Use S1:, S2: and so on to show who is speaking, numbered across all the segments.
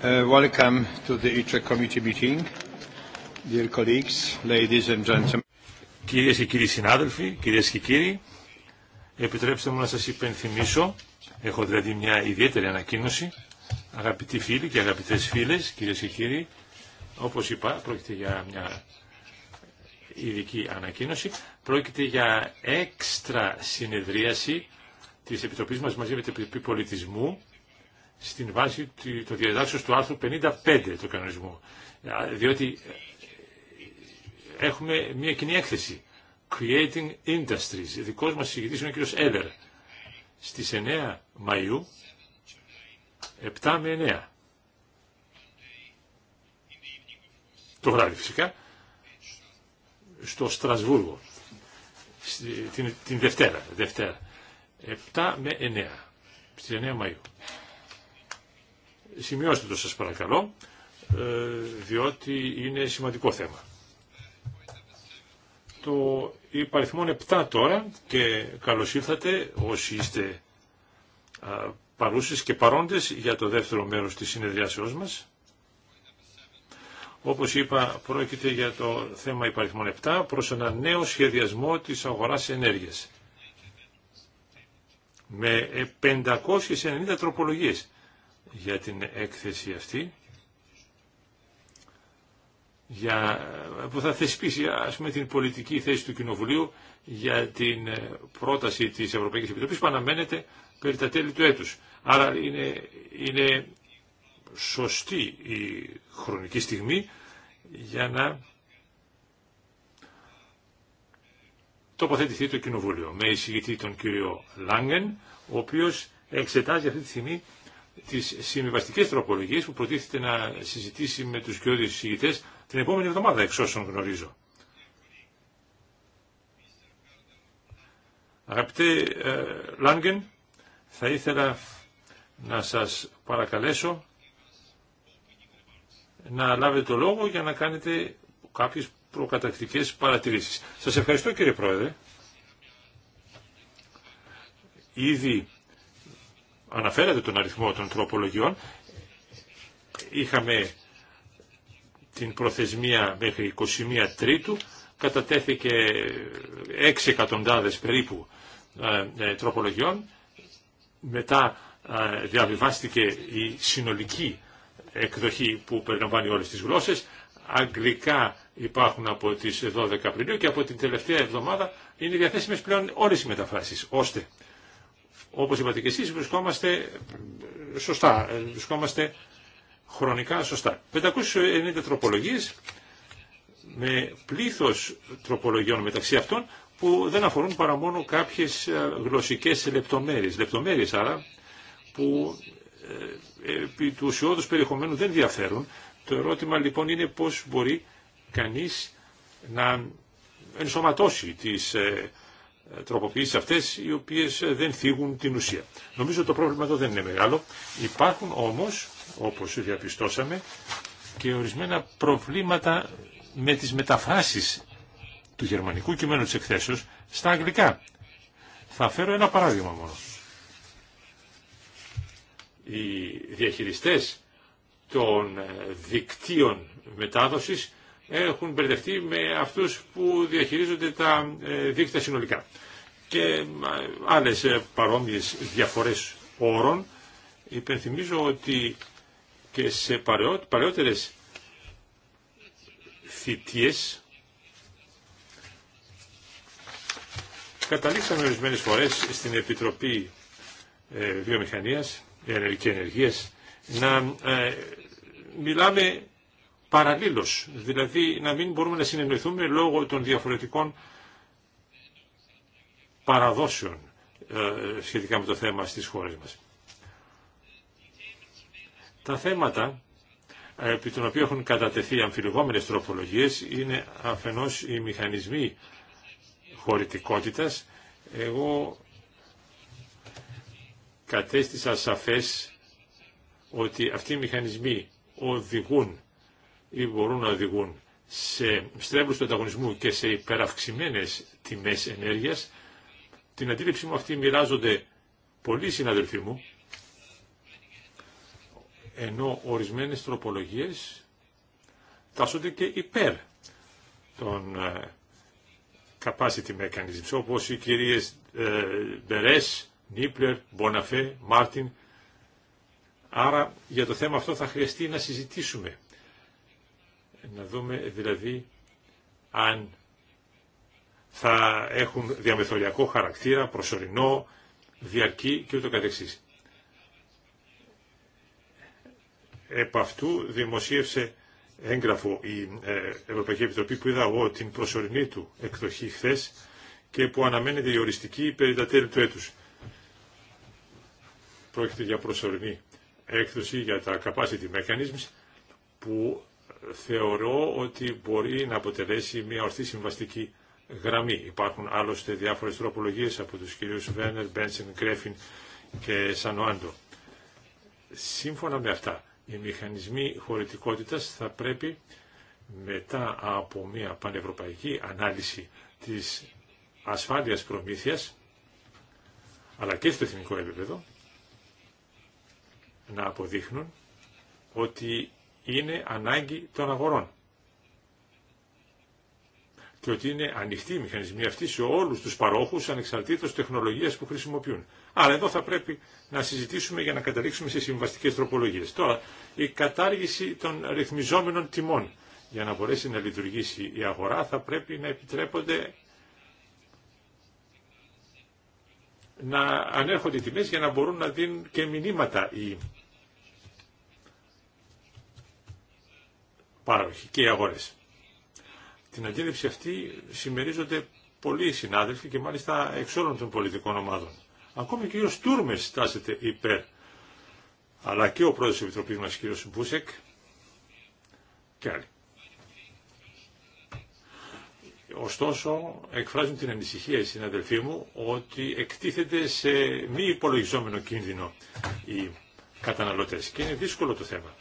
S1: Uh, welcome to the committee meeting. Dear colleagues,
S2: ladies and gentlemen. Κυρίες και κύριοι συνάδελφοι, κυρίες και κύριοι, επιτρέψτε μου να σας υπενθυμίσω, έχω δηλαδή μια ιδιαίτερη ανακοίνωση, αγαπητοί φίλοι και αγαπητές φίλες, κυρίες και κύριοι, όπως είπα, πρόκειται για μια ειδική ανακοίνωση, πρόκειται για έξτρα συνεδρίαση της Επιτροπής μας μαζί με την Επιτροπή Πολιτισμού, στην βάση του διαδάξεως του άρθρου 55 του κανονισμού. Διότι ε, έχουμε μια κοινή έκθεση. Creating Industries. Δικός μας συζητητής είναι ο κ. Έδερ. Στις 9 Μαΐου, 7 με 9. Το βράδυ φυσικά. Στο Στρασβούργο. Την, την Δευτέρα. Δευτέρα. 7 με 9. Στις 9 Μαΐου. Σημειώστε το σας παρακαλώ, ε, διότι είναι σημαντικό θέμα. Το υπαριθμό 7 τώρα και καλώς ήρθατε όσοι είστε παρούσες και παρόντες για το δεύτερο μέρος της συνεδριάσεώς μας. Όπως είπα, πρόκειται για το θέμα υπαριθμών 7 προς ένα νέο σχεδιασμό της αγοράς ενέργειας. Με 590 τροπολογίες για την έκθεση αυτή για, που θα θεσπίσει ας πούμε, την πολιτική θέση του Κοινοβουλίου για την ε, πρόταση της Ευρωπαϊκής Επιτροπής που αναμένεται περί τα τέλη του έτους. Άρα είναι, είναι σωστή η χρονική στιγμή για να τοποθετηθεί το Κοινοβούλιο με εισηγητή τον κύριο Λάγκεν, ο οποίος εξετάζει αυτή τη στιγμή τις συμβιβαστικές τροπολογίες που προτίθεται να συζητήσει με τους κοιόδης συζητητές την επόμενη εβδομάδα, εξ όσων γνωρίζω. Αγαπητέ ε, Λάγκεν, θα ήθελα να σας παρακαλέσω να λάβετε το λόγο για να κάνετε κάποιες προκατακτικές παρατηρήσεις. Σας ευχαριστώ κύριε Πρόεδρε. Ήδη αναφέρατε τον αριθμό των τροπολογιών. Είχαμε την προθεσμία μέχρι 21 Τρίτου, κατατέθηκε 6 εκατοντάδες περίπου ε, ε, τροπολογιών. Μετά ε, διαβιβάστηκε η συνολική εκδοχή που περιλαμβάνει όλες τις γλώσσες. Αγγλικά υπάρχουν από τις 12 Απριλίου και από την τελευταία εβδομάδα είναι διαθέσιμες πλέον όλες οι μεταφράσεις, ώστε όπως είπατε και εσείς βρισκόμαστε σωστά, ε, βρισκόμαστε χρονικά σωστά. 590 τροπολογίες με πλήθος τροπολογιών μεταξύ αυτών που δεν αφορούν παρά μόνο κάποιες ε, γλωσσικές λεπτομέρειες. Λεπτομέρειες άρα που ε, επί του ουσιώδους περιεχομένου δεν διαφέρουν. Το ερώτημα λοιπόν είναι πώς μπορεί κανείς να ενσωματώσει τις τροποποιήσει αυτέ οι οποίε ε, δεν θίγουν την ουσία. Νομίζω το πρόβλημα εδώ δεν είναι μεγάλο. Υπάρχουν όμω, όπω διαπιστώσαμε, και ορισμένα προβλήματα με τις μεταφράσει του γερμανικού κειμένου τη εκθέσεω στα αγγλικά. Θα φέρω ένα παράδειγμα μόνο. Οι διαχειριστές των ε, δικτύων μετάδοσης έχουν μπερδευτεί με αυτούς που διαχειρίζονται τα ε, δίκτυα συνολικά. Και ε, άλλες ε, παρόμοιες διαφορές όρων. Υπενθυμίζω ότι και σε παλαιότερες θητείες καταλήξαμε ορισμένες φορές στην Επιτροπή Βιομηχανίας και Ενεργείας να μιλάμε παραλλήλως, δηλαδή να μην μπορούμε να συνεννοηθούμε λόγω των διαφορετικών παραδόσεων ε, σχετικά με το θέμα στις χώρες μας. Τα θέματα ε, επί των οποίων έχουν κατατεθεί αμφιλεγόμενες τροπολογίες είναι αφενός οι μηχανισμοί χωρητικότητας. Εγώ κατέστησα σαφές ότι αυτοί οι μηχανισμοί οδηγούν ή μπορούν να οδηγούν σε στρέβλους του ανταγωνισμού και σε υπεραυξημένες τιμές ενέργειας. Την αντίληψή μου αυτή μοιράζονται πολλοί συναδελφοί μου, ενώ ορισμένες τροπολογίες τάσσονται και υπέρ των ε, capacity mechanisms, όπως οι κυρίες ε, Μπερές, Νίπλερ, Μποναφέ, Μάρτιν. Άρα για το θέμα αυτό θα χρειαστεί να συζητήσουμε να δούμε δηλαδή αν θα έχουν διαμεθοριακό χαρακτήρα, προσωρινό, διαρκή και ούτω καθεξής. Επ' αυτού δημοσίευσε έγγραφο η ε, Ευρωπαϊκή Επιτροπή που είδα εγώ την προσωρινή του εκδοχή χθε και που αναμένεται η οριστική περί τα τέλη του έτους. Πρόκειται για προσωρινή έκδοση για τα capacity mechanisms που θεωρώ ότι μπορεί να αποτελέσει μια ορθή συμβαστική γραμμή. Υπάρχουν άλλωστε διάφορες τροπολογίες από τους κυρίους Βένερ, Μπένσεν, Κρέφιν και Σανουάντο. Σύμφωνα με αυτά, οι μηχανισμοί χωρητικότητας θα πρέπει μετά από μια πανευρωπαϊκή ανάλυση της ασφάλειας προμήθειας, αλλά και στο εθνικό επίπεδο, να αποδείχνουν ότι είναι ανάγκη των αγορών. Και ότι είναι ανοιχτή οι μηχανισμοί αυτοί σε όλους τους παρόχους ανεξαρτήτως τεχνολογίας που χρησιμοποιούν. Αλλά εδώ θα πρέπει να συζητήσουμε για να καταλήξουμε σε συμβαστικές τροπολογίες. Τώρα, η κατάργηση των ρυθμιζόμενων τιμών. Για να μπορέσει να λειτουργήσει η αγορά θα πρέπει να επιτρέπονται να ανέρχονται οι τιμές για να μπορούν να δίνουν και μηνύματα οι και οι αγορές. Την αντίληψη αυτή συμμερίζονται πολλοί συνάδελφοι και μάλιστα εξ όλων των πολιτικών ομάδων. Ακόμη και ο Στούρμες Τούρμες στάσεται υπέρ, αλλά και ο πρόεδρος της Επιτροπής μας, κύριος Μπούσεκ, και άλλοι. Ωστόσο, εκφράζουν την ανησυχία οι συναδελφοί μου ότι εκτίθεται σε μη υπολογιζόμενο κίνδυνο οι καταναλωτές και είναι δύσκολο το θέμα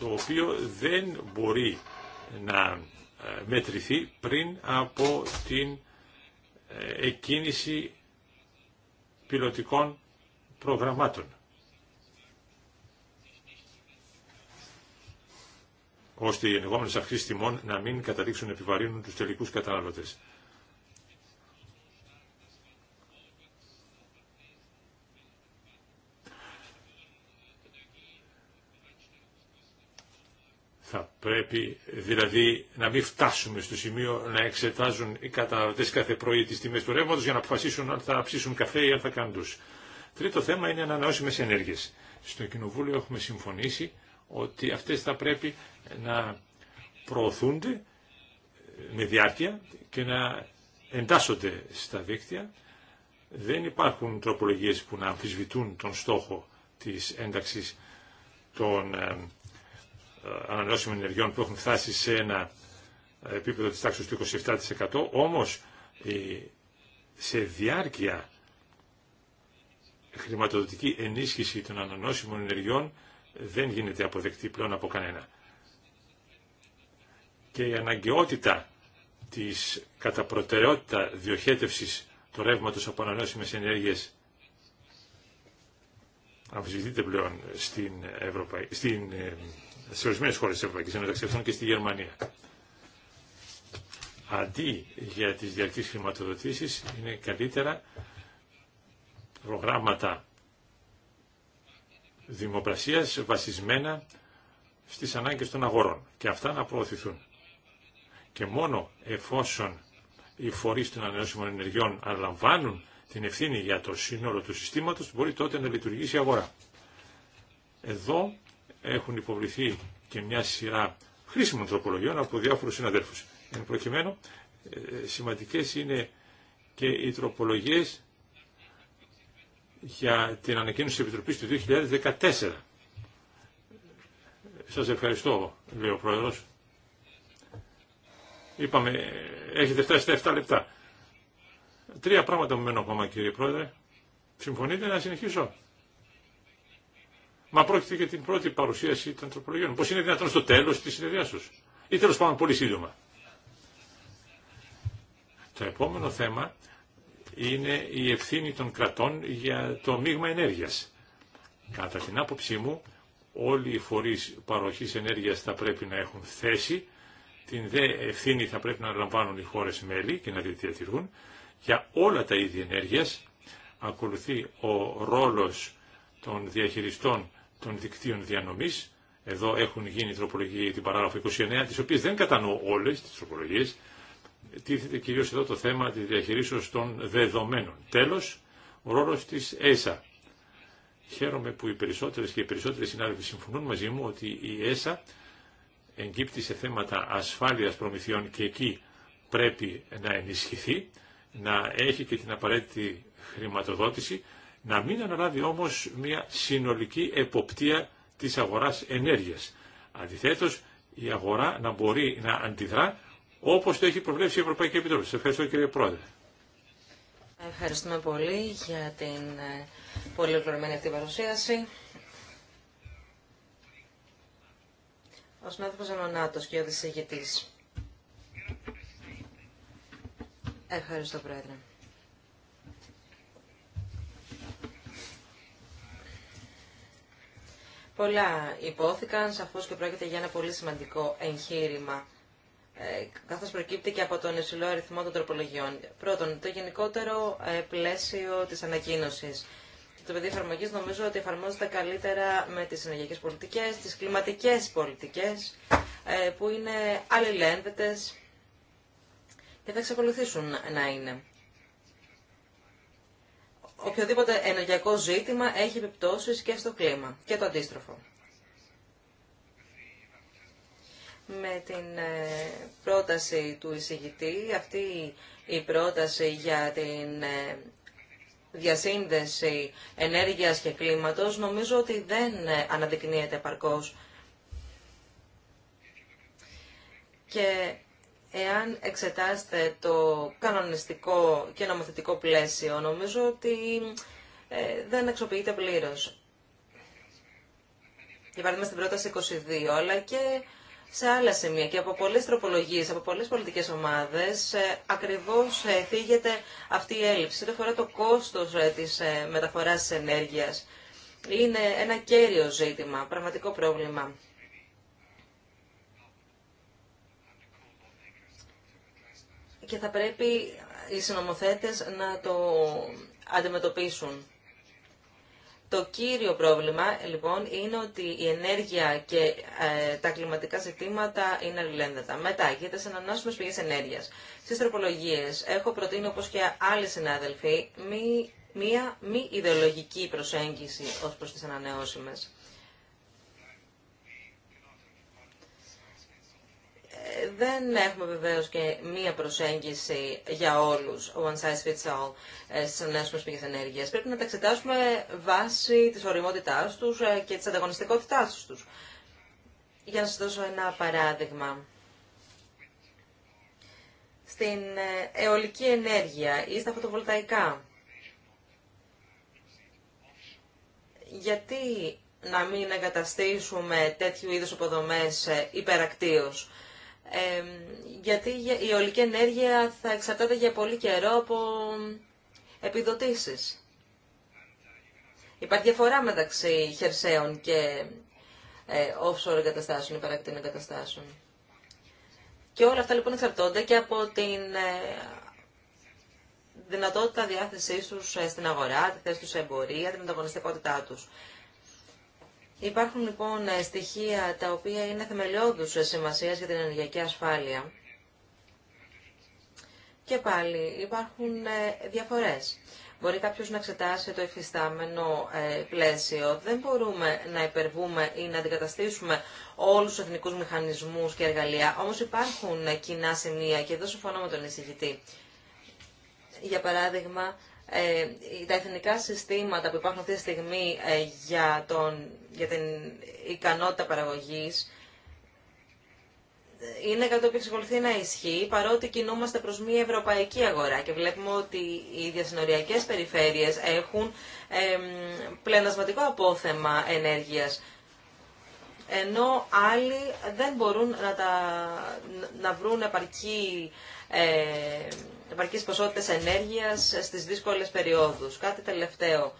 S2: το οποίο δεν μπορεί να ε, μετρηθεί πριν από την ε, εκκίνηση πιλωτικών προγραμμάτων. ώστε οι ενεγόμενες αυξήσει τιμών να μην καταλήξουν να επιβαρύνουν τους τελικού καταναλωτέ. Θα πρέπει δηλαδή να μην φτάσουμε στο σημείο να εξετάζουν οι καταναλωτέ κάθε πρωί τι τιμέ του ρεύματο για να αποφασίσουν αν θα ψήσουν καφέ ή αν θα κάνουν τους. Τρίτο θέμα είναι ανανεώσιμε ενέργειε. Στο Κοινοβούλιο έχουμε συμφωνήσει ότι αυτέ θα πρέπει να προωθούνται ε, με διάρκεια και να εντάσσονται στα δίκτυα. Δεν υπάρχουν τροπολογίες που να αμφισβητούν τον στόχο της ένταξης των ε, ανανεώσιμων ενεργειών που έχουν φτάσει σε ένα επίπεδο της τάξης του 27%, όμως σε διάρκεια χρηματοδοτική ενίσχυση των ανανεώσιμων ενεργειών δεν γίνεται αποδεκτή πλέον από κανένα. Και η αναγκαιότητα της κατά προτεραιότητα διοχέτευσης του ρεύματος από ανανεώσιμες ενέργειες αμφισβητείται πλέον στην στην... Ε, σε ορισμένε χώρε τη Ευρωπαϊκή Ένωση, και στη Γερμανία. Αντί για τι διαρκεί χρηματοδοτήσει, είναι καλύτερα προγράμματα δημοπρασίας βασισμένα στις ανάγκες των αγορών και αυτά να προωθηθούν. Και μόνο εφόσον οι φορεί των ανανεώσιμων ενεργειών αναλαμβάνουν την ευθύνη για το σύνολο του συστήματος, μπορεί τότε να λειτουργήσει η αγορά. Εδώ έχουν υποβληθεί και μια σειρά χρήσιμων τροπολογιών από διάφορους συναδέλφους. Εν προκειμένου, ε, σημαντικές είναι και οι τροπολογίες για την ανακοίνωση της Επιτροπής του 2014. Σας ευχαριστώ, λέει ο Πρόεδρος. Είπαμε, ε, έχετε φτάσει στα 7 λεπτά. Τρία πράγματα μου μένουν ακόμα κύριε Πρόεδρε. Συμφωνείτε να συνεχίσω. Μα πρόκειται για την πρώτη παρουσίαση των τροπολογιών. Πώ είναι δυνατόν στο τέλο τη του. η ευθύνη των κρατών για το μείγμα ενέργειας. Κατά την άποψή μου, όλοι οι φορείς παροχής ενέργειας θα πρέπει να έχουν θέση, την δε ευθύνη θα πρέπει να λαμβάνουν οι χώρες μέλη και να τη διατηρούν για όλα τα είδη ενέργειας. Ακολουθεί ο ρόλος των διαχειριστών των δικτύων διανομής. Εδώ έχουν γίνει τροπολογία την παράγραφο 29, τις οποίες δεν κατανοώ όλες τις τροπολογίες. Τίθεται κυρίως εδώ το θέμα τη διαχειρίσεως των δεδομένων. Τέλος, ο ρόλος της ΕΣΑ. Χαίρομαι που οι περισσότερες και οι περισσότεροι συνάδελφοι συμφωνούν μαζί μου ότι η ΕΣΑ εγκύπτει σε θέματα ασφάλειας προμηθειών και εκεί πρέπει να ενισχυθεί να έχει και την απαραίτητη χρηματοδότηση, να μην αναλάβει όμως μια συνολική εποπτεία της αγοράς ενέργειας. Αντιθέτως, η αγορά να μπορεί να αντιδρά όπως το έχει προβλέψει η Ευρωπαϊκή Επιτροπή. Σας ευχαριστώ κύριε Πρόεδρε.
S3: Ευχαριστούμε πολύ για την ε, πολύ ολοκληρωμένη αυτή παρουσίαση. Ο συνάδελφος Ανωνάτος και ο Ευχαριστώ, Πρόεδρε. Πολλά υπόθηκαν, σαφώς και πρόκειται για ένα πολύ σημαντικό εγχείρημα, ε, καθώς προκύπτει και από τον υψηλό αριθμό των τροπολογιών. Πρώτον, το γενικότερο ε, πλαίσιο της ανακοίνωσης. Το πεδίο εφαρμογή νομίζω ότι εφαρμόζεται καλύτερα με τις ενεργειακές πολιτικές, τις κλιματικές πολιτικές, ε, που είναι αλληλένδετες και θα εξακολουθήσουν να είναι. Οποιοδήποτε ενεργειακό ζήτημα έχει επιπτώσεις και στο κλίμα και το αντίστροφο. Με την ε, πρόταση του εισηγητή, αυτή η πρόταση για την ε, διασύνδεση ενέργειας και κλίματος νομίζω ότι δεν ε, αναδεικνύεται επαρκώς. Και Εάν εξετάσετε το κανονιστικό και νομοθετικό πλαίσιο, νομίζω ότι ε, δεν αξιοποιείται πλήρως. Για παράδειγμα στην πρόταση 22, αλλά και σε άλλα σημεία και από πολλές τροπολογίες, από πολλές πολιτικές ομάδες, ε, ακριβώς ε, θίγεται αυτή η έλλειψη. Δεν αφορά το κόστος της μεταφοράς της ενέργειας. Είναι ένα κέριο ζήτημα, πραγματικό πρόβλημα. και θα πρέπει οι συνομοθέτες να το αντιμετωπίσουν. Το κύριο πρόβλημα, λοιπόν, είναι ότι η ενέργεια και ε, τα κλιματικά ζητήματα είναι αλληλένδετα. Μετά, για τι ανανεώσιμε πηγές ενέργεια. Στι τροπολογίε, έχω προτείνει, όπως και άλλοι συνάδελφοι, μία μη ιδεολογική προσέγγιση ως προς τις ανανεώσιμε. δεν έχουμε βεβαίως και μία προσέγγιση για όλους, one size fits all, ε, στις νέες πηγές ενέργειας. Πρέπει να τα εξετάσουμε βάσει της οριμότητάς τους ε, και της ανταγωνιστικότητάς τους. Για να σας δώσω ένα παράδειγμα. Στην ε, αιωλική ενέργεια ή στα φωτοβολταϊκά. Γιατί να μην εγκαταστήσουμε τέτοιου είδους υποδομές υπερακτίως γιατί η ολική ενέργεια θα εξαρτάται για πολύ καιρό από επιδοτήσεις. Υπάρχει διαφορά μεταξύ χερσαίων και ε, offshore εγκαταστάσεων, υπαρακτήν εγκαταστάσεων. Και όλα αυτά λοιπόν εξαρτώνται και από την ε, δυνατότητα διάθεσή του ε, στην αγορά, τη θέση του σε εμπορία, την ανταγωνιστικότητά τους. Υπάρχουν λοιπόν ε, στοιχεία τα οποία είναι θεμελιώδους σημασίας για την ενεργειακή ασφάλεια. Και πάλι υπάρχουν ε, διαφορές. Μπορεί κάποιος να εξετάσει το εφιστάμενο ε, πλαίσιο. Δεν μπορούμε να υπερβούμε ή να αντικαταστήσουμε όλους τους εθνικούς μηχανισμούς και εργαλεία. Όμως υπάρχουν κοινά σημεία και εδώ συμφωνώ με τον εισηγητή. Για παράδειγμα, ε, τα εθνικά συστήματα που υπάρχουν αυτή τη στιγμή ε, για, τον, για την ικανότητα παραγωγής είναι κάτι που εξακολουθεί να ισχύει, παρότι κινούμαστε προς μια ευρωπαϊκή αγορά και βλέπουμε ότι οι διασυνοριακές περιφέρειες έχουν ε, πλενασματικό απόθεμα ενέργειας, ενώ άλλοι δεν μπορούν να, τα, να βρουν επαρκή ε, επαρκείς ποσότητες ενέργειας στις δύσκολες περιόδους. Κάτι τελευταίο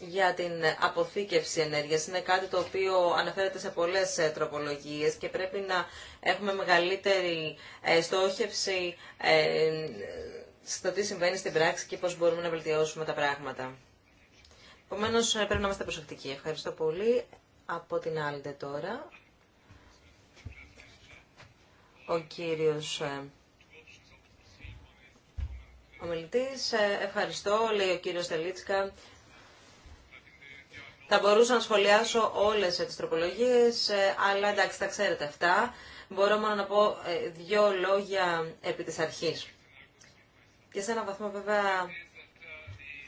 S3: για την αποθήκευση ενέργειας. Είναι κάτι το οποίο αναφέρεται σε πολλές ε, τροπολογίες και πρέπει να έχουμε μεγαλύτερη ε, στόχευση ε, στο τι συμβαίνει στην πράξη και πώς μπορούμε να βελτιώσουμε τα πράγματα. Επομένω, πρέπει να είμαστε προσεκτικοί. Ευχαριστώ πολύ. Από την άλλη τώρα, ο κύριος ομιλητής. Ε, ευχαριστώ, λέει ο κύριος Τελίτσκα. Θα μπορούσα να σχολιάσω όλες τις τροπολογίες, ε, αλλά εντάξει, τα ξέρετε αυτά. Μπορώ μόνο να πω ε, δύο λόγια επί της αρχής. Και σε έναν βαθμό βέβαια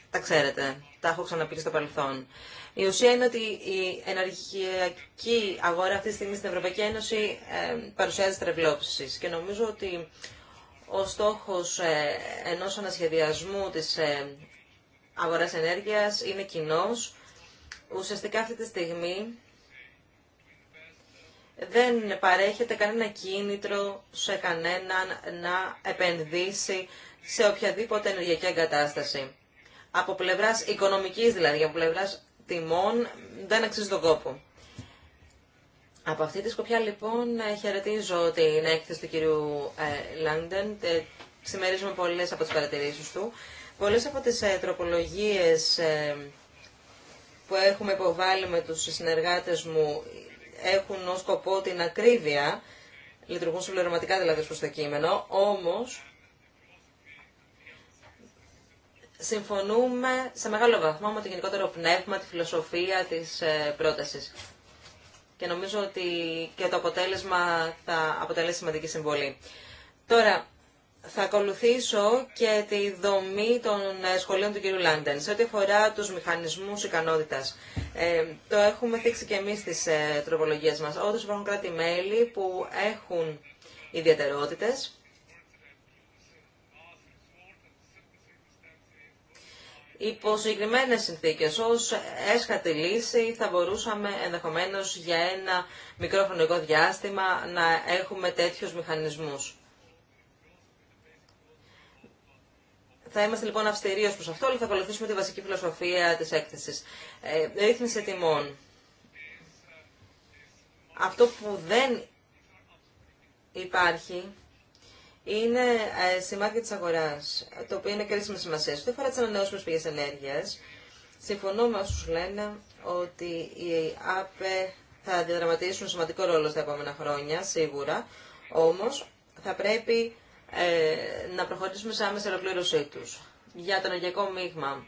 S3: τα ξέρετε, τα έχω ξαναπεί στο παρελθόν. Η ουσία είναι ότι η ενεργειακή αγορά αυτή τη στιγμή στην Ευρωπαϊκή Ένωση παρουσιάζει τρευλόψεις και νομίζω ότι ο στόχος ε, ενός ανασχεδιασμού της ε, αγοράς ενέργειας είναι κοινός. Ουσιαστικά αυτή τη στιγμή δεν παρέχεται κανένα κίνητρο σε κανέναν να επενδύσει σε οποιαδήποτε ενεργειακή εγκατάσταση. Από πλευράς οικονομικής δηλαδή, από πλευράς τιμών δεν αξίζει τον κόπο. Από αυτή τη σκοπιά λοιπόν ε, χαιρετίζω την έκθεση του κυρίου ε, Λάγκτεν. Ε, Συμμερίζουμε πολλές από τις παρατηρήσεις του. Πολλές από τις τροπολογίες που έχουμε υποβάλει με τους συνεργάτες μου έχουν ως σκοπό την ακρίβεια, λειτουργούν συμπληρωματικά δηλαδή προς το κείμενο, όμως συμφωνούμε σε μεγάλο βαθμό με το γενικότερο πνεύμα, τη φιλοσοφία της πρότασης και νομίζω ότι και το αποτέλεσμα θα αποτελέσει σημαντική συμβολή. Τώρα, θα ακολουθήσω και τη δομή των ε, σχολείων του κ. Λάντεν. Σε ό,τι αφορά τους μηχανισμούς ικανότητας, ε, το έχουμε θίξει και εμείς στις ε, τροπολογίες μας. Όντως υπάρχουν κράτη-μέλη που έχουν ιδιαιτερότητες Υπό συγκεκριμένε συνθήκε, ω έσχατη λύση, θα μπορούσαμε ενδεχομένω για ένα μικρό χρονικό διάστημα να έχουμε τέτοιου μηχανισμού. Θα είμαστε λοιπόν αυστηροί προ αυτό, αλλά θα ακολουθήσουμε τη βασική φιλοσοφία τη έκθεση. Ε, ρύθμιση τιμών. Αυτό που δεν υπάρχει είναι ε, σημάδια τη αγορά, το οποίο είναι κρίσιμη σημασία. Στο αφορά τη ανανεώσιμε πηγέ ενέργεια, συμφωνώ με όσου λένε ότι οι ΑΠΕ θα διαδραματίσουν σημαντικό ρόλο στα επόμενα χρόνια, σίγουρα. Όμω, θα πρέπει ε, να προχωρήσουμε σε άμεση ολοκλήρωσή του. Για το ενεργειακό μείγμα.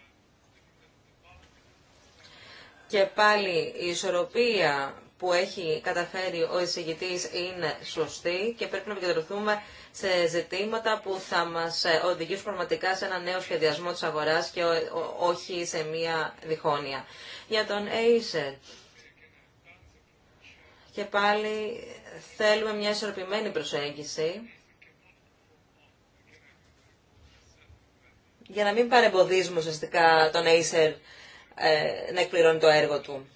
S3: Και πάλι η ισορροπία που έχει καταφέρει ο εισηγητής είναι σωστή και πρέπει να επικεντρωθούμε σε ζητήματα που θα μας ε, οδηγήσουν πραγματικά σε ένα νέο σχεδιασμό της αγοράς και όχι σε μία διχόνοια. Για τον Acer. Και πάλι θέλουμε μια ισορροπημένη προσέγγιση για να μην παρεμποδίζουμε ουσιαστικά τον Acer ε, να εκπληρώνει το έργο του.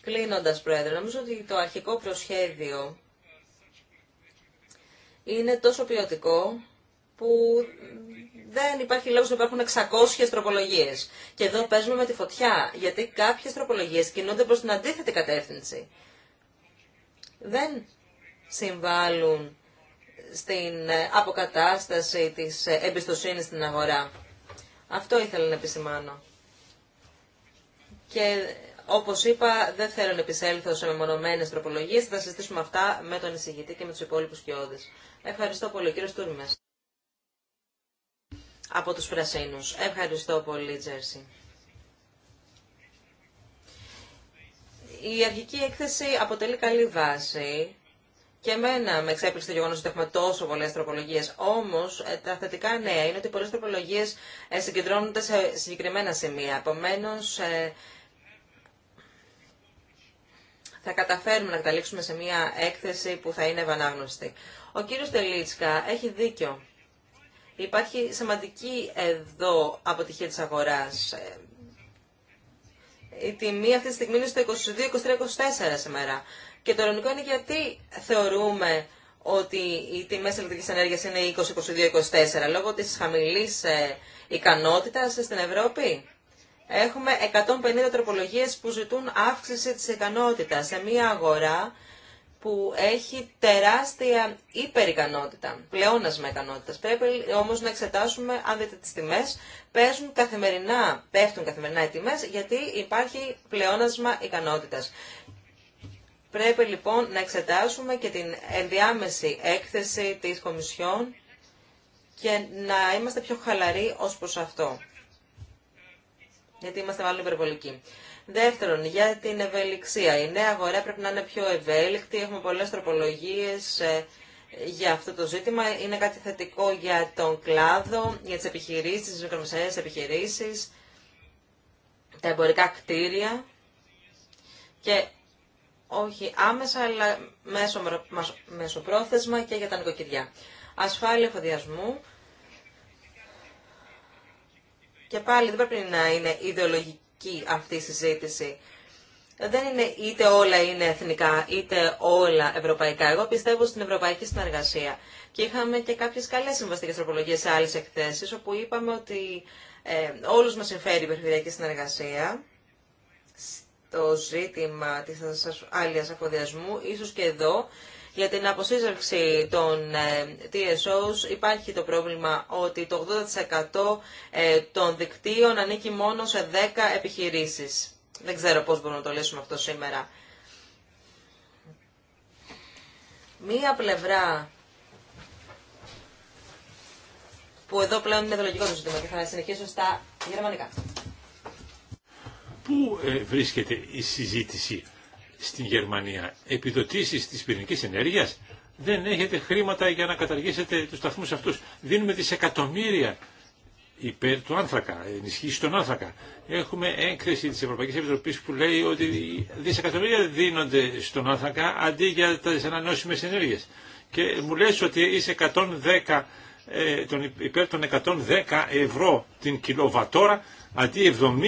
S3: Κλείνοντας, Πρόεδρε, νομίζω ότι το αρχικό προσχέδιο είναι τόσο ποιοτικό που δεν υπάρχει λόγος να υπάρχουν 600 τροπολογίες. Και εδώ παίζουμε με τη φωτιά, γιατί κάποιες τροπολογίες κινούνται προς την αντίθετη κατεύθυνση. Δεν συμβάλλουν στην αποκατάσταση της εμπιστοσύνης στην αγορά. Αυτό ήθελα να επισημάνω. Και Όπω είπα, δεν θέλω να επισέλθω σε μεμονωμένες τροπολογίε. Θα συζητήσουμε αυτά με τον εισηγητή και με του υπόλοιπου κοιόδε. Ευχαριστώ πολύ, κύριε Στούρμες. Από του πράσινου. Ευχαριστώ πολύ, Τζέρσι. Η αρχική έκθεση αποτελεί καλή βάση. Και εμένα με εξέπληξε το γεγονό ότι έχουμε τόσο πολλέ τροπολογίε. Όμω ε, τα θετικά νέα είναι ότι πολλέ τροπολογίε ε, συγκεντρώνονται σε συγκεκριμένα σημεία. Επομένω ε, θα καταφέρουμε να καταλήξουμε σε μια έκθεση που θα είναι ευανάγνωστη. Ο κύριος Τελίτσκα έχει δίκιο. Υπάρχει σημαντική εδώ αποτυχία της αγοράς. Ε, η τιμή αυτή τη στιγμή είναι στο 22, 23, 24 σήμερα. Και το ειρωνικό είναι γιατί θεωρούμε ότι οι τιμές ηλεκτρικής ενέργειας είναι 20, 22, 24 λόγω της χαμηλής ε, ικανότητας στην Ευρώπη έχουμε 150 τροπολογίες που ζητούν αύξηση της ικανότητα σε μια αγορά που έχει τεράστια υπερικανότητα, πλεόνασμα ικανότητα. Πρέπει όμω να εξετάσουμε, αν δείτε τι τιμέ, παίζουν καθημερινά, πέφτουν καθημερινά οι τιμέ, γιατί υπάρχει πλεόνασμα ικανότητα. Πρέπει λοιπόν να εξετάσουμε και την ενδιάμεση έκθεση της Κομισιόν και να είμαστε πιο χαλαροί ως προς αυτό γιατί είμαστε μάλλον υπερβολικοί. Δεύτερον, για την ευελιξία. Η νέα αγορά πρέπει να είναι πιο ευέλικτη. Έχουμε πολλές τροπολογίες ε, για αυτό το ζήτημα. Είναι κάτι θετικό για τον κλάδο, για τις επιχειρήσεις, τι μικρομεσαίε επιχειρήσεις, τα εμπορικά κτίρια και όχι άμεσα, αλλά μέσω πρόθεσμα και για τα νοικοκυριά. Ασφάλεια εφοδιασμού. Και πάλι δεν πρέπει να είναι ιδεολογική αυτή η συζήτηση. Δεν είναι είτε όλα είναι εθνικά, είτε όλα ευρωπαϊκά. Εγώ πιστεύω στην ευρωπαϊκή συνεργασία. Και είχαμε και κάποιες καλέ συμβαστικές τροπολογίε σε άλλες εκθέσεις, όπου είπαμε ότι ε, όλους μας συμφέρει η περιφερειακή συνεργασία στο ζήτημα τη άλλη αφοδιασμού, ίσως και εδώ για την αποσύζευξη των ε, TSOs υπάρχει το πρόβλημα ότι το 80% ε, των δικτύων ανήκει μόνο σε 10 επιχειρήσεις. Δεν ξέρω πώς μπορούμε να το λύσουμε αυτό σήμερα. Μία πλευρά που εδώ πλέον είναι λογικό το ζήτημα και θα συνεχίσω στα γερμανικά. Πού
S2: ε, βρίσκεται η συζήτηση στην Γερμανία επιδοτήσεις της πυρηνικής ενέργειας. Δεν έχετε χρήματα για να καταργήσετε τους σταθμούς αυτούς. Δίνουμε δισεκατομμύρια υπέρ του άνθρακα, ενισχύσει τον άνθρακα. Έχουμε έκθεση της Ευρωπαϊκής Επιτροπής που λέει ότι δισεκατομμύρια δίνονται στον άνθρακα αντί για τις ανανεώσιμες ενέργειες. Και μου λες ότι είσαι 110, ε, τον, υπέρ των 110 ευρώ την κιλοβατόρα αντί 70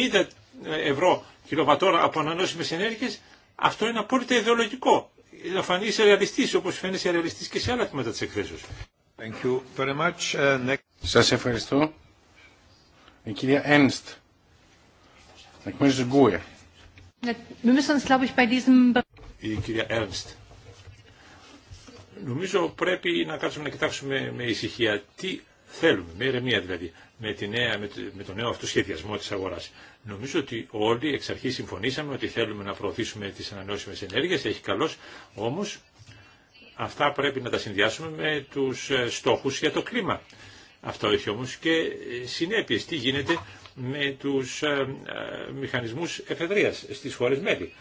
S2: ε, ευρώ κιλοβατόρα από ανανεώσιμες ενέργειες αυτό είναι απόλυτα ιδεολογικό. Να φανεί σε ρεαλιστή, όπω φαίνεται, σε ρεαλιστή και σε άλλα τμήματα τη εκθέσεω.
S1: Σα ευχαριστώ. Η κυρία Ένστ, ναι,
S2: Η κυρία Ένστ. Νομίζω πρέπει να κάτσουμε να κοιτάξουμε με ησυχία τι θέλουμε, με ηρεμία δηλαδή, με, τη νέα, με, το, νέο αυτό σχεδιασμό της αγοράς. Νομίζω ότι όλοι εξ αρχής συμφωνήσαμε ότι θέλουμε να προωθήσουμε τις ανανεώσιμες ενέργειες, έχει καλώς, όμως αυτά πρέπει να τα συνδυάσουμε με τους ε, στόχους για το κλίμα. Αυτό έχει όμως και ε, συνέπειες. Τι γίνεται με τους ε, μηχανισμούς εφεδρείας στις χώρες μέλη.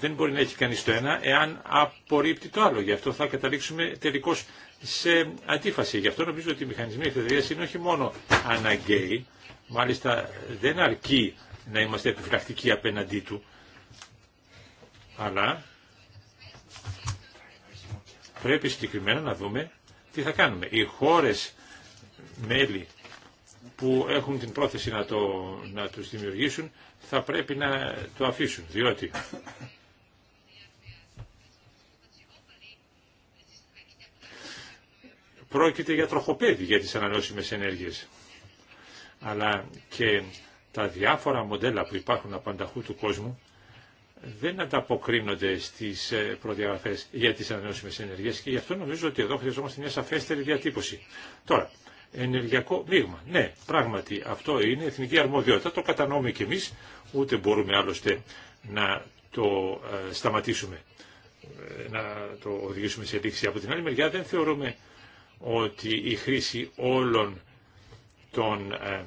S2: Δεν μπορεί να έχει κανείς το ένα εάν απορρίπτει το άλλο. Γι' αυτό θα καταλήξουμε τελικώς σε αντίφαση. Γι' αυτό νομίζω ότι οι μηχανισμοί εφεδρείας είναι όχι μόνο αναγκαίοι, μάλιστα δεν αρκεί να είμαστε επιφυλακτικοί απέναντί του, αλλά πρέπει συγκεκριμένα να δούμε τι θα κάνουμε. Οι χώρες μέλη που έχουν την πρόθεση να, το, να τους δημιουργήσουν θα πρέπει να το αφήσουν, διότι πρόκειται για τροχοπέδι για τις ανανεώσιμες ενέργειες. Αλλά και τα διάφορα μοντέλα που υπάρχουν απανταχού του κόσμου δεν ανταποκρίνονται στις ε, προδιαγραφές για τις ανανεώσιμες ενέργειες και γι' αυτό νομίζω ότι εδώ χρειαζόμαστε μια σαφέστερη διατύπωση. Τώρα, ενεργειακό μείγμα. Ναι, πράγματι αυτό είναι εθνική αρμοδιότητα, το κατανοούμε κι εμείς, ούτε μπορούμε άλλωστε να το ε, σταματήσουμε, ε, να το οδηγήσουμε σε λήξη. Από την άλλη μεριά δεν θεωρούμε ότι η χρήση όλων των ε,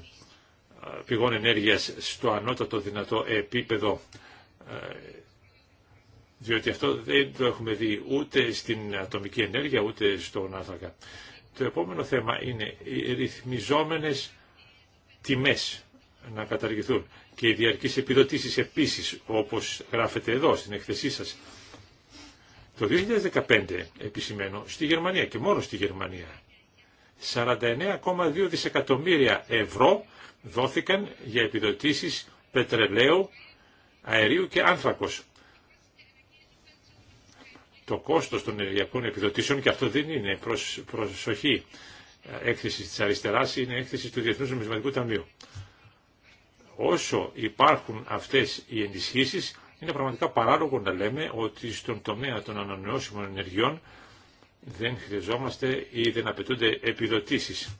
S2: πηγών ενέργειας στο ανώτατο δυνατό επίπεδο ε, διότι αυτό δεν το έχουμε δει ούτε στην ατομική ενέργεια ούτε στον άνθρακα. Το επόμενο θέμα είναι οι ρυθμιζόμενες τιμές να καταργηθούν και οι διαρκείς επιδοτήσεις επίσης όπως γράφεται εδώ στην εκθεσή σας. Το 2015, επισημαίνω, στη Γερμανία και μόνο στη Γερμανία, 49,2 δισεκατομμύρια ευρώ δόθηκαν για επιδοτήσεις πετρελαίου, αερίου και άνθρακος. Το κόστος των ενεργειακών επιδοτήσεων, και αυτό δεν είναι προσοχή έκθεση της αριστεράς, είναι έκθεση του Διεθνούς Νομισματικού Ταμείου. Όσο υπάρχουν αυτές οι ενισχύσεις, είναι πραγματικά παράλογο να λέμε ότι στον τομέα των ανανεώσιμων ενεργειών δεν χρειαζόμαστε ή δεν απαιτούνται επιδοτήσεις.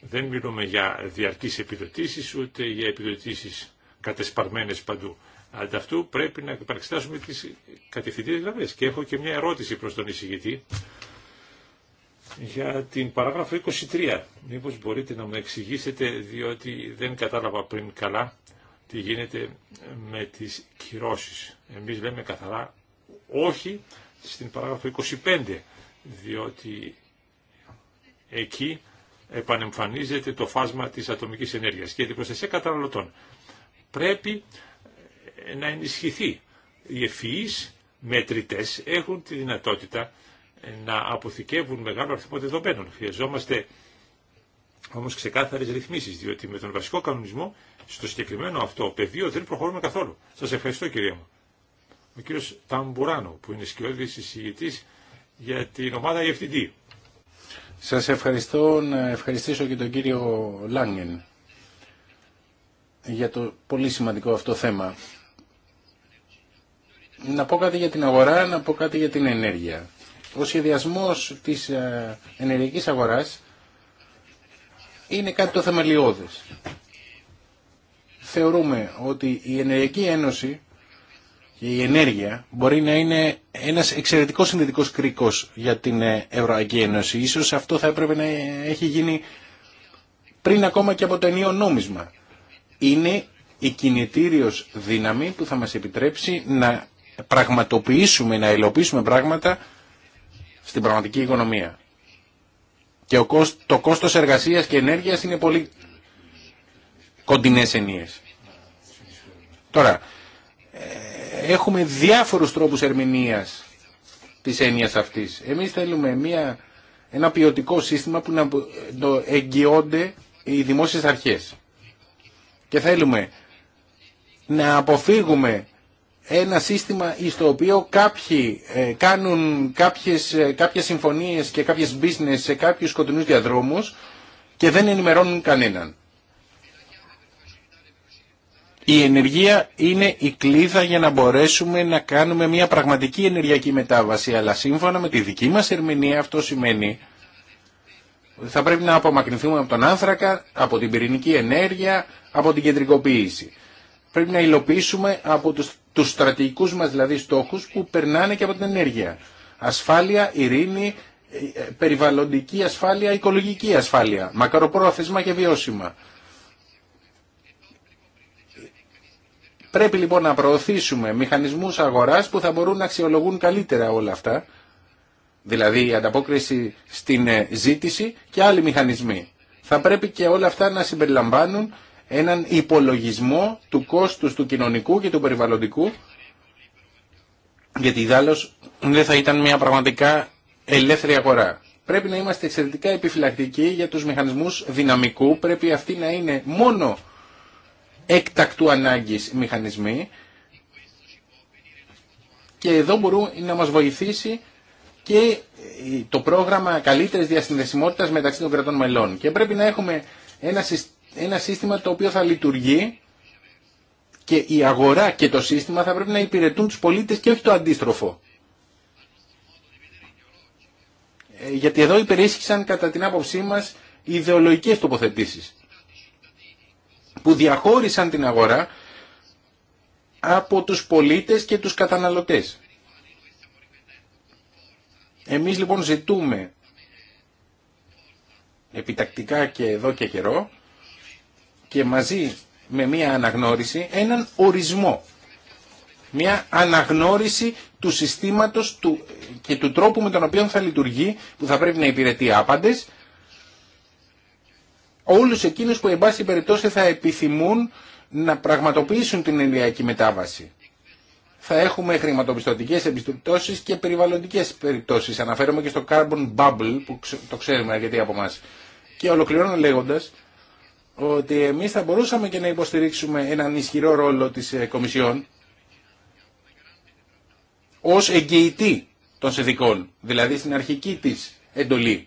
S2: Δεν μιλούμε για διαρκείς επιδοτήσεις, ούτε για επιδοτήσεις κατεσπαρμένες παντού. Ανταυτού πρέπει να επαναξετάσουμε τις κατευθυντήρες γραμμές. Και έχω και μια ερώτηση προς τον εισηγητή για την παράγραφο 23. Μήπως μπορείτε να μου εξηγήσετε, διότι δεν κατάλαβα πριν καλά, τι γίνεται με τις κυρώσεις. Εμείς λέμε καθαρά όχι στην παράγραφο 25, διότι εκεί επανεμφανίζεται το φάσμα της ατομικής ενέργειας και την προστασία καταναλωτών. Πρέπει να ενισχυθεί. Οι ευφυείς μετρητές έχουν τη δυνατότητα να αποθηκεύουν μεγάλο αριθμό δεδομένων. Χρειαζόμαστε όμως ξεκάθαρες ρυθμίσεις, διότι με τον βασικό κανονισμό στο συγκεκριμένο αυτό πεδίο δεν προχωρούμε καθόλου. Σας ευχαριστώ κυρία μου. Ο κύριο Ταμπουράνο που είναι σκιώδη εισηγητής για την ομάδα EFTD.
S1: Σας ευχαριστώ να ευχαριστήσω και τον κύριο Λάγκεν για το πολύ σημαντικό αυτό θέμα. Να πω κάτι για την αγορά, να πω κάτι για την ενέργεια. Ο σχεδιασμός της ε, ενεργειακής αγοράς είναι κάτι το θεμελιώδες θεωρούμε ότι η Ενεργειακή Ένωση και η ενέργεια μπορεί να είναι ένας εξαιρετικός συνδετικός κρίκος για την ε, Ευρωπαϊκή Ένωση. Ίσως αυτό θα έπρεπε να έχει γίνει πριν ακόμα και από το ενίο νόμισμα. Είναι η κινητήριος δύναμη που θα μας επιτρέψει να πραγματοποιήσουμε, να υλοποιήσουμε πράγματα στην πραγματική οικονομία. Και το κόστος εργασίας και ενέργειας είναι πολύ κοντινέ ενίε. Τώρα, ε, έχουμε διάφορους τρόπους ερμηνείας της έννοιας αυτής. Εμείς θέλουμε μια, ένα ποιοτικό σύστημα που να το εγγυώνται οι δημόσιες αρχές. Και θέλουμε να αποφύγουμε ένα σύστημα στο οποίο κάποιοι ε, κάνουν κάποιες, ε, κάποιες συμφωνίες και κάποιες business σε κάποιους σκοτεινούς διαδρόμους και δεν ενημερώνουν κανέναν. Η ενεργεία είναι η κλίδα για να μπορέσουμε να κάνουμε μια πραγματική ενεργειακή μετάβαση, αλλά σύμφωνα με τη δική μας ερμηνεία αυτό σημαίνει ότι θα πρέπει να απομακρυνθούμε από τον άνθρακα, από την πυρηνική ενέργεια, από την κεντρικοποίηση. Πρέπει να υλοποιήσουμε από τους, τους στρατηγικούς μας δηλαδή στόχους που περνάνε και από την ενέργεια. Ασφάλεια, ειρήνη, ε, περιβαλλοντική ασφάλεια, οικολογική ασφάλεια, μακαροπρόθεσμα και βιώσιμα. Πρέπει λοιπόν να προωθήσουμε μηχανισμούς αγοράς που θα μπορούν να αξιολογούν καλύτερα όλα αυτά, δηλαδή η ανταπόκριση στην ε, ζήτηση και άλλοι μηχανισμοί. Θα πρέπει και όλα αυτά να συμπεριλαμβάνουν έναν υπολογισμό του κόστους του κοινωνικού και του περιβαλλοντικού, γιατί δάλλως δεν θα ήταν μια πραγματικά ελεύθερη αγορά. Πρέπει να είμαστε εξαιρετικά επιφυλακτικοί για τους μηχανισμούς δυναμικού, πρέπει αυτή να είναι μόνο έκτακτου ανάγκης μηχανισμοί και εδώ μπορούν να μας βοηθήσει και το πρόγραμμα καλύτερης διασυνδεσιμότητας μεταξύ των κρατών μελών. Και πρέπει να έχουμε ένα σύστημα το οποίο θα λειτουργεί και η αγορά και το σύστημα θα πρέπει να υπηρετούν τους πολίτες και όχι το αντίστροφο. Ε, γιατί εδώ υπερίσχυσαν κατά την άποψή μας ιδεολογικές τοποθετήσεις που διαχώρισαν την αγορά από τους πολίτες και τους καταναλωτές. Εμείς λοιπόν ζητούμε επιτακτικά και εδώ και καιρό και μαζί με μία αναγνώριση έναν ορισμό. Μία αναγνώριση του συστήματος του, και του τρόπου με τον οποίο θα λειτουργεί που θα πρέπει να υπηρετεί άπαντες όλους εκείνους που εν πάση περιπτώσει θα επιθυμούν να πραγματοποιήσουν την ενεργειακή μετάβαση. Θα έχουμε χρηματοπιστωτικές επιπτώσεις και περιβαλλοντικές περιπτώσεις. Αναφέρομαι και στο carbon bubble που το ξέρουμε αρκετοί από εμά. Και ολοκληρώνω λέγοντας ότι εμείς θα μπορούσαμε και να υποστηρίξουμε έναν ισχυρό ρόλο της ε, Κομισιόν ως εγγυητή των σεδικών, δηλαδή στην αρχική της εντολή,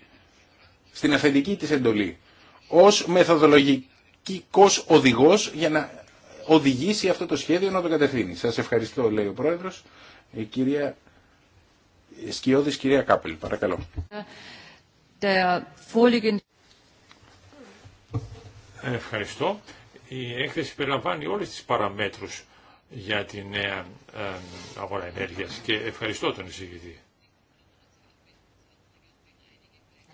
S1: στην αφεντική της εντολή ως μεθοδολογικός οδηγός για να οδηγήσει αυτό το σχέδιο να το κατευθύνει. Σας ευχαριστώ, λέει ο Πρόεδρος. Η κυρία Σκιώδης, κυρία Κάπελ, παρακαλώ. Ευχαριστώ. Η
S2: έκθεση περιλαμβάνει όλες τις παραμέτρους για τη νέα ε, αγορά ενέργειας και ευχαριστώ τον εισηγητή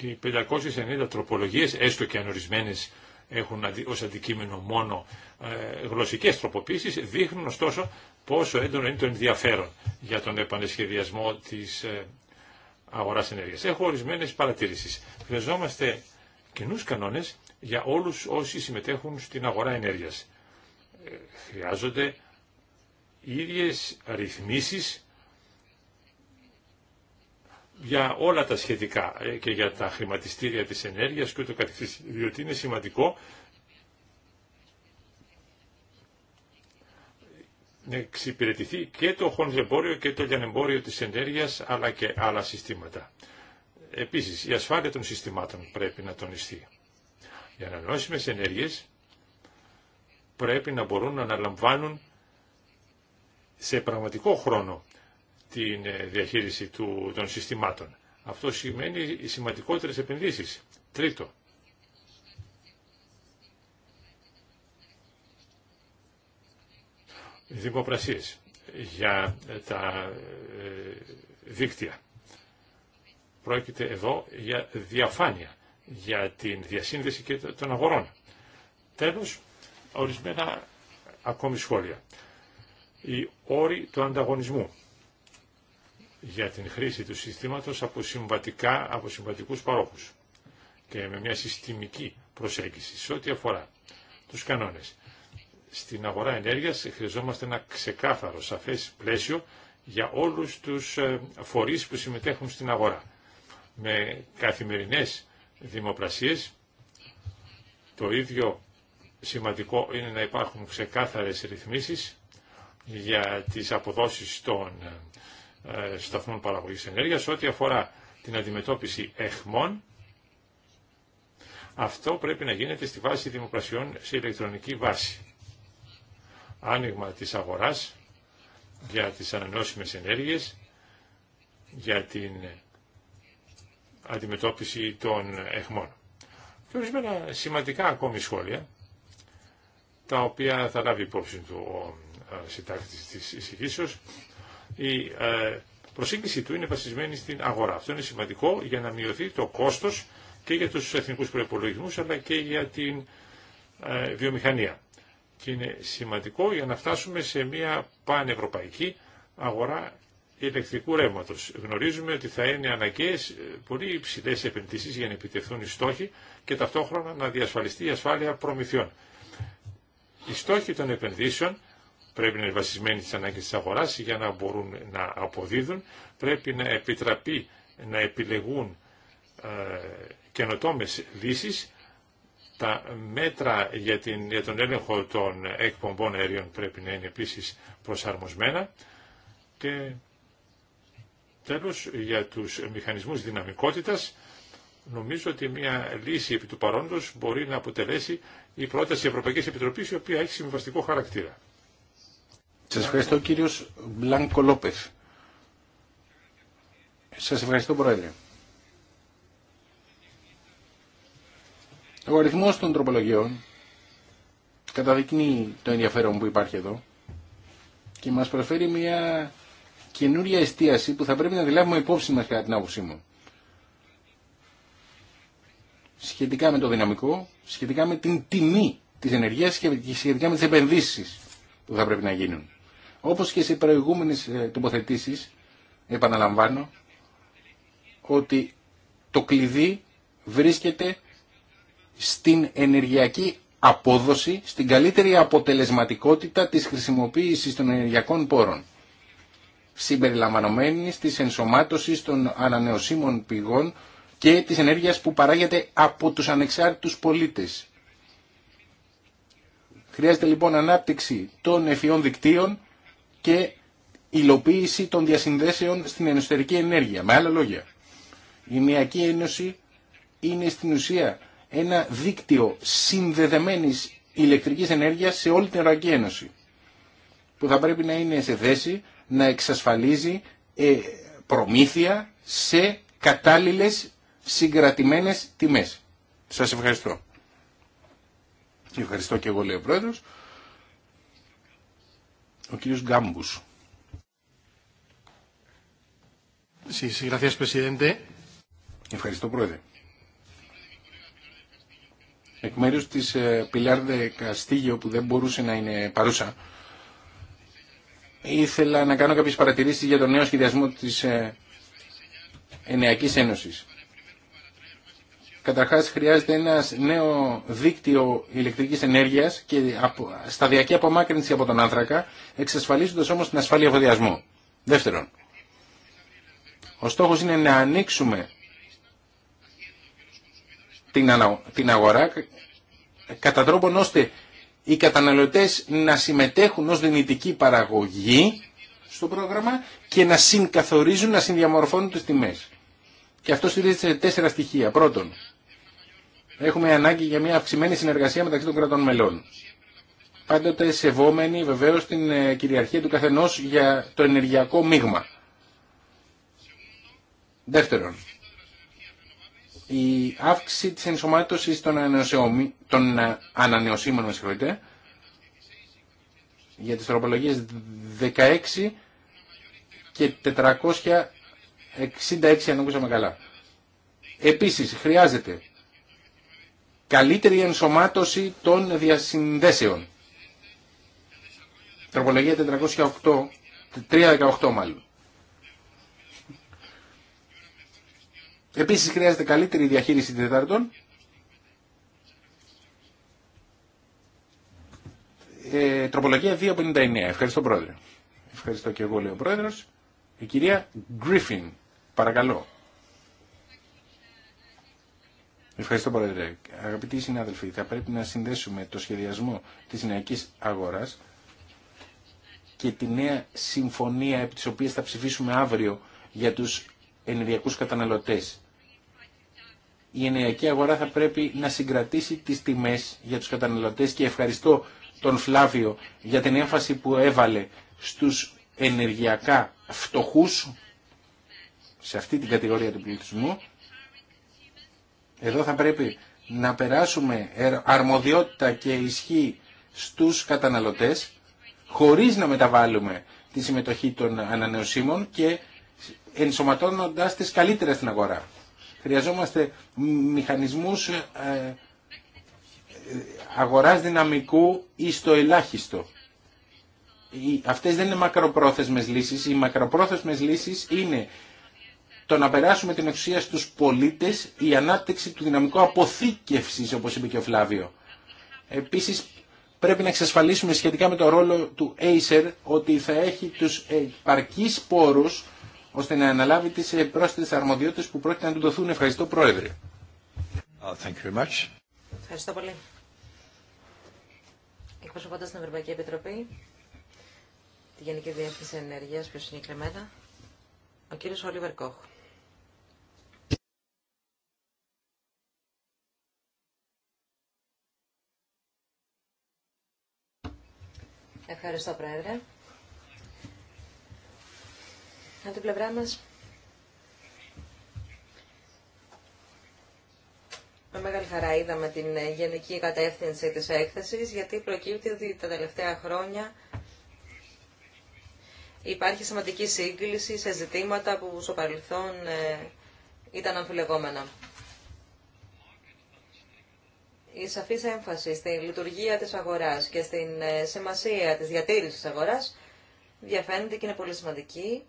S2: οι 590 τροπολογίες, έστω και αν ορισμένε, έχουν ως αντικείμενο μόνο ε, γλωσσικές τροποποίησεις, δείχνουν ωστόσο πόσο έντονο είναι το ενδιαφέρον για τον επανεσχεδιασμό της ε, αγοράς ενέργειας. Έχω ορισμένες παρατηρήσεις. Χρειαζόμαστε κοινού κανόνες για όλους όσοι συμμετέχουν στην αγορά ενέργειας. Ε, χρειάζονται ίδιες ρυθμίσεις για όλα τα σχετικά ε, και για τα χρηματιστήρια της ενέργειας και ούτω καθεξής, διότι είναι σημαντικό να εξυπηρετηθεί και το χονδρεμπόριο και το λιανεμπόριο της ενέργειας αλλά και άλλα συστήματα. Επίσης, η ασφάλεια των συστημάτων πρέπει να τονιστεί. Οι ανανεώσιμες ενέργειες πρέπει να μπορούν να αναλαμβάνουν σε πραγματικό χρόνο την ε, διαχείριση του, των συστημάτων. Αυτό σημαίνει οι σημαντικότερες επενδύσεις. Τρίτο, δημοπρασίες για ε, τα ε, δίκτυα. Πρόκειται εδώ για διαφάνεια, για την διασύνδεση και των αγορών. Τέλος, ορισμένα ακόμη σχόλια. Οι όροι του ανταγωνισμού για την χρήση του συστήματος από, συμβατικά, από συμβατικούς παρόχους και με μια συστημική προσέγγιση σε ό,τι αφορά τους κανόνες. Στην αγορά ενέργειας χρειαζόμαστε ένα ξεκάθαρο, σαφές πλαίσιο για όλους τους ε, φορείς που συμμετέχουν στην αγορά. Με καθημερινές δημοπρασίες, το ίδιο σημαντικό είναι να υπάρχουν ξεκάθαρες ρυθμίσεις για τις αποδόσεις των ε, ε, σταθμών παραγωγής ενέργειας ό,τι αφορά την αντιμετώπιση εχμών αυτό πρέπει να γίνεται στη βάση δημοκρασιών σε ηλεκτρονική βάση. Άνοιγμα της αγοράς για τις ανανεώσιμες ενέργειες, για την αντιμετώπιση των εχμών. Και ορισμένα σημαντικά ακόμη σχόλια, τα οποία θα λάβει υπόψη του ο ε, συντάκτης της εισηγήσεως, η ε, προσέγγιση του είναι βασισμένη στην αγορά. Αυτό είναι σημαντικό για να μειωθεί το κόστος και για τους εθνικούς προϋπολογισμούς αλλά και για την ε, βιομηχανία. Και είναι σημαντικό για να φτάσουμε σε μια πανευρωπαϊκή αγορά ηλεκτρικού ρεύματο. Γνωρίζουμε ότι θα είναι αναγκαίε ε, πολύ υψηλέ επενδύσει για να επιτευχθούν οι στόχοι και ταυτόχρονα να διασφαλιστεί η ασφάλεια προμηθειών. Οι στόχοι των επενδύσεων πρέπει να είναι βασισμένοι στις ανάγκες της αγοράς για να μπορούν να αποδίδουν, πρέπει να επιτραπεί να επιλεγούν ε, καινοτόμες λύσεις, τα μέτρα για, την, για τον έλεγχο των εκπομπών αερίων πρέπει να είναι επίσης προσαρμοσμένα και τέλος για τους μηχανισμούς δυναμικότητας νομίζω ότι μια λύση επί του παρόντος μπορεί να αποτελέσει η πρόταση Ευρωπαϊκής Επιτροπής η οποία έχει συμβαστικό χαρακτήρα.
S1: Σας ευχαριστώ κύριος Μπλάνκο Λόπεθ. Σας ευχαριστώ Πρόεδρε. Ο αριθμός των τροπολογιών καταδεικνύει το ενδιαφέρον που υπάρχει εδώ και μας προσφέρει μια καινούρια εστίαση που θα πρέπει να τη λάβουμε υπόψη μας κατά την άποψή μου. Σχετικά με το δυναμικό, σχετικά με την τιμή της ενεργείας και σχετικά με τις επενδύσεις που θα πρέπει να γίνουν. Όπως και σε προηγούμενες ε, τοποθετήσεις, επαναλαμβάνω, ότι το κλειδί βρίσκεται στην ενεργειακή απόδοση, στην καλύτερη αποτελεσματικότητα της χρησιμοποίησης των ενεργειακών πόρων, συμπεριλαμβανομένης της ενσωμάτωσης των ανανεωσίμων πηγών και της ενέργειας που παράγεται από τους ανεξάρτητους πολίτες. Χρειάζεται λοιπόν ανάπτυξη των εφιών δικτύων και υλοποίηση των διασυνδέσεων στην ενωστερική ενέργεια. Με άλλα λόγια, η Ενιακή Ένωση είναι στην ουσία ένα δίκτυο συνδεδεμένης ηλεκτρικής ενέργειας σε όλη την Ευρωπαϊκή Ένωση που θα πρέπει να είναι σε θέση να εξασφαλίζει ε, προμήθεια σε κατάλληλες συγκρατημένες τιμές. Σας ευχαριστώ. Ευχαριστώ και εγώ λέει ο Πρόεδρος. Ο κύριος Γκάμπους. Ευχαριστώ πρόεδρε. Εκ μέρους της ε, Πιλάρδε Καστίγιο που δεν μπορούσε να είναι παρούσα ήθελα να κάνω κάποιες παρατηρήσεις για τον νέο σχεδιασμό της ε, Ενεακής Ένωσης. Καταρχάς χρειάζεται ένα νέο δίκτυο ηλεκτρικής ενέργειας και σταδιακή απομάκρυνση από τον άνθρακα, εξασφαλίζοντας όμως την ασφάλεια εφοδιασμού. Δεύτερον, ο στόχος είναι να ανοίξουμε την αγορά κατά τρόπον ώστε οι καταναλωτές να συμμετέχουν ως δυνητική παραγωγή στο πρόγραμμα και να συγκαθορίζουν, να συνδιαμορφώνουν τις τιμές. Και αυτό στηρίζεται σε τέσσερα στοιχεία. Πρώτον, έχουμε ανάγκη για μια αυξημένη συνεργασία μεταξύ των κρατών μελών. Πάντοτε σεβόμενοι βεβαίως την ε, κυριαρχία του καθενός για το ενεργειακό μείγμα. Δεύτερον, η αύξηση της ενσωμάτωσης των, των ε, ανανεωσίμων για τις τροπολογίες 16 και 466 αν καλά. Επίσης, χρειάζεται καλύτερη ενσωμάτωση των διασυνδέσεων. Τροπολογία 408, 318 μάλλον. Επίσης χρειάζεται καλύτερη διαχείριση τετάρτων. Ε, τροπολογία 259. Ευχαριστώ πρόεδρε. Ευχαριστώ και εγώ λέει ο πρόεδρος. Η κυρία Γκρίφιν. Παρακαλώ. Ευχαριστώ, Πρόεδρε. Αγαπητοί συνάδελφοι, θα πρέπει να συνδέσουμε το σχεδιασμό της νεακής αγοράς και τη νέα συμφωνία επί της οποίας θα ψηφίσουμε αύριο για τους ενεργειακούς καταναλωτές. Η ενεργειακή αγορά θα πρέπει να συγκρατήσει τις τιμές για τους καταναλωτές και ευχαριστώ τον Φλάβιο για την έμφαση που έβαλε στους ενεργειακά φτωχούς σε αυτή την κατηγορία του πληθυσμού εδώ θα πρέπει να περάσουμε αρμοδιότητα και ισχύ στους καταναλωτές χωρίς να μεταβάλουμε τη συμμετοχή των ανανεωσίμων και ενσωματώνοντας τις καλύτερα στην αγορά. Χρειαζόμαστε μηχανισμούς ε, ε, αγοράς δυναμικού ή στο ελάχιστο. Αυτές δεν είναι μακροπρόθεσμες λύσεις. Οι μακροπρόθεσμες λύσεις είναι το να περάσουμε την εξουσία στους πολίτες, η ανάπτυξη του δυναμικού αποθήκευσης, όπως είπε και ο Φλάβιο. Επίσης, πρέπει να εξασφαλίσουμε σχετικά με το ρόλο του Acer ότι θα έχει τους επαρκείς πόρους ώστε να αναλάβει τις πρόσθετες αρμοδιότητες που πρόκειται να του δοθούν. Ευχαριστώ, Πρόεδρε. Oh, thank you very much.
S3: Ευχαριστώ πολύ. Εκπροσωπώντας την Ευρωπαϊκή Επιτροπή, τη Γενική Διεύθυνση Ενέργειας, πιο συγκεκριμένα, ο κύριος Όλιβερ Κόχ. Ευχαριστώ, Πρόεδρε. Από την πλευρά μας, με μεγάλη χαρά είδαμε την γενική κατεύθυνση της έκθεσης, γιατί προκύπτει ότι τα τελευταία χρόνια υπάρχει σημαντική σύγκληση σε ζητήματα που στο παρελθόν ε, ήταν αμφιλεγόμενα η σαφή έμφαση στη λειτουργία τη αγορά και στην ε, σημασία τη διατήρηση τη αγορά. διαφαίνεται και είναι πολύ σημαντική.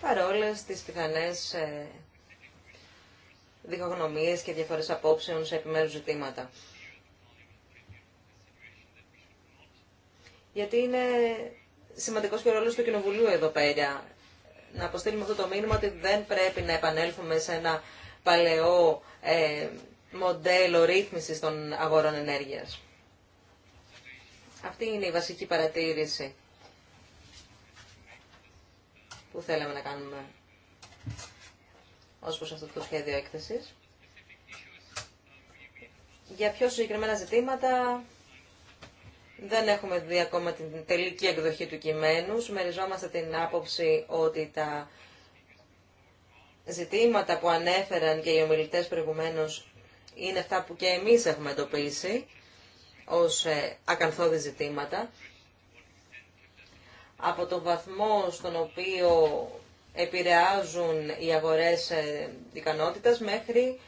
S3: Παρόλες τις πιθανές ε, διχογνωμίες και διαφορε απόψεων σε επιμέρου ζητήματα. Γιατί είναι σημαντικό και ο ρόλο του Κοινοβουλίου εδώ πέρα. Να αποστείλουμε αυτό το μήνυμα ότι δεν πρέπει να επανέλθουμε σε ένα παλαιό ε, μοντέλο ρύθμισης των αγορών ενέργειας. Αυτή είναι η βασική παρατήρηση που θέλαμε να κάνουμε ως προς αυτό το σχέδιο έκθεσης. Για πιο συγκεκριμένα ζητήματα δεν έχουμε δει ακόμα την τελική εκδοχή του κειμένου. Σημεριζόμαστε την άποψη ότι τα ζητήματα που ανέφεραν και οι ομιλητές προηγουμένως είναι αυτά που και εμείς έχουμε εντοπίσει ως ε, ακαθόδη ζητήματα. Από το βαθμό στον οποίο επηρεάζουν οι αγορές ε, ικανότητας μέχρι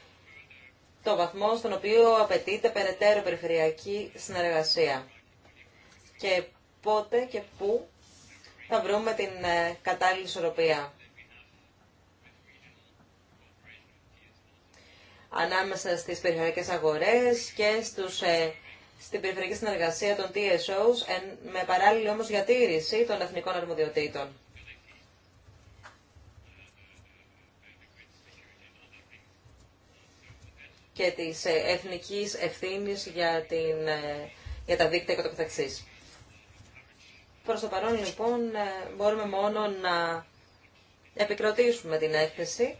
S3: το βαθμό στον οποίο απαιτείται περαιτέρω περιφερειακή συνεργασία. Και πότε και πού θα βρούμε την ε, κατάλληλη ισορροπία. ανάμεσα στις περιφερειακές αγορές και στους, ε, στην περιφερειακή συνεργασία των TSOs, εν, με παράλληλη όμως διατήρηση των εθνικών αρμοδιοτήτων. και της ε, εθνικής ευθύνης για, την, ε, για τα δίκτυα και το καθεξής. Προς το παρόν, λοιπόν, ε, μπορούμε μόνο να επικροτήσουμε την έκθεση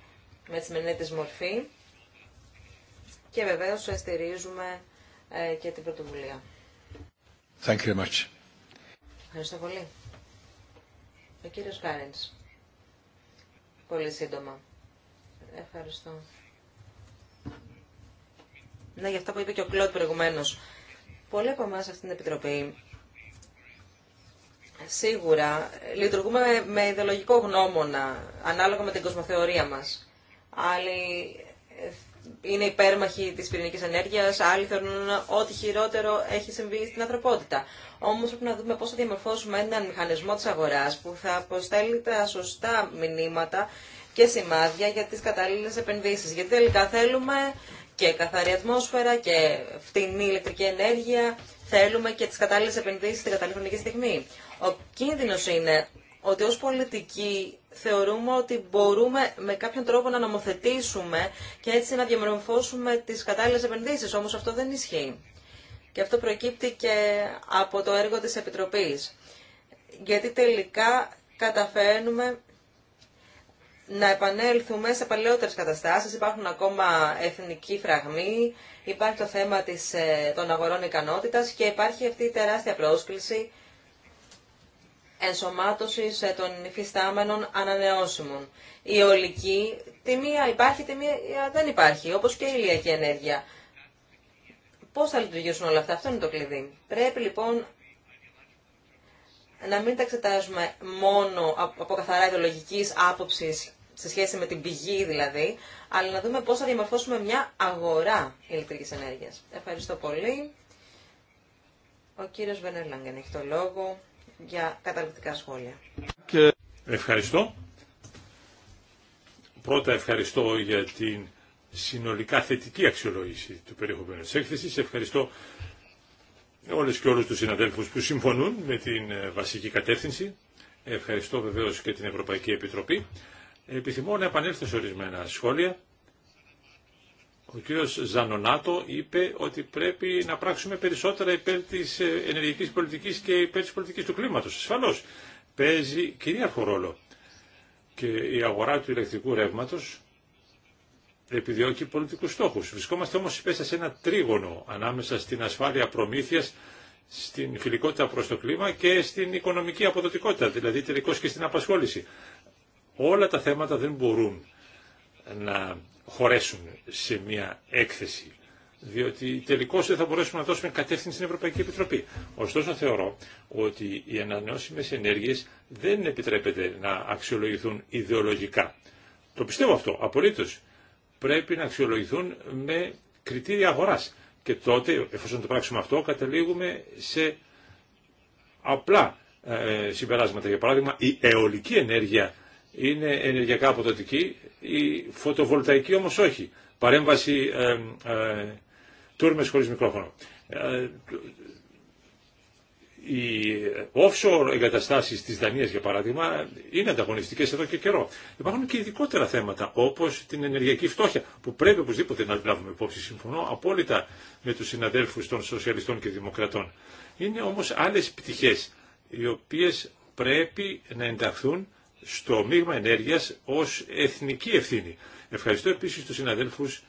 S3: με τη σημερινή της μορφή και βεβαίως στηρίζουμε ε, και την πρωτοβουλία. Thank you much. Ευχαριστώ πολύ. Ο κύριο Κάριντ. Πολύ σύντομα. Ευχαριστώ. Ναι, για αυτά που είπε και ο Κλώτ προηγουμένως. Πολλοί από εμά αυτήν την Επιτροπή σίγουρα λειτουργούμε με ιδεολογικό γνώμονα, ανάλογα με την κοσμοθεωρία μα. Άλλοι είναι υπέρμαχοι τη πυρηνική ενέργεια, άλλοι θεωρούν ότι χειρότερο έχει συμβεί στην ανθρωπότητα. Όμω πρέπει να δούμε πώ θα διαμορφώσουμε έναν μηχανισμό τη αγορά που θα αποστέλει τα σωστά μηνύματα και σημάδια για τι κατάλληλε επενδύσει. Γιατί τελικά θέλουμε και καθαρή ατμόσφαιρα και φτηνή ηλεκτρική ενέργεια, θέλουμε και τι κατάλληλε επενδύσει στην κατάλληλη χρονική στιγμή. Ο κίνδυνο είναι ότι ω πολιτικοί θεωρούμε ότι μπορούμε με κάποιον τρόπο να νομοθετήσουμε και έτσι να διαμορφώσουμε τις κατάλληλες επενδύσεις. Όμως αυτό δεν ισχύει. Και αυτό προκύπτει και από το έργο της Επιτροπής. Γιατί τελικά καταφέρνουμε να επανέλθουμε σε παλαιότερες καταστάσεις. Υπάρχουν ακόμα εθνικοί φραγμοί, υπάρχει το θέμα της, ε, των αγορών ικανότητας και υπάρχει αυτή η τεράστια πρόσκληση Ενσωμάτωση ε, των υφιστάμενων ανανεώσιμων. Η ολική, τη υπάρχει, τη ε, δεν υπάρχει, όπως και η ηλιακή ενέργεια. Πώς θα λειτουργήσουν όλα αυτά, αυτό είναι το κλειδί. Πρέπει λοιπόν να μην τα εξετάζουμε μόνο από καθαρά ιδεολογική άποψης σε σχέση με την πηγή δηλαδή, αλλά να δούμε πώς θα διαμορφώσουμε μια αγορά ηλεκτρικής ενέργειας. Ευχαριστώ πολύ. Ο κύριος Βενερλάγκεν έχει το λόγο για καταληκτικά σχόλια.
S2: Ευχαριστώ. Πρώτα ευχαριστώ για την συνολικά θετική αξιολόγηση του περιεχομένου της έκθεσης. Ευχαριστώ όλες και όλους τους συναδέλφους που συμφωνούν με την ε, βασική κατεύθυνση. Ευχαριστώ βεβαίως και την Ευρωπαϊκή Επιτροπή. Επιθυμώ να επανέλθω σε ορισμένα σχόλια ο κύριος Ζανονάτο είπε ότι πρέπει να πράξουμε περισσότερα υπέρ της ε, ενεργειακής πολιτικής και υπέρ της πολιτικής του κλίματος. Ασφαλώς παίζει κυρίαρχο ρόλο και η αγορά του ηλεκτρικού ρεύματος επιδιώκει πολιτικούς στόχους. Βρισκόμαστε όμως μέσα σε ένα τρίγωνο ανάμεσα στην ασφάλεια προμήθειας, στην φιλικότητα προς το κλίμα και στην οικονομική αποδοτικότητα, δηλαδή τελικώς και στην απασχόληση. Όλα τα θέματα δεν μπορούν να χωρέσουν σε μια έκθεση διότι τελικώς δεν θα μπορέσουμε να δώσουμε κατεύθυνση στην Ευρωπαϊκή Επιτροπή. Ωστόσο θεωρώ ότι οι ανανεώσιμες ενέργειες δεν επιτρέπεται να αξιολογηθούν ιδεολογικά. Το πιστεύω αυτό, απολύτως. Πρέπει να αξιολογηθούν με κριτήρια αγοράς. Και τότε, εφόσον το πράξουμε αυτό, καταλήγουμε σε απλά ε, συμπεράσματα. Για παράδειγμα, η αιωλική ενέργεια είναι ενεργειακά αποδοτική, η φωτοβολταϊκή όμως όχι. Παρέμβαση ε, ε, τούρμες χωρίς μικρόφωνο. Ε, οι offshore εγκαταστάσεις της Δανίας, για παράδειγμα, είναι ανταγωνιστικές εδώ και καιρό. Υπάρχουν και ειδικότερα θέματα, όπως την ενεργειακή φτώχεια, που πρέπει οπωσδήποτε να λάβουμε υπόψη. Συμφωνώ απόλυτα με τους συναδέλφους των σοσιαλιστών και δημοκρατών. Είναι όμως άλλες πτυχές, οι οποίες πρέπει να ενταχθούν στο μείγμα ενέργειας ως εθνική ευθύνη. Ευχαριστώ επίσης τους συναδέλφους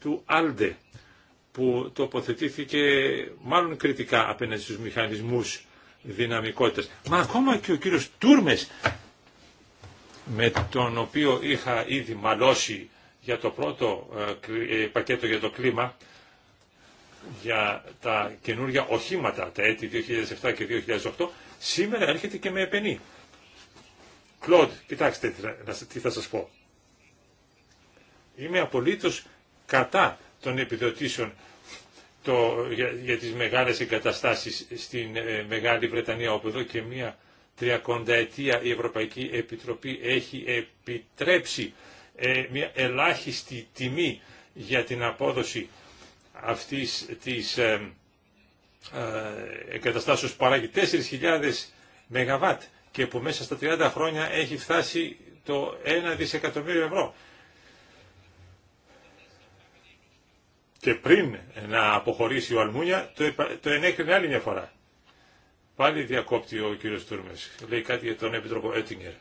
S2: του Άλντε που τοποθετήθηκε μάλλον κριτικά απέναντι στους μηχανισμούς δυναμικότητας. Μα ακόμα και ο κύριος Τούρμες με τον οποίο είχα ήδη μαλώσει για το πρώτο ε, ε, πακέτο για το κλίμα για τα καινούργια οχήματα τα έτη 2007 και 2008 σήμερα έρχεται και με επενή. Κλοντ, κοιτάξτε τι θα σας πω. Είμαι απολύτως κατά των επιδοτήσεων το, για, για τις μεγάλες εγκαταστάσεις στην ε, Μεγάλη Βρετανία, όπου εδώ και μία τριακονταετία η Ευρωπαϊκή Επιτροπή έχει επιτρέψει ε, μια ελάχιστη τιμή για την απόδοση αυτής της ε, ε εγκαταστάσεως παράγει 4.000 μεγάβατ και που μέσα στα 30 χρόνια έχει φτάσει το 1 δισεκατομμύριο ευρώ. Και πριν να αποχωρήσει ο Αλμούνια, το, το ενέκρινε άλλη μια φορά. Πάλι διακόπτει ο κύριος Τούρμες. Λέει κάτι για τον Επίτροπο Έτιγκερ.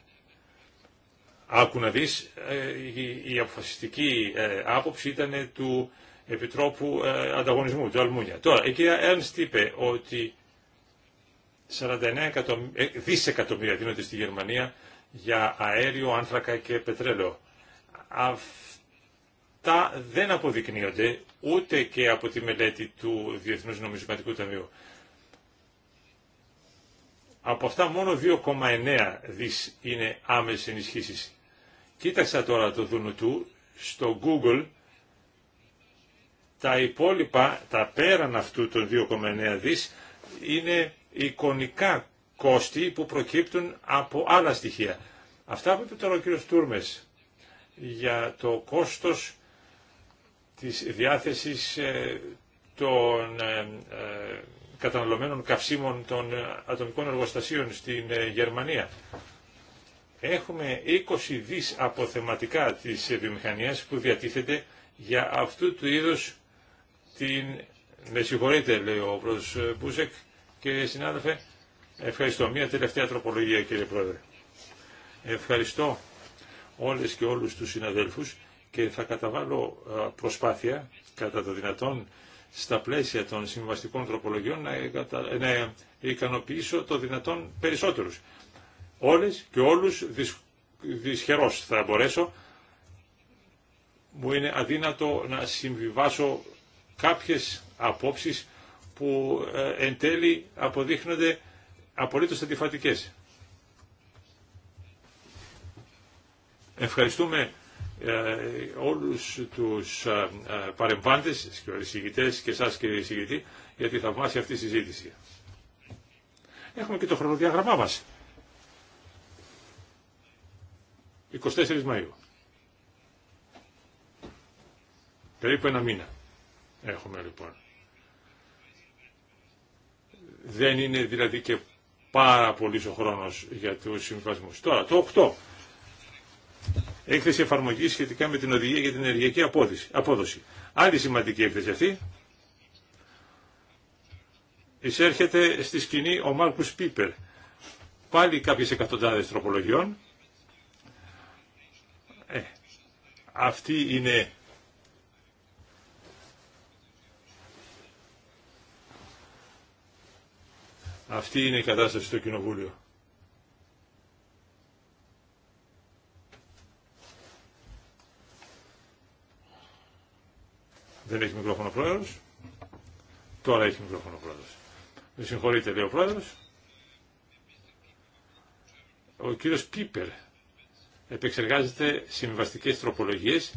S2: Άκου να δεις, ε, η αποφασιστική ε, άποψη ήταν του Επιτρόπου ε, Ανταγωνισμού, του Αλμούνια. Τώρα, η κυρία Έρνστ είπε ότι 49 ε, δισεκατομμύρια δίνονται στη Γερμανία για αέριο, άνθρακα και πετρέλαιο. Αυτά δεν αποδεικνύονται ούτε και από τη μελέτη του Διεθνούς Νομισματικού Ταμείου. Από αυτά μόνο 2,9 δις είναι άμεσες ενισχύσεις. Κοίταξα τώρα το Δουνουτού στο Google τα υπόλοιπα, τα πέραν αυτού των 2,9 δις είναι εικονικά κόστη που προκύπτουν από άλλα στοιχεία. Αυτά που είπε τώρα ο κύριος Τούρμες για το κόστος της διάθεσης ε, των ε, ε, καταναλωμένων καυσίμων των ατομικών εργοστασίων στην Γερμανία. Έχουμε 20 δις αποθεματικά της βιομηχανίας που διατίθεται για αυτού του είδους την... Με συγχωρείτε, λέει ο πρόεδρος Μπούζεκ, Κύριε συνάδελφε, ευχαριστώ. Μία τελευταία τροπολογία κύριε Πρόεδρε. Ευχαριστώ όλες και όλους τους συναδέλφους και θα καταβάλω προσπάθεια κατά το δυνατόν στα πλαίσια των συμβαστικών τροπολογιών να, να ικανοποιήσω το δυνατόν περισσότερους. Όλες και όλους δυσ... θα μπορέσω. Μου είναι αδύνατο να συμβιβάσω κάποιες απόψεις που ε, εν τέλει αποδείχνονται απολύτως αντιφατικές. Ευχαριστούμε ε, όλους τους ε, παρεμβάντες και εισηγητές και εσάς κύριε εισηγητή για τη θαυμάσια αυτή συζήτηση. Έχουμε και το χρονοδιάγραμμά μας. 24 Μαΐου. Περίπου ένα μήνα έχουμε λοιπόν. Δεν είναι δηλαδή και πάρα πολύ ο χρόνο για του συμβιβασμού. Τώρα, το 8. Έκθεση εφαρμογή σχετικά με την οδηγία για την ενεργειακή απόδοση. Άλλη σημαντική έκθεση αυτή. Εισέρχεται στη σκηνή ο Μάρκους Πίπερ. Πάλι κάποιες εκατοντάδες τροπολογιών. Ε, αυτή είναι Αυτή είναι η κατάσταση στο Κοινοβούλιο. Δεν έχει μικρόφωνο πρόεδρος. Τώρα έχει μικρόφωνο πρόεδρος. Με συγχωρείτε, λέει ο πρόεδρος. Ο κύριος Πίπερ επεξεργάζεται συμβαστικές τροπολογίες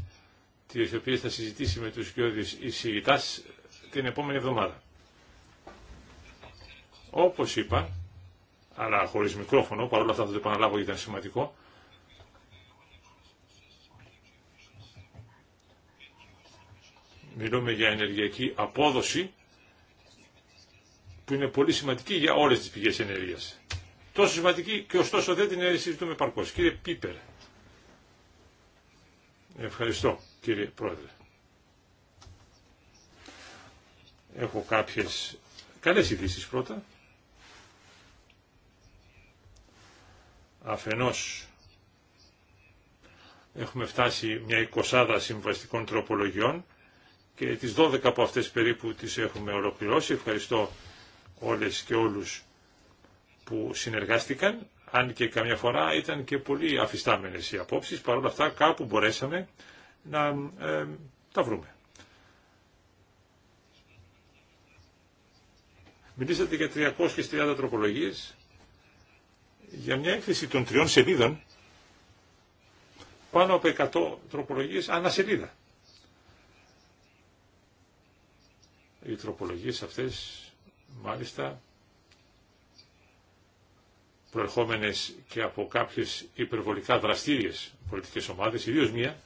S2: τις οποίες θα συζητήσει με τους κοιόδης εισηγητάς την επόμενη εβδομάδα. Όπως είπα, αλλά χωρίς μικρόφωνο, παρόλα αυτά θα το επαναλάβω γιατί ήταν σημαντικό, μιλούμε για ενεργειακή απόδοση που είναι πολύ σημαντική για όλες τις πηγές ενέργειας. Τόσο σημαντική και ωστόσο δεν την συζητούμε παρκώς. Κύριε Πίπερ. Ευχαριστώ κύριε Πρόεδρε. Έχω κάποιες καλές ειδήσει πρώτα. Αφενός έχουμε φτάσει μια εικοσάδα συμβαστικών τροπολογιών και τις 12 από αυτές περίπου τις έχουμε ολοκληρώσει. Ευχαριστώ όλες και όλους που συνεργάστηκαν, αν και καμιά φορά ήταν και πολύ αφιστάμενες οι απόψεις, παρόλα αυτά κάπου μπορέσαμε να ε, τα βρούμε. Μιλήσατε για 330 τροπολογίες για μια έκθεση των τριών σελίδων πάνω από 100 τροπολογίες ανασελίδα. Οι τροπολογίες αυτές μάλιστα προερχόμενες και από κάποιες υπερβολικά δραστήριες πολιτικές ομάδες, ιδίως μία,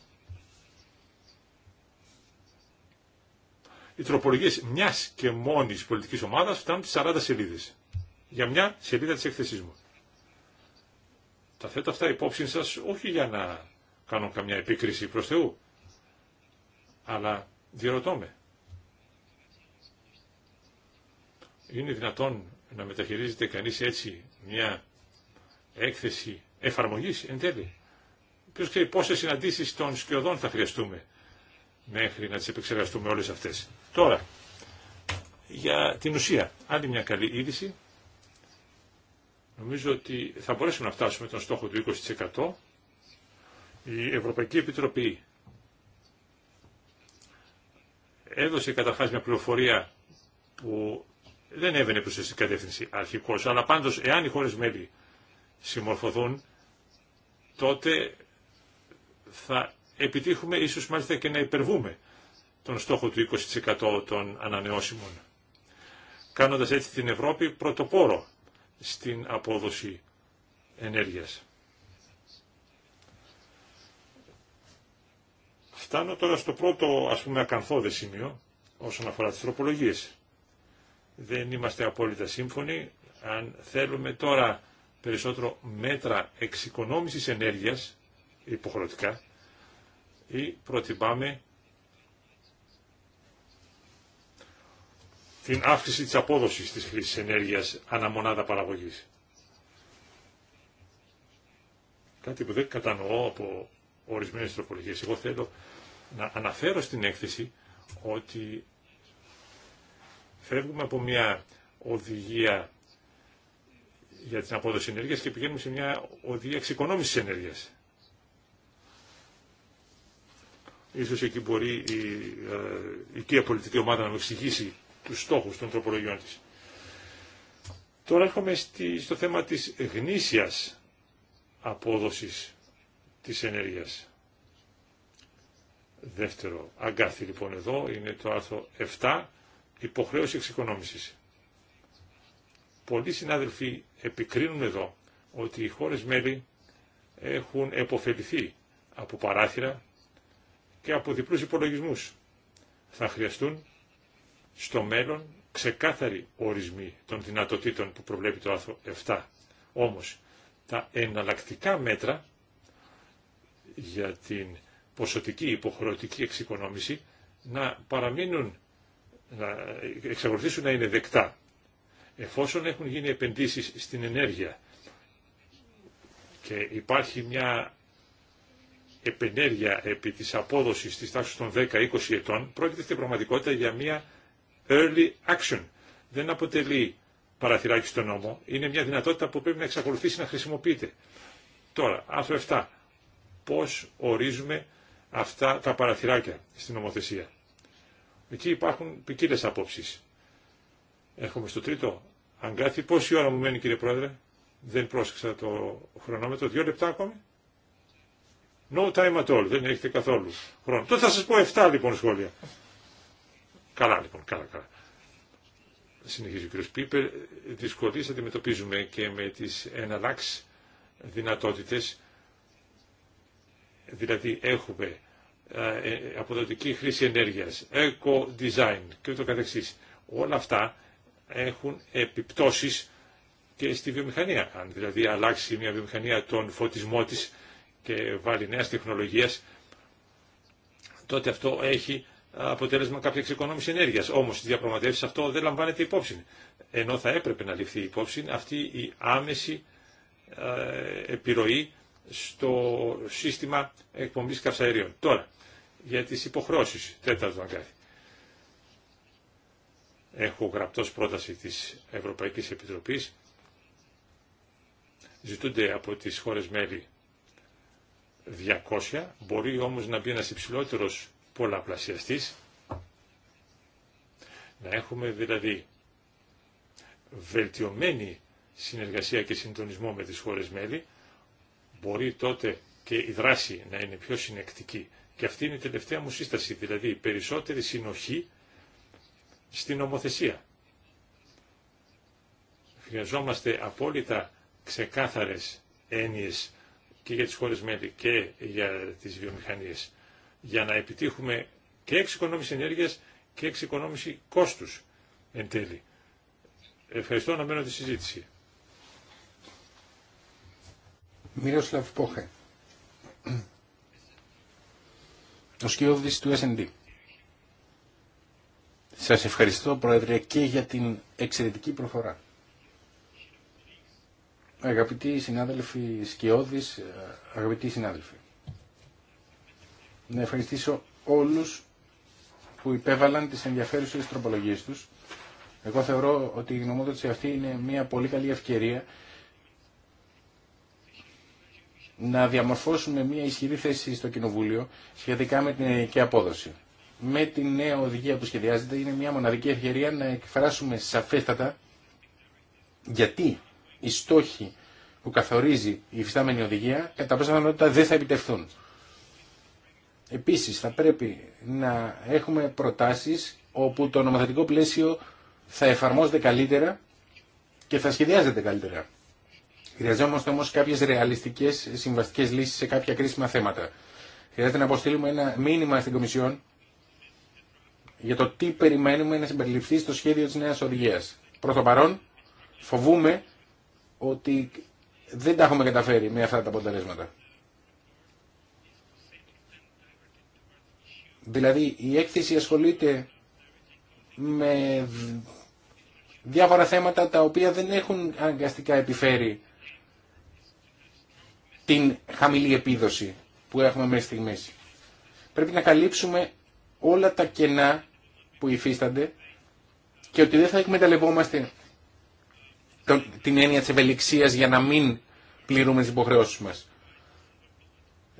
S2: οι τροπολογίες μιας και μόνης πολιτικής ομάδας φτάνουν τις 40 σελίδες για μια σελίδα της έκθεσής μου. Τα θέτω αυτά υπόψη σας όχι για να κάνω καμιά επίκριση προς Θεού, αλλά διερωτώ με. Είναι δυνατόν να μεταχειρίζεται κανείς έτσι μια έκθεση εφαρμογής εν τέλει. Ποιος ξέρει πόσες συναντήσεις των σκιωδών θα χρειαστούμε μέχρι να τις επεξεργαστούμε όλες αυτές. Τώρα, για την ουσία, άλλη μια καλή είδηση Νομίζω ότι θα μπορέσουμε να φτάσουμε τον στόχο του 20%. Η Ευρωπαϊκή Επιτροπή έδωσε καταρχάς μια πληροφορία που δεν έβαινε προς την κατεύθυνση αρχικώς, αλλά πάντως εάν οι χώρες μέλη συμμορφωθούν, τότε θα επιτύχουμε ίσως μάλιστα και να υπερβούμε τον στόχο του 20% των ανανεώσιμων, κάνοντας έτσι την Ευρώπη πρωτοπόρο στην απόδοση ενέργειας. Φτάνω τώρα στο πρώτο ας πούμε ακαθόδε σημείο όσον αφορά τις τροπολογίες. Δεν είμαστε απόλυτα σύμφωνοι. Αν θέλουμε τώρα περισσότερο μέτρα εξοικονόμησης ενέργειας υποχρεωτικά ή προτιμάμε την αύξηση της απόδοσης της χρήσης ενέργειας αναμονάδα παραγωγής. Κάτι που δεν κατανοώ από ορισμένες τροπολογίες. Εγώ θέλω να αναφέρω στην έκθεση ότι φεύγουμε από μια οδηγία για την απόδοση ενέργειας και πηγαίνουμε σε μια οδηγία εξοικονόμησης ενέργειας. Ίσως εκεί μπορεί η ε, πολιτική ομάδα να μου εξηγήσει τους στόχους των τροπολογιών της. Τώρα έρχομαι στο θέμα της γνήσιας απόδοσης της ενέργειας. Δεύτερο αγκάθι λοιπόν εδώ είναι το άρθρο 7, υποχρέωση εξοικονόμησης. Πολλοί συνάδελφοι επικρίνουν εδώ ότι οι χώρες μέλη έχουν επωφεληθεί από παράθυρα και από διπλούς υπολογισμούς. Θα χρειαστούν στο μέλλον ξεκάθαροι ορισμοί των δυνατοτήτων που προβλέπει το άθρο 7. Όμως τα εναλλακτικά μέτρα για την ποσοτική υποχρεωτική εξοικονόμηση να παραμείνουν, να εξακολουθήσουν να είναι δεκτά. Εφόσον έχουν γίνει επενδύσεις στην ενέργεια και υπάρχει μια επενέργεια επί της απόδοσης της τάξης των 10-20 ετών, πρόκειται στην πραγματικότητα για μια early action. Δεν αποτελεί παραθυράκι στον νόμο. Είναι μια δυνατότητα που πρέπει να εξακολουθήσει να χρησιμοποιείται. Τώρα, άρθρο 7. Πώς ορίζουμε αυτά τα παραθυράκια στην νομοθεσία. Εκεί υπάρχουν ποικίλε απόψεις. Έρχομαι στο τρίτο. Αν πόση ώρα μου μένει κύριε Πρόεδρε. Δεν πρόσεξα το χρονόμετρο. Δύο λεπτά ακόμη. No time at all. Δεν έχετε καθόλου χρόνο. Τότε θα σας πω 7 λοιπόν σχόλια. Καλά λοιπόν, καλά, καλά. Συνεχίζει ο κ. Πίπερ, δυσκολίες αντιμετωπίζουμε και με τις εναλλάξεις δυνατότητες, δηλαδή έχουμε ε, ε, αποδοτική χρήση ενέργειας, eco-design και ούτω καθεξής. Όλα αυτά έχουν επιπτώσεις και στη βιομηχανία. Αν δηλαδή αλλάξει μια βιομηχανία τον φωτισμό της και βάλει νέας τεχνολογίας, τότε αυτό έχει αποτέλεσμα κάποια εξοικονόμηση ενέργεια. Όμω στι διαπραγματεύσει αυτό δεν λαμβάνεται υπόψη. Ενώ θα έπρεπε να ληφθεί υπόψη αυτή η άμεση ε, επιρροή στο σύστημα εκπομπής καυσαερίων. Τώρα, για τι υποχρεώσει. τέταρτο να Έχω γραπτό πρόταση της Ευρωπαϊκής Επιτροπής. Ζητούνται από τι χώρε μέλη 200, μπορεί όμως να μπει ένας υψηλότερος πολλαπλασιαστής. Να έχουμε δηλαδή βελτιωμένη συνεργασία και συντονισμό με τις χώρες μέλη, μπορεί τότε και η δράση να είναι πιο συνεκτική. Και αυτή είναι η τελευταία μου σύσταση, δηλαδή περισσότερη συνοχή στην ομοθεσία. Χρειαζόμαστε απόλυτα ξεκάθαρες έννοιες και για τις χώρες μέλη και για τις βιομηχανίες για να επιτύχουμε και εξοικονόμηση ενέργειας και εξοικονόμηση κόστους εν τέλει. Ευχαριστώ να μένω τη συζήτηση.
S1: Μύροσλαβ Πόχε. Ο σκιώδης του S&D. Σας ευχαριστώ Πρόεδρε και για την εξαιρετική προφορά. Αγαπητοί συνάδελφοι Σκιώδης, ε, αγαπητοί συνάδελφοι να ευχαριστήσω όλους που υπέβαλαν τις ενδιαφέρουσες τροπολογίες τους. Εγώ θεωρώ ότι η γνωμότητα αυτή είναι μια πολύ καλή ευκαιρία να διαμορφώσουμε μια ισχυρή θέση στο Κοινοβούλιο σχετικά με την ενεργειακή απόδοση. Με την νέα οδηγία που σχεδιάζεται είναι μια μοναδική ευκαιρία να εκφράσουμε σαφέστατα γιατί οι στόχοι που καθορίζει η υφιστάμενη οδηγία κατά πάσα δεν θα επιτευχθούν. Επίσης θα πρέπει να έχουμε προτάσεις όπου το νομοθετικό πλαίσιο θα εφαρμόζεται καλύτερα και θα σχεδιάζεται καλύτερα. Χρειαζόμαστε όμως κάποιες ρεαλιστικές συμβαστικές λύσεις σε κάποια κρίσιμα θέματα. Χρειάζεται να αποστείλουμε ένα μήνυμα στην Κομισιόν για το τι περιμένουμε να συμπεριληφθεί στο σχέδιο της νέας οδηγίας. το παρόν, φοβούμε ότι δεν τα έχουμε καταφέρει με αυτά τα αποτελέσματα. Δηλαδή η έκθεση ασχολείται με διάφορα θέματα τα οποία δεν έχουν αγκαστικά επιφέρει την χαμηλή επίδοση που έχουμε στη μέση. Πρέπει να καλύψουμε όλα τα κενά που υφίστανται και ότι δεν θα εκμεταλλευόμαστε την έννοια της ευελιξίας για να μην πληρούμε τις υποχρεώσεις μας.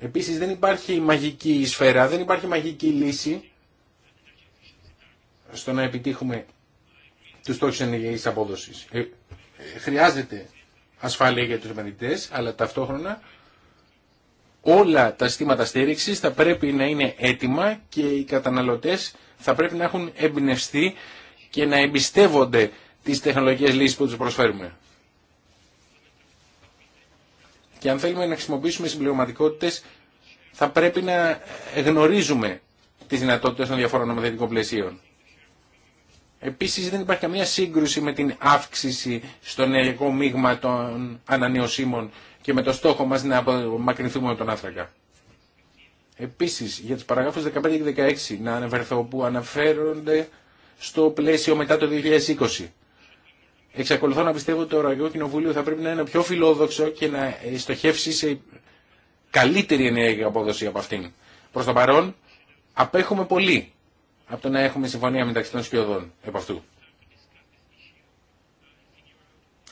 S1: Επίσης δεν υπάρχει μαγική σφαίρα, δεν υπάρχει μαγική λύση στο να επιτύχουμε τους στόχους ενεργειακής απόδοσης. Ε, χρειάζεται ασφάλεια για τους επενδυτές, αλλά ταυτόχρονα όλα τα στήματα στήριξης θα πρέπει να είναι έτοιμα και οι καταναλωτές θα πρέπει να έχουν εμπνευστεί και να εμπιστεύονται τις τεχνολογικές λύσεις που τους προσφέρουμε. Και αν θέλουμε να χρησιμοποιήσουμε συμπληρωματικότητε, θα πρέπει να γνωρίζουμε τι δυνατότητε των διαφόρων νομοθετικών πλαισίων. Επίση, δεν υπάρχει καμία σύγκρουση με την αύξηση στο ενεργειακό μείγμα των ανανεωσίμων και με το στόχο μα να απομακρυνθούμε από τον άνθρακα. Επίση, για του παραγράφου 15 και 16 να αναφερθώ που αναφέρονται στο πλαίσιο μετά το 2020. Εξακολουθώ να πιστεύω ότι το Ευρωπαϊκό Κοινοβούλιο θα πρέπει να είναι πιο φιλόδοξο και να στοχεύσει σε καλύτερη ενέργεια απόδοση από αυτήν. Προ το παρόν, απέχουμε πολύ από το να έχουμε συμφωνία μεταξύ των σπιωδών επ' αυτού.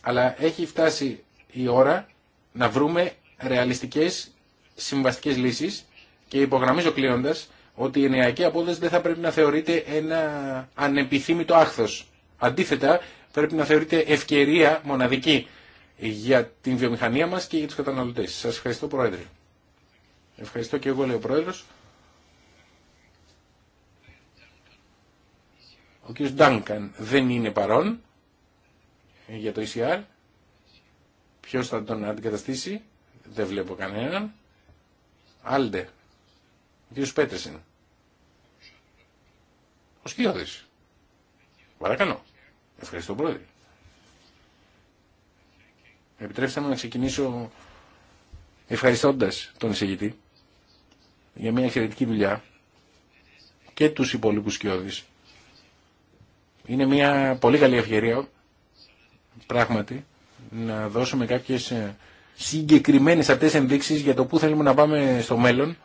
S1: Αλλά έχει φτάσει η ώρα να βρούμε ρεαλιστικές συμβαστικές λύσεις και υπογραμμίζω κλείνοντα ότι η ενεργειακή απόδοση δεν θα πρέπει να θεωρείται ένα ανεπιθύμητο άχθος. Αντίθετα, πρέπει να θεωρείται ευκαιρία μοναδική για την βιομηχανία μας και για τους καταναλωτές. Σας ευχαριστώ Πρόεδρε. Ευχαριστώ και εγώ λέει ο Πρόεδρος. Ο κ. Ντάνκαν δεν είναι παρόν για το ECR. Ποιος θα τον αντικαταστήσει. Δεν βλέπω κανέναν. Άλντε. Ο κ. Πέτρεσεν. Ο Σκιώδης. Παρακαλώ. Ευχαριστώ πρόεδρε. Επιτρέψτε μου να ξεκινήσω ευχαριστώντας τον εισηγητή για μια εξαιρετική δουλειά και τους υπόλοιπους σκιώδεις. Είναι μια πολύ καλή ευκαιρία πράγματι να δώσουμε κάποιες ε, συγκεκριμένες αυτές ενδείξεις για το πού θέλουμε να πάμε στο μέλλον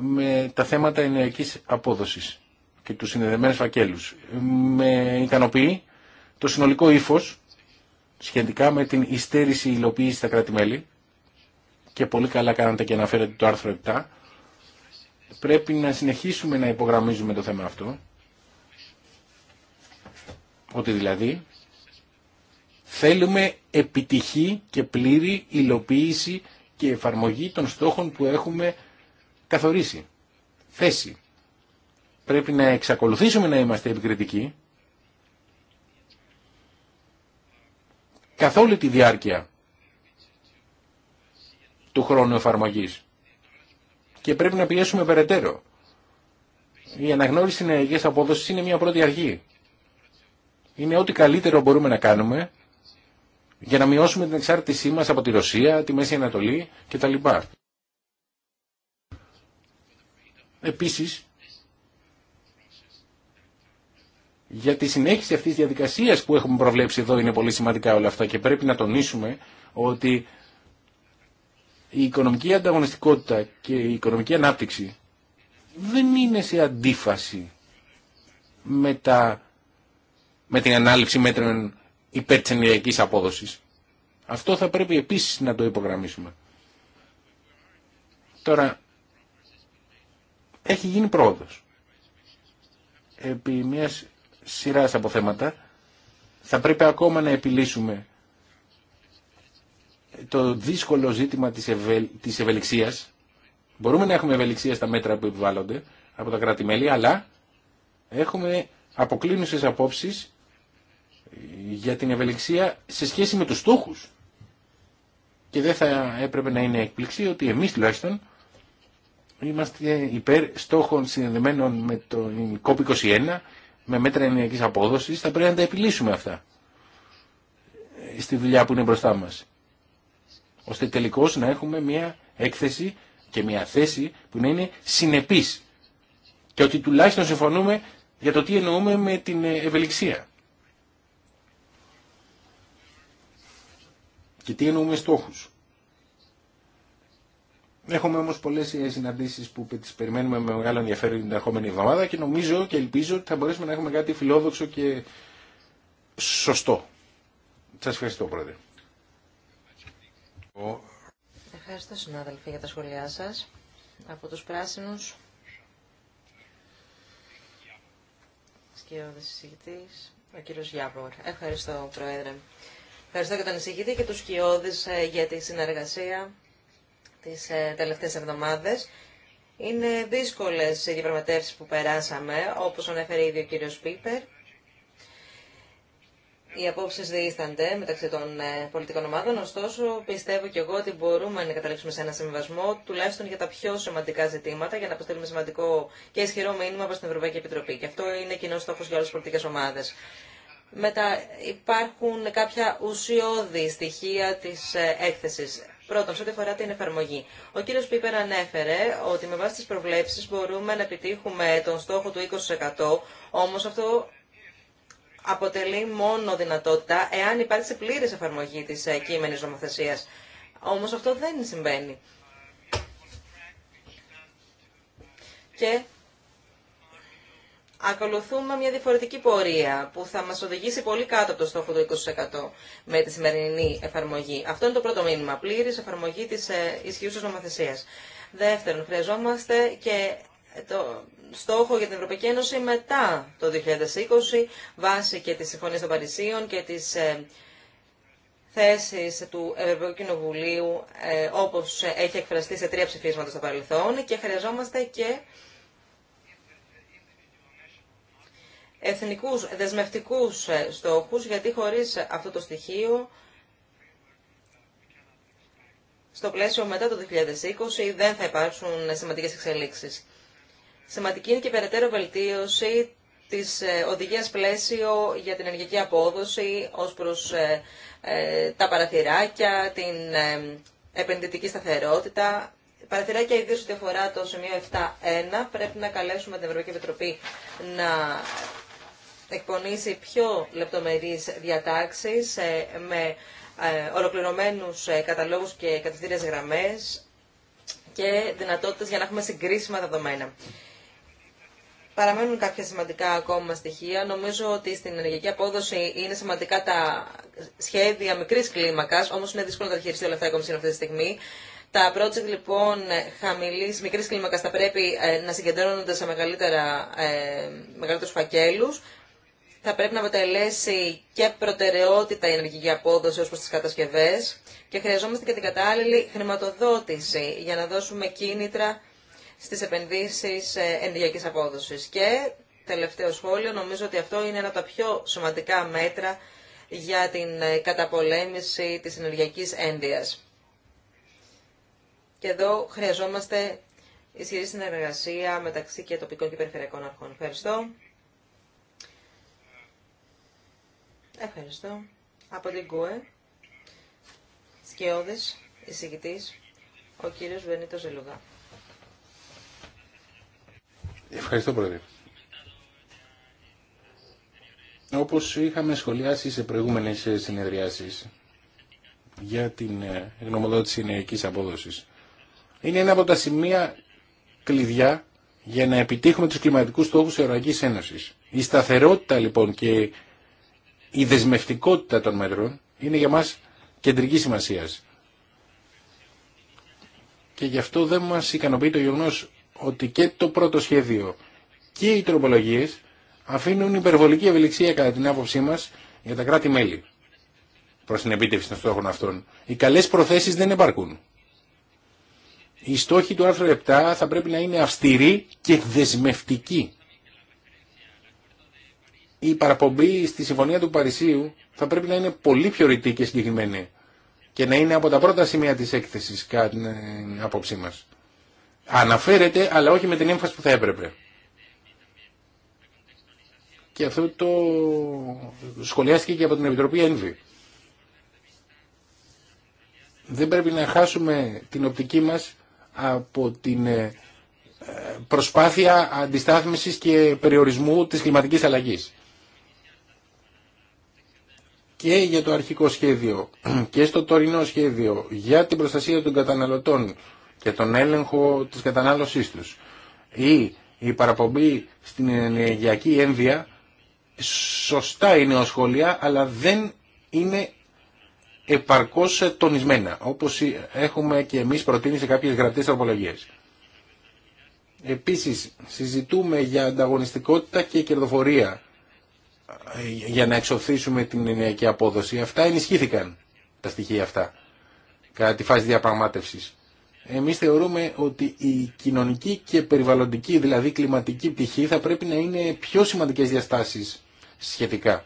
S1: με τα θέματα ενεργειακής απόδοσης και του συνδεδεμένου φακέλους. Με ικανοποιεί το συνολικό ύφο σχετικά με την υστέρηση υλοποίηση στα κράτη-μέλη και πολύ καλά κάνατε και αναφέρετε το άρθρο 7 πρέπει να συνεχίσουμε να υπογραμμίζουμε το θέμα αυτό ότι δηλαδή θέλουμε επιτυχή και πλήρη υλοποίηση και εφαρμογή των στόχων που έχουμε καθορίσει, θέση πρέπει να εξακολουθήσουμε να είμαστε επικριτικοί καθ' όλη τη διάρκεια του χρόνου εφαρμογή. και πρέπει να πιέσουμε περαιτέρω. Η αναγνώριση συνεργείας απόδοσης είναι μια πρώτη αρχή. Είναι ό,τι καλύτερο μπορούμε να κάνουμε για να μειώσουμε την εξάρτησή μας από τη Ρωσία, τη Μέση Ανατολή κτλ. Επίσης, για τη συνέχιση αυτής της διαδικασίας που έχουμε προβλέψει εδώ είναι πολύ σημαντικά όλα αυτά και πρέπει να τονίσουμε ότι η οικονομική ανταγωνιστικότητα και η οικονομική ανάπτυξη δεν είναι σε αντίφαση με, τα, με την ανάληψη μέτρων υπέρ της απόδοσης. Αυτό θα πρέπει επίσης να το υπογραμμίσουμε. Τώρα, έχει γίνει πρόοδος επί μιας σειράς από θέματα. Θα πρέπει ακόμα να επιλύσουμε το δύσκολο ζήτημα της, ευελ... ευελιξίας. Μπορούμε να έχουμε ευελιξία στα μέτρα που επιβάλλονται από τα κράτη-μέλη, αλλά έχουμε αποκλίνουσες απόψεις για την ευελιξία σε σχέση με τους στόχους. Και δεν θα έπρεπε να είναι εκπληξή ότι εμείς τουλάχιστον είμαστε υπέρ στόχων συνδεμένων με το COP21 με μέτρα ενιακή απόδοση θα πρέπει να τα επιλύσουμε αυτά στη δουλειά που είναι μπροστά μα. Ώστε τελικώ να έχουμε μια έκθεση και μια θέση που να είναι συνεπής και ότι τουλάχιστον συμφωνούμε για το τι εννοούμε με την ευελιξία. Και τι εννοούμε στόχους. Έχουμε όμω πολλέ συναντήσει που τις περιμένουμε με μεγάλο ενδιαφέρον την ερχόμενη εβδομάδα και νομίζω και ελπίζω ότι θα μπορέσουμε να έχουμε κάτι φιλόδοξο και σωστό. Σα ευχαριστώ πρόεδρε.
S3: Ευχαριστώ συνάδελφοι για τα σχόλιά σα Από τους πράσινους, σκιώδης συζητητής, ο κύριο Γιάβορ. Ευχαριστώ πρόεδρε. Ευχαριστώ και τον εισηγητή και τους σκιώδης ε, για τη συνεργασία τις ε, τελευταίες εβδομάδες. Είναι δύσκολες οι διαπραγματεύσεις που περάσαμε, όπως ανέφερε ήδη ο κύριος Πίπερ. Οι απόψεις διήστανται μεταξύ των ε, πολιτικών ομάδων, ωστόσο πιστεύω και εγώ ότι μπορούμε να καταλήξουμε σε ένα συμβασμό, τουλάχιστον για τα πιο σημαντικά ζητήματα, για να αποστείλουμε σημαντικό και ισχυρό μήνυμα προς την Ευρωπαϊκή Επιτροπή. Και αυτό είναι κοινό στόχος για όλες τις πολιτικές ομάδες. Μετά υπάρχουν κάποια ουσιώδη στοιχεία της ε, έκθεσης. Πρώτον, σε ό,τι αφορά την εφαρμογή. Ο κύριος Πίπερ ανέφερε ότι με βάση τις προβλέψεις μπορούμε να επιτύχουμε τον στόχο του 20%, όμως αυτό αποτελεί μόνο δυνατότητα εάν υπάρξει πλήρη εφαρμογή της ε, κείμενη νομοθεσία. Όμως αυτό δεν συμβαίνει. Και ακολουθούμε μια διαφορετική πορεία που θα μας οδηγήσει πολύ κάτω από το στόχο του 20% με τη σημερινή εφαρμογή. Αυτό είναι το πρώτο μήνυμα, πλήρης εφαρμογή της ε, ισχύουσας νομοθεσίας. Δεύτερον, χρειαζόμαστε και το στόχο για την Ευρωπαϊκή Ένωση μετά το 2020, βάσει και της Συμφωνίας των Παρισίων και της ε, θέσεις του Ευρωπαϊκού Κοινοβουλίου, ε, όπως έχει εκφραστεί σε τρία ψηφίσματα στο παρελθόν, και χρειαζόμαστε και εθνικούς δεσμευτικούς ε, στόχους, γιατί χωρίς αυτό το στοιχείο, στο πλαίσιο μετά το 2020 δεν θα υπάρξουν σημαντικές εξελίξεις. Σημαντική είναι και η περαιτέρω βελτίωση της ε, οδηγίας πλαίσιο για την ενεργειακή απόδοση ως προς ε, τα παραθυράκια, την επενδυτική σταθερότητα. Παραθυράκια ιδίως ότι αφορά το σημείο 7.1 πρέπει να καλέσουμε την Ευρωπαϊκή Επιτροπή να εκπονήσει πιο λεπτομερείς διατάξεις ε, με ε, ολοκληρωμένους ε, καταλόγους και κατευθύνες γραμμές και δυνατότητες για να έχουμε συγκρίσιμα δεδομένα. Παραμένουν κάποια σημαντικά ακόμα στοιχεία. Νομίζω ότι στην ενεργειακή απόδοση είναι σημαντικά τα σχέδια μικρή κλίμακα, όμω είναι δύσκολο να τα χειριστεί όλα αυτά ακόμα αυτή τη στιγμή. Τα project λοιπόν χαμηλή μικρή κλίμακα θα πρέπει να συγκεντρώνονται σε μεγαλύτερου φακέλου, θα πρέπει να αποτελέσει και προτεραιότητα η ενεργική απόδοση ως προς τις κατασκευές και χρειαζόμαστε και την κατάλληλη χρηματοδότηση για να δώσουμε κίνητρα στις επενδύσεις ε, ενεργειακής απόδοσης. Και τελευταίο σχόλιο, νομίζω ότι αυτό είναι ένα από τα πιο σημαντικά μέτρα για την ε, καταπολέμηση της ενεργειακή ένδυας. Και εδώ χρειαζόμαστε ισχυρή συνεργασία μεταξύ και τοπικών και περιφερειακών αρχών. Ευχαριστώ. Ευχαριστώ. Από την ΚΟΕ, σκιώδης, εισηγητής, ο κύριος Βενίτο Ζελουγά.
S1: Ευχαριστώ, Πρόεδρε. Όπως είχαμε σχολιάσει σε προηγούμενες συνεδριάσεις για την ε, γνωμοδότηση ενεργικής απόδοσης, είναι ένα από τα σημεία κλειδιά για να επιτύχουμε τους κλιματικούς στόχους της Ευρωπαϊκής Ένωσης. Η σταθερότητα λοιπόν και η δεσμευτικότητα των μέτρων είναι για μας κεντρική σημασία. Και γι' αυτό δεν μας ικανοποιεί το γεγονό ότι και το πρώτο σχέδιο και οι τροπολογίες αφήνουν υπερβολική ευελιξία κατά την άποψή μας για τα κράτη-μέλη προς την επίτευξη των στόχων αυτών. Οι καλές προθέσεις δεν επαρκούν. Οι στόχοι του άρθρου 7 θα πρέπει να είναι αυστηροί και δεσμευτικοί η παραπομπή στη Συμφωνία του Παρισίου θα πρέπει να είναι πολύ πιο ρητή και συγκεκριμένη και να είναι από τα πρώτα σημεία της έκθεσης κατά την ε, άποψή μας. Αναφέρεται, αλλά όχι με την έμφαση που θα έπρεπε. Και αυτό το σχολιάστηκε και από την Επιτροπή Ένβη. Δεν πρέπει να χάσουμε την οπτική μας από την ε, προσπάθεια αντιστάθμισης και περιορισμού της κλιματικής αλλαγής και για το αρχικό σχέδιο και στο τωρινό σχέδιο για την προστασία των καταναλωτών και τον έλεγχο της κατανάλωσής τους ή η παραπομπή στην ενεργειακή έμβια σωστά είναι ως σχολεία αλλά δεν είναι επαρκώς τονισμένα όπως έχουμε και εμείς προτείνει σε κάποιες γραπτές τροπολογίες. Επίσης συζητούμε για ανταγωνιστικότητα και κερδοφορία για να εξωθήσουμε την ενιακή απόδοση. Αυτά ενισχύθηκαν τα στοιχεία αυτά κατά τη φάση διαπραγμάτευσης. Εμείς θεωρούμε ότι η κοινωνική και περιβαλλοντική, δηλαδή κλιματική πτυχή θα πρέπει να είναι πιο σημαντικές διαστάσεις σχετικά.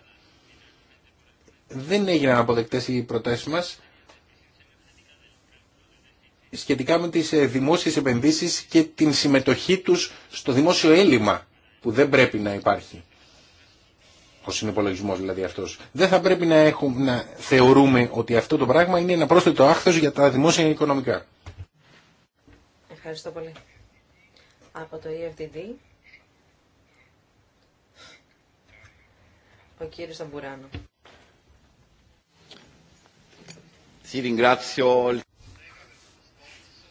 S1: Δεν έγιναν αποδεκτές οι προτάσεις μας σχετικά με τις ε, δημόσιες επενδύσεις και την συμμετοχή τους στο δημόσιο έλλειμμα που δεν πρέπει να υπάρχει ο συνυπολογισμό δηλαδή αυτό. Δεν θα πρέπει να, έχουμε, να θεωρούμε ότι αυτό το πράγμα είναι ένα πρόσθετο άχθο για τα δημόσια οικονομικά.
S3: Ευχαριστώ πολύ. Από το EFDD, ο κύριο Αμπουράνο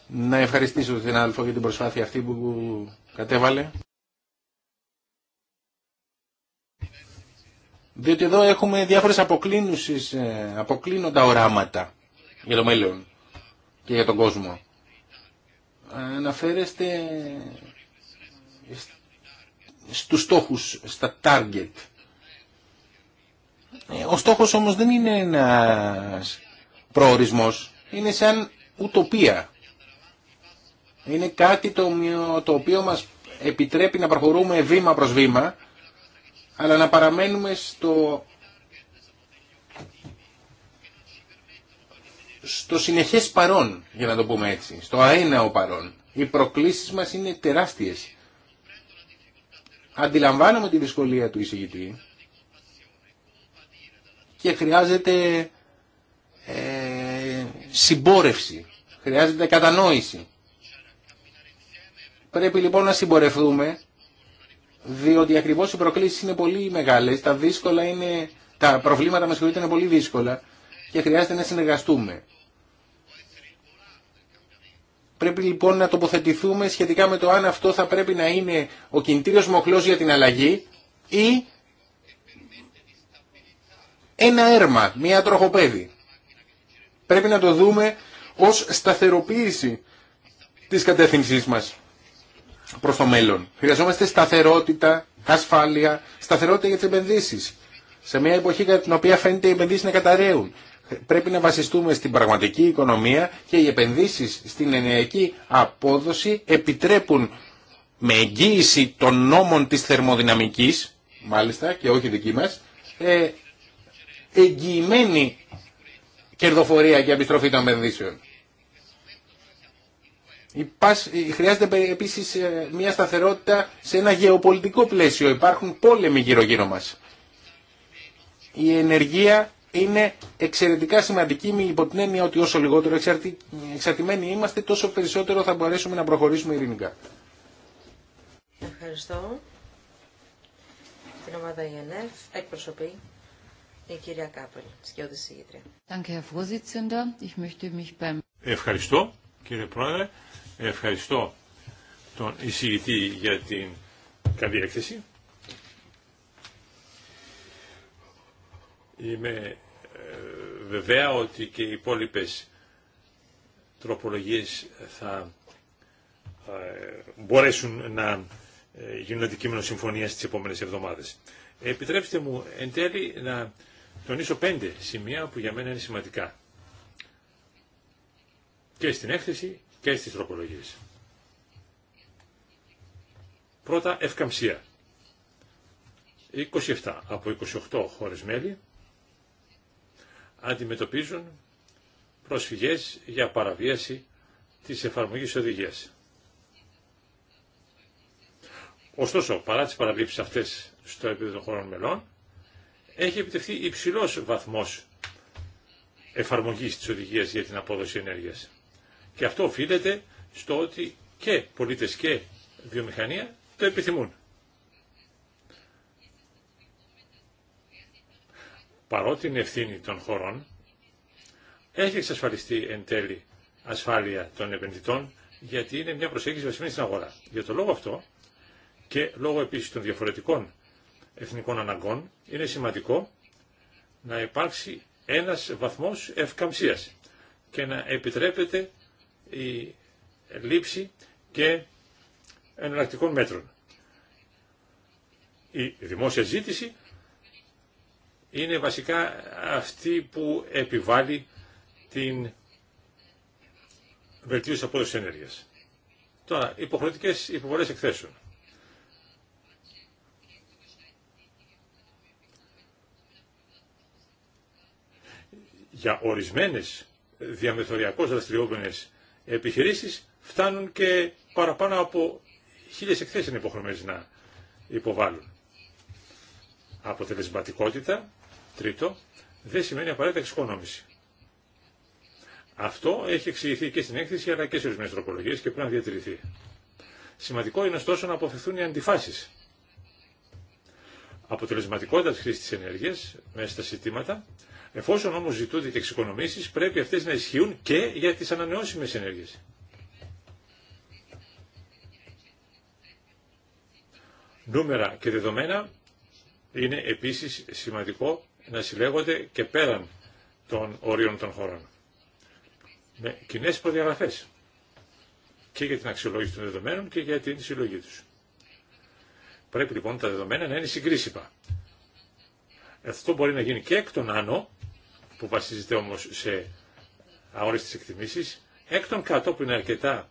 S1: Να ευχαριστήσω την Αλφό για την προσπάθεια αυτή που κατέβαλε. Διότι εδώ έχουμε διάφορες αποκλίνουσεις, ε, αποκλίνοντα οράματα για το μέλλον και για τον κόσμο. Αναφέρεστε στους στόχους, στα target. Ε, ο στόχος όμως δεν είναι ένας προορισμός, είναι σαν ουτοπία. Είναι κάτι το, το οποίο μας επιτρέπει να προχωρούμε βήμα προς βήμα αλλά να παραμένουμε στο, στο συνεχές παρόν, για να το πούμε έτσι, στο αέναο παρόν. Οι προκλήσεις μας είναι τεράστιες. Αντιλαμβάνομαι τη δυσκολία του εισηγητή και χρειάζεται ε, συμπόρευση, χρειάζεται κατανόηση. Πρέπει λοιπόν να συμπορευτούμε διότι ακριβώς οι προκλήσεις είναι πολύ μεγάλες, τα, δύσκολα είναι, τα προβλήματα μας είναι πολύ δύσκολα και χρειάζεται να συνεργαστούμε. Πρέπει λοιπόν να τοποθετηθούμε σχετικά με το αν αυτό θα πρέπει να είναι ο κινητήριος μοχλός για την αλλαγή ή ένα έρμα, μια τροχοπέδη. Πρέπει να το δούμε ως σταθεροποίηση της κατεύθυνσής μας προ το μέλλον. Χρειαζόμαστε σταθερότητα, ασφάλεια, σταθερότητα για τι επενδύσει. Σε μια εποχή κατά την οποία φαίνεται οι επενδύσει να καταραίουν. Πρέπει να βασιστούμε στην πραγματική οικονομία και οι επενδύσεις στην ενεργειακή απόδοση επιτρέπουν με εγγύηση των νόμων της θερμοδυναμικής, μάλιστα και όχι δική μας, ε, εγγυημένη κερδοφορία και επιστροφή των επενδύσεων. Ε, χρειάζεται επίσης ε, μια σταθερότητα σε ένα γεωπολιτικό πλαίσιο. Υπάρχουν πόλεμοι γύρω-γύρω μας. Η ενεργεία είναι εξαιρετικά σημαντική με υπό την έννοια ότι όσο λιγότερο εξαρτημένοι είμαστε τόσο περισσότερο θα μπορέσουμε να προχωρήσουμε ειρηνικά.
S3: Ευχαριστώ. Την ομάδα ΙΕΝΕΦ εκπροσωπεί η κυρία Κάπελ,
S2: Ευχαριστώ κύριε Πρόεδρε. Ευχαριστώ τον εισηγητή για την καλή έκθεση. Είμαι ε, βεβαία ότι και οι υπόλοιπε τροπολογίες θα ε, μπορέσουν να ε, γίνουν αντικείμενο συμφωνίας τις επόμενες εβδομάδες. Επιτρέψτε μου εν τέλει να τονίσω πέντε σημεία που για μένα είναι σημαντικά. Και στην έκθεση και στις τροπολογίες. Πρώτα, ευκαμψία. 27 από 28 χώρες μέλη αντιμετωπίζουν προσφυγές για παραβίαση της εφαρμογής οδηγίας. Ωστόσο, παρά τις παραβλήψεις αυτές στο επίπεδο των χωρών μελών, έχει επιτευχθεί υψηλός βαθμός εφαρμογής της οδηγίας για την απόδοση ενέργειας. Και αυτό οφείλεται στο ότι και πολίτες και βιομηχανία το επιθυμούν. Παρότι είναι ευθύνη των χωρών, έχει εξασφαλιστεί εν τέλει ασφάλεια των επενδυτών, γιατί είναι μια προσέγγιση βασισμένη στην αγορά. Για το λόγο αυτό και λόγω επίσης των διαφορετικών εθνικών αναγκών, είναι σημαντικό να υπάρξει ένας βαθμός ευκαμψίας και να επιτρέπεται η λήψη και εναλλακτικών μέτρων. Η δημόσια ζήτηση είναι βασικά αυτή που επιβάλλει την βελτίωση απόδοση ενέργεια. Τώρα, υποχρεωτικές υποβολέ εκθέσεων. Για ορισμένες διαμεθοριακώς δραστηριόμενες επιχειρήσεις φτάνουν και παραπάνω από χίλιες εκθέσεις είναι υποχρεωμένες να υποβάλουν. Αποτελεσματικότητα, τρίτο, δεν σημαίνει απαραίτητα εξοικονόμηση. Αυτό έχει εξηγηθεί και στην έκθεση αλλά και σε ορισμένε τροπολογίε και πρέπει να διατηρηθεί. Σημαντικό είναι ωστόσο να αποφευθούν οι αντιφάσει. Αποτελεσματικότητα τη χρήση τη ενέργεια μέσα στα συστήματα Εφόσον όμως ζητούνται και εξοικονομήσει, πρέπει αυτές να ισχύουν και για τι ανανεώσιμε ενέργειες. Νούμερα και δεδομένα είναι επίσης σημαντικό να συλλέγονται και πέραν των ορίων των χωρών. Με κοινέ προδιαγραφές και για την αξιολόγηση των δεδομένων και για την συλλογή τους. Πρέπει λοιπόν τα δεδομένα να είναι συγκρίσιμα. Αυτό μπορεί να γίνει και εκ των άνω, που βασίζεται όμως σε αόριστες εκτιμήσεις, εκ των κάτω που είναι αρκετά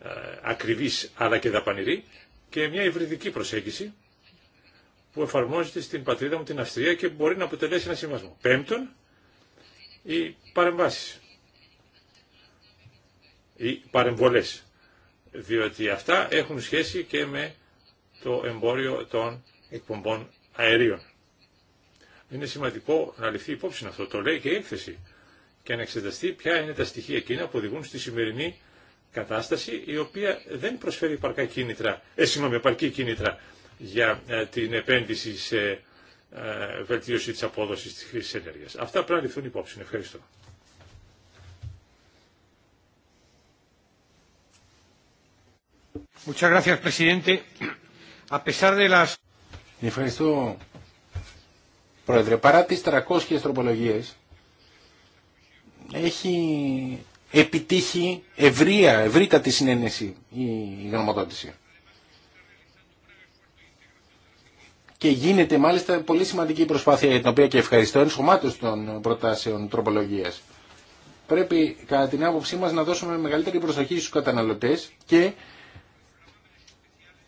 S2: ε, ακριβής αλλά και δαπανηρή και μια υβριδική προσέγγιση που εφαρμόζεται στην πατρίδα μου την Αυστρία και μπορεί να αποτελέσει ένα συμβασμό. Πέμπτον, οι παρεμβάσεις, οι παρεμβολές, διότι αυτά έχουν σχέση και με το εμπόριο των εκπομπών αερίων. Είναι σημαντικό να ληφθεί υπόψη αυτό. Το λέει και η έκθεση. Και να εξεταστεί ποια είναι τα στοιχεία εκείνα που οδηγούν στη σημερινή κατάσταση η οποία δεν προσφέρει επαρκή κίνητρα, ε, συγγνώμη, επαρκή κίνητρα για ε, την επένδυση σε ε, βελτίωση της απόδοσης της χρήσης ενέργειας. Αυτά πρέπει να ληφθούν υπόψη. Ευχαριστώ.
S1: Ευχαριστώ, παρά τις 300 τροπολογίες, έχει επιτύχει ευρία, ευρύτατη συνένεση η γνωμοδότηση. Και γίνεται μάλιστα πολύ σημαντική προσπάθεια για την οποία και ευχαριστώ ενσωμάτως των προτάσεων τροπολογίας. Πρέπει κατά την άποψή μας να δώσουμε μεγαλύτερη προσοχή στους καταναλωτές και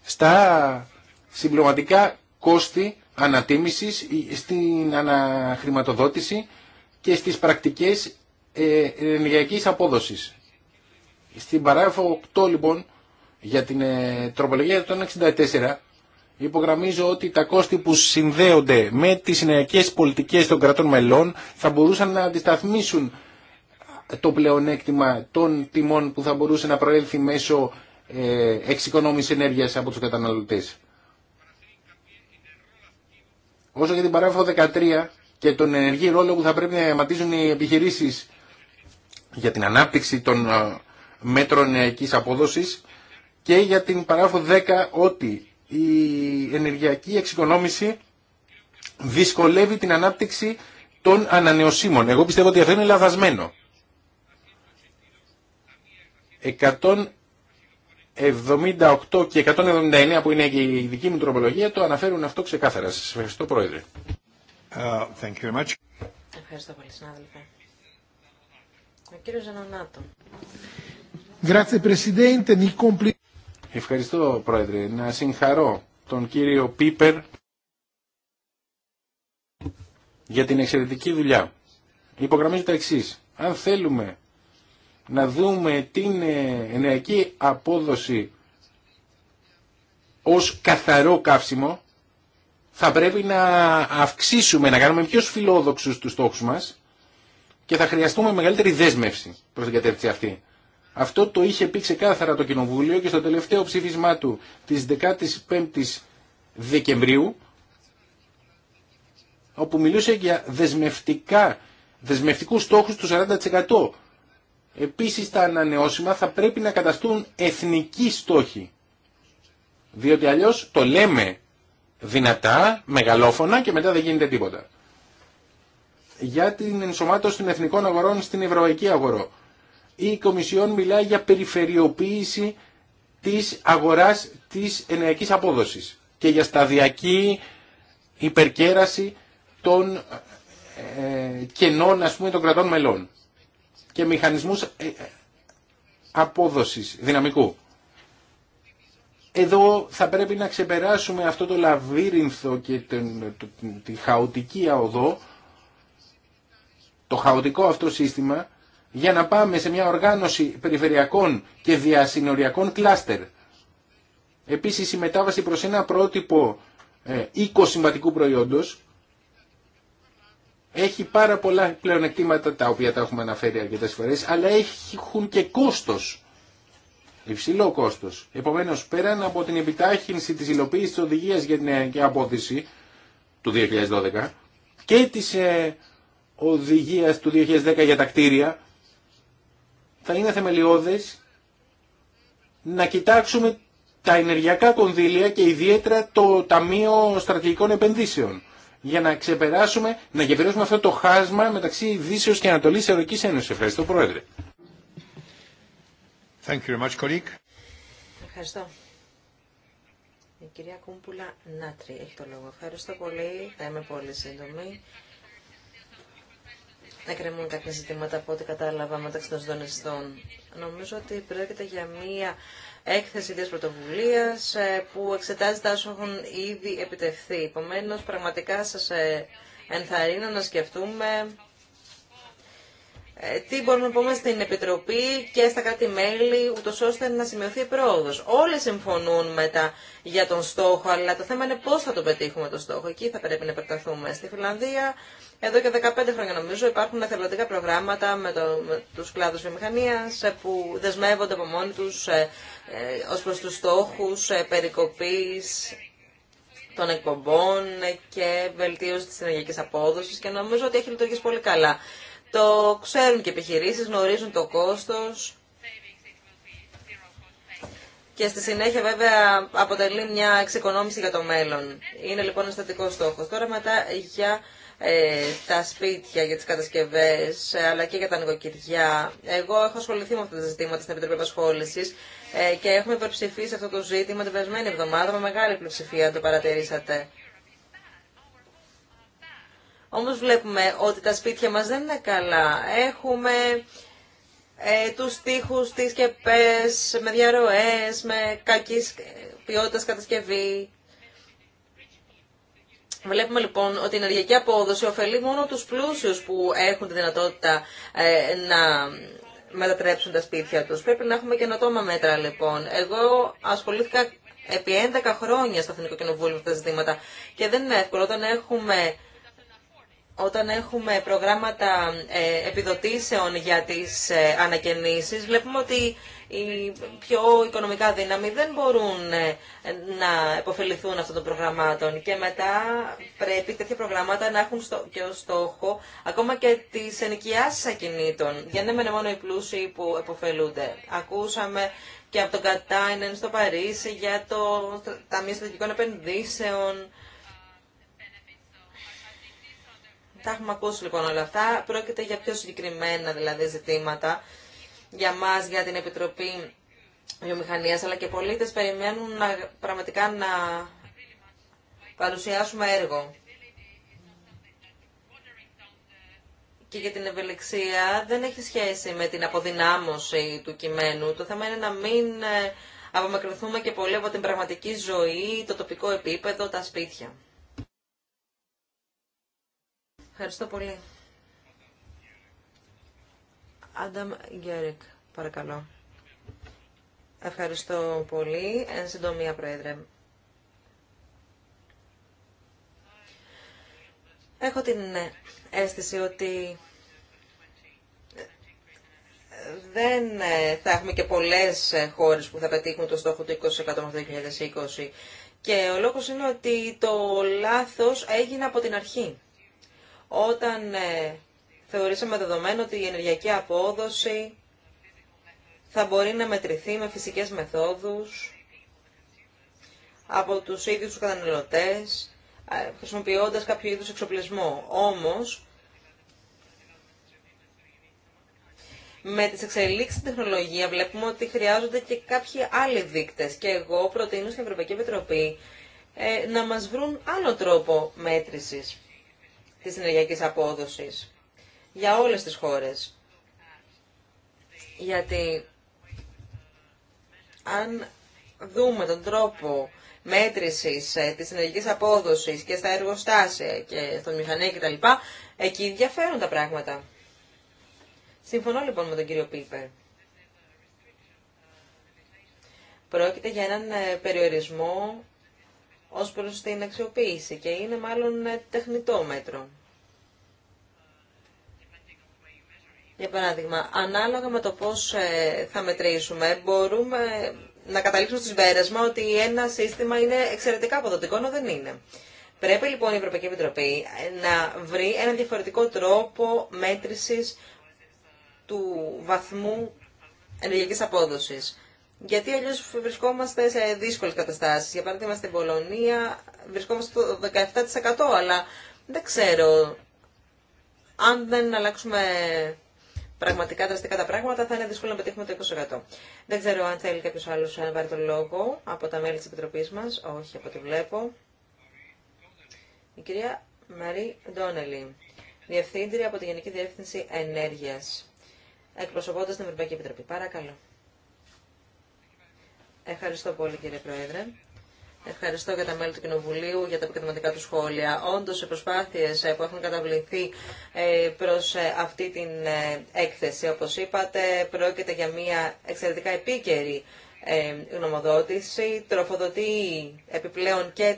S1: στα συμπληρωματικά κόστη ανατίμησης, ε, στην αναχρηματοδότηση και στις πρακτικές ε, ενεργειακής απόδοσης. Στην παράγραφο 8 λοιπόν για την ε, τροπολογία των 64 υπογραμμίζω ότι τα κόστη που συνδέονται με τις ενεργειακές πολιτικές των κρατών μελών θα μπορούσαν να αντισταθμίσουν το πλεονέκτημα των τιμών που θα μπορούσε να προέλθει μέσω εξοικονόμηση ενέργειας από τους καταναλωτές. Όσο για την παράγραφο 13 και τον ενεργή ρόλο που θα πρέπει να διαματίζουν οι επιχειρήσεις για την ανάπτυξη των ε, μέτρων νεαϊκής απόδοσης και για την παράγραφο 10 ότι η ενεργειακή εξοικονόμηση δυσκολεύει την ανάπτυξη των ανανεωσίμων. Εγώ πιστεύω ότι αυτό είναι λαθασμένο. 78 και 179 που είναι και η δική μου τροπολογία το αναφέρουν αυτό ξεκάθαρα. Σας ευχαριστώ Πρόεδρε.
S3: Uh, thank you very much. Ευχαριστώ πολύ συνάδελφε. Ο κύριος Ζανονάτο.
S1: Ευχαριστώ Πρόεδρε. Να συγχαρώ τον κύριο Πίπερ για την εξαιρετική δουλειά. Υπογραμμίζω τα εξής. Αν θέλουμε να δούμε την ε, ενεργειακή απόδοση ως καθαρό καύσιμο, θα πρέπει να αυξήσουμε, να κάνουμε πιο φιλόδοξους τους στόχους μας και θα χρειαστούμε μεγαλύτερη δέσμευση προς την κατεύθυνση αυτή. Αυτό το είχε πει ξεκάθαρα το Κοινοβούλιο και στο τελευταίο ψήφισμά του της 15ης Δεκεμβρίου όπου μιλούσε για δεσμευτικά, δεσμευτικούς στόχους του 40% Επίσης τα ανανεώσιμα θα πρέπει να καταστούν εθνικοί στόχοι. Διότι αλλιώς το λέμε δυνατά, μεγαλόφωνα και μετά δεν γίνεται τίποτα. Για την ενσωμάτωση των εθνικών αγορών στην ευρωπαϊκή αγορά. Η Κομισιόν μιλάει για περιφερειοποίηση της αγοράς της ενεργειακής απόδοσης και για σταδιακή υπερκέραση των ε, κενών των κρατών μελών και μηχανισμούς ε, ε, απόδοσης δυναμικού. Εδώ θα πρέπει να ξεπεράσουμε αυτό το λαβύρινθο και την, τη χαοτική αοδό, το χαοτικό αυτό σύστημα, για να πάμε σε μια οργάνωση περιφερειακών και διασυνοριακών κλάστερ. Επίσης η μετάβαση προς ένα πρότυπο ε, οικοσυμβατικού προϊόντος, έχει πάρα πολλά πλεονεκτήματα τα οποία τα έχουμε αναφέρει αρκετές φορές αλλά έχουν και κόστος υψηλό κόστος επομένως πέραν από την επιτάχυνση της υλοποίησης της οδηγίας για την απόδειση του 2012 και της ε, οδηγία του 2010 για τα κτίρια θα είναι θεμελιώδε να κοιτάξουμε τα ενεργειακά κονδύλια και ιδιαίτερα το Ταμείο Στρατηγικών Επενδύσεων για να ξεπεράσουμε, να γεφυρώσουμε αυτό το χάσμα μεταξύ Δύσεως και Ανατολής Ευρωπαϊκής Ένωσης. Ευχαριστώ Πρόεδρε. Thank you very much,
S3: Ευχαριστώ. Η κυρία Κούμπουλα Νάτρη έχει το λόγο. Ευχαριστώ πολύ. Θα είμαι πολύ σύντομη. κρεμούν κάποια ζητήματα από ό,τι κατάλαβα μεταξύ των συντονιστών. Νομίζω ότι πρόκειται για μία έκθεση της πρωτοβουλίας ε, που εξετάζει τα όσο έχουν ήδη επιτευχθεί. Επομένω, πραγματικά σας ε, ενθαρρύνω να σκεφτούμε ε, τι μπορούμε να πούμε στην Επιτροπή και στα κάτι μελη ούτως ώστε να σημειωθεί πρόοδος. Όλοι συμφωνούν μετά για τον στόχο, αλλά το θέμα είναι πώς θα το πετύχουμε τον στόχο. Εκεί θα πρέπει να επεκταθούμε. Στη Φιλανδία, εδώ και 15 χρόνια νομίζω, υπάρχουν εθελοντικά προγράμματα με, το, με τους κλάδους βιομηχανίας που δεσμεύονται από μόνοι τους ε, ως προς τους στόχους ε, περικοπής των εκπομπών και βελτίωση της ενεργειακής απόδοσης και νομίζω ότι έχει λειτουργήσει πολύ καλά. Το ξέρουν και οι επιχειρήσεις, γνωρίζουν το κόστος και στη συνέχεια βέβαια αποτελεί μια εξοικονόμηση για το μέλλον. Είναι λοιπόν ένα στατικό στόχος. Τώρα μετά για ε, τα σπίτια, για τις κατασκευές αλλά και για τα νοικοκυριά. Εγώ έχω ασχοληθεί με αυτά τα ζητήματα στην Επιτροπή Απασχόλησης ε, και έχουμε υπερψηφίσει αυτό το ζήτημα την περασμένη εβδομάδα με μεγάλη πλειοψηφία, το παρατηρήσατε. Όμως βλέπουμε ότι τα σπίτια μας δεν είναι καλά. Έχουμε ε, τους στίχους, τις κεπές, με διαρροές, με κακή ποιότητας κατασκευή. Βλέπουμε λοιπόν ότι η ενεργειακή απόδοση ωφελεί μόνο τους πλούσιους που έχουν τη δυνατότητα ε, να μετατρέψουν τα σπίτια τους. Πρέπει να έχουμε καινοτόμα μέτρα λοιπόν. Εγώ ασχολήθηκα επί 11 χρόνια στο Εθνικό Κοινοβούλιο με τα ζητήματα και δεν είναι εύκολο όταν έχουμε, όταν έχουμε προγράμματα ε, επιδοτήσεων για τις ε, ανακαινήσεις βλέπουμε ότι οι πιο οικονομικά δύναμοι δεν μπορούν ε, να επωφεληθούν αυτών των προγραμμάτων και μετά πρέπει τέτοια προγράμματα να έχουν στο, και ως στόχο ακόμα και τις ενοικιάσεις ακινήτων για να είναι μόνο οι πλούσιοι που επωφελούνται. Ακούσαμε και από τον Κατάινεν στο Παρίσι για το Ταμείο Στρατηγικών Επενδύσεων. Τα έχουμε ακούσει λοιπόν όλα αυτά. Πρόκειται για πιο συγκεκριμένα δηλαδή ζητήματα για μας, για την Επιτροπή Βιομηχανίας, αλλά και πολίτες περιμένουν να, πραγματικά να παρουσιάσουμε έργο. Και για την ευελιξία δεν έχει σχέση με την αποδυνάμωση του κειμένου. Το θέμα είναι να μην ε, απομακρυνθούμε και πολύ από την πραγματική ζωή, το τοπικό επίπεδο, τα σπίτια. Ευχαριστώ πολύ. Άνταμ Γκέρικ, παρακαλώ. Ευχαριστώ πολύ. Εν συντομία, Πρόεδρε. Έχω την αίσθηση ότι δεν θα έχουμε και πολλές χώρες που θα πετύχουν το στόχο του 20% μέχρι το 2020. Και ο λόγος είναι ότι το λάθος έγινε από την αρχή. Όταν ε, θεωρήσαμε δεδομένο ότι η ενεργειακή απόδοση θα μπορεί να μετρηθεί με φυσικές μεθόδους από τους ίδιους τους καταναλωτές, χρησιμοποιώντας κάποιο είδους εξοπλισμό. Όμως, με τις εξελίξεις στην τεχνολογία βλέπουμε ότι χρειάζονται και κάποιοι άλλοι δείκτες και εγώ προτείνω στην Ευρωπαϊκή Επιτροπή ε, να μας βρουν άλλο τρόπο μέτρησης της ενεργειακής απόδοσης για όλες τις χώρες. Γιατί αν δούμε τον τρόπο μέτρησης ε, της ενεργικής απόδοσης και στα εργοστάσια και στον μηχανή κτλ, εκεί διαφέρουν τα πράγματα. Συμφωνώ λοιπόν με τον κύριο Πίπερ. Πρόκειται για έναν ε, περιορισμό ως προς την αξιοποίηση και είναι μάλλον τεχνητό μέτρο. Για παράδειγμα, ανάλογα με το πώς ε, θα μετρήσουμε, μπορούμε να καταλήξουμε στο συμπέρασμα ότι ένα σύστημα είναι εξαιρετικά αποδοτικό, ενώ δεν είναι. Πρέπει λοιπόν η Ευρωπαϊκή Επιτροπή ε, να βρει έναν διαφορετικό τρόπο μέτρησης του βαθμού ενεργειακή απόδοσης. Γιατί αλλιώ βρισκόμαστε σε δύσκολε καταστάσει. Για παράδειγμα, στην Πολωνία βρισκόμαστε στο 17%, αλλά δεν ξέρω αν δεν αλλάξουμε πραγματικά δραστικά τα πράγματα, θα είναι δύσκολο να πετύχουμε το 20%. Δεν ξέρω αν θέλει κάποιο άλλο να πάρει τον λόγο από τα μέλη τη Επιτροπή μα. Όχι, από ό,τι βλέπω. Η κυρία Μαρή Ντόνελη, Διευθύντρια από τη Γενική Διεύθυνση Ενέργεια, εκπροσωπώντα την Ευρωπαϊκή Επιτροπή. Παρακαλώ. Ευχαριστώ πολύ, κύριε Πρόεδρε. Ευχαριστώ για τα μέλη του Κοινοβουλίου για τα επικοινωνικά του σχόλια. Όντω, οι προσπάθειε ε, που έχουν καταβληθεί ε, προ ε, αυτή την έκθεση, όπω είπατε, πρόκειται για μια εξαιρετικά επίκαιρη γνωμοδότηση. Τροφοδοτεί επιπλέον και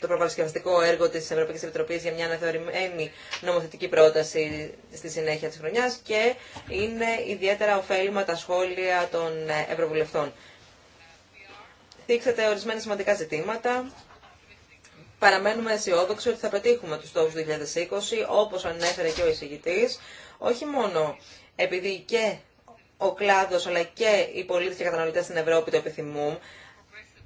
S3: το προπαρασκευαστικό έργο τη Ευρωπαϊκή Επιτροπή για μια αναθεωρημένη νομοθετική πρόταση στη συνέχεια τη χρονιά και είναι ιδιαίτερα ωφέλιμα τα σχόλια των Ευρωβουλευτών δείξατε ορισμένα σημαντικά ζητήματα. Παραμένουμε αισιόδοξοι ότι θα πετύχουμε τους στόχους 2020, όπως ανέφερε και ο εισηγητής, όχι μόνο επειδή και ο κλάδος αλλά και οι πολίτες και οι καταναλωτές στην Ευρώπη το επιθυμούν,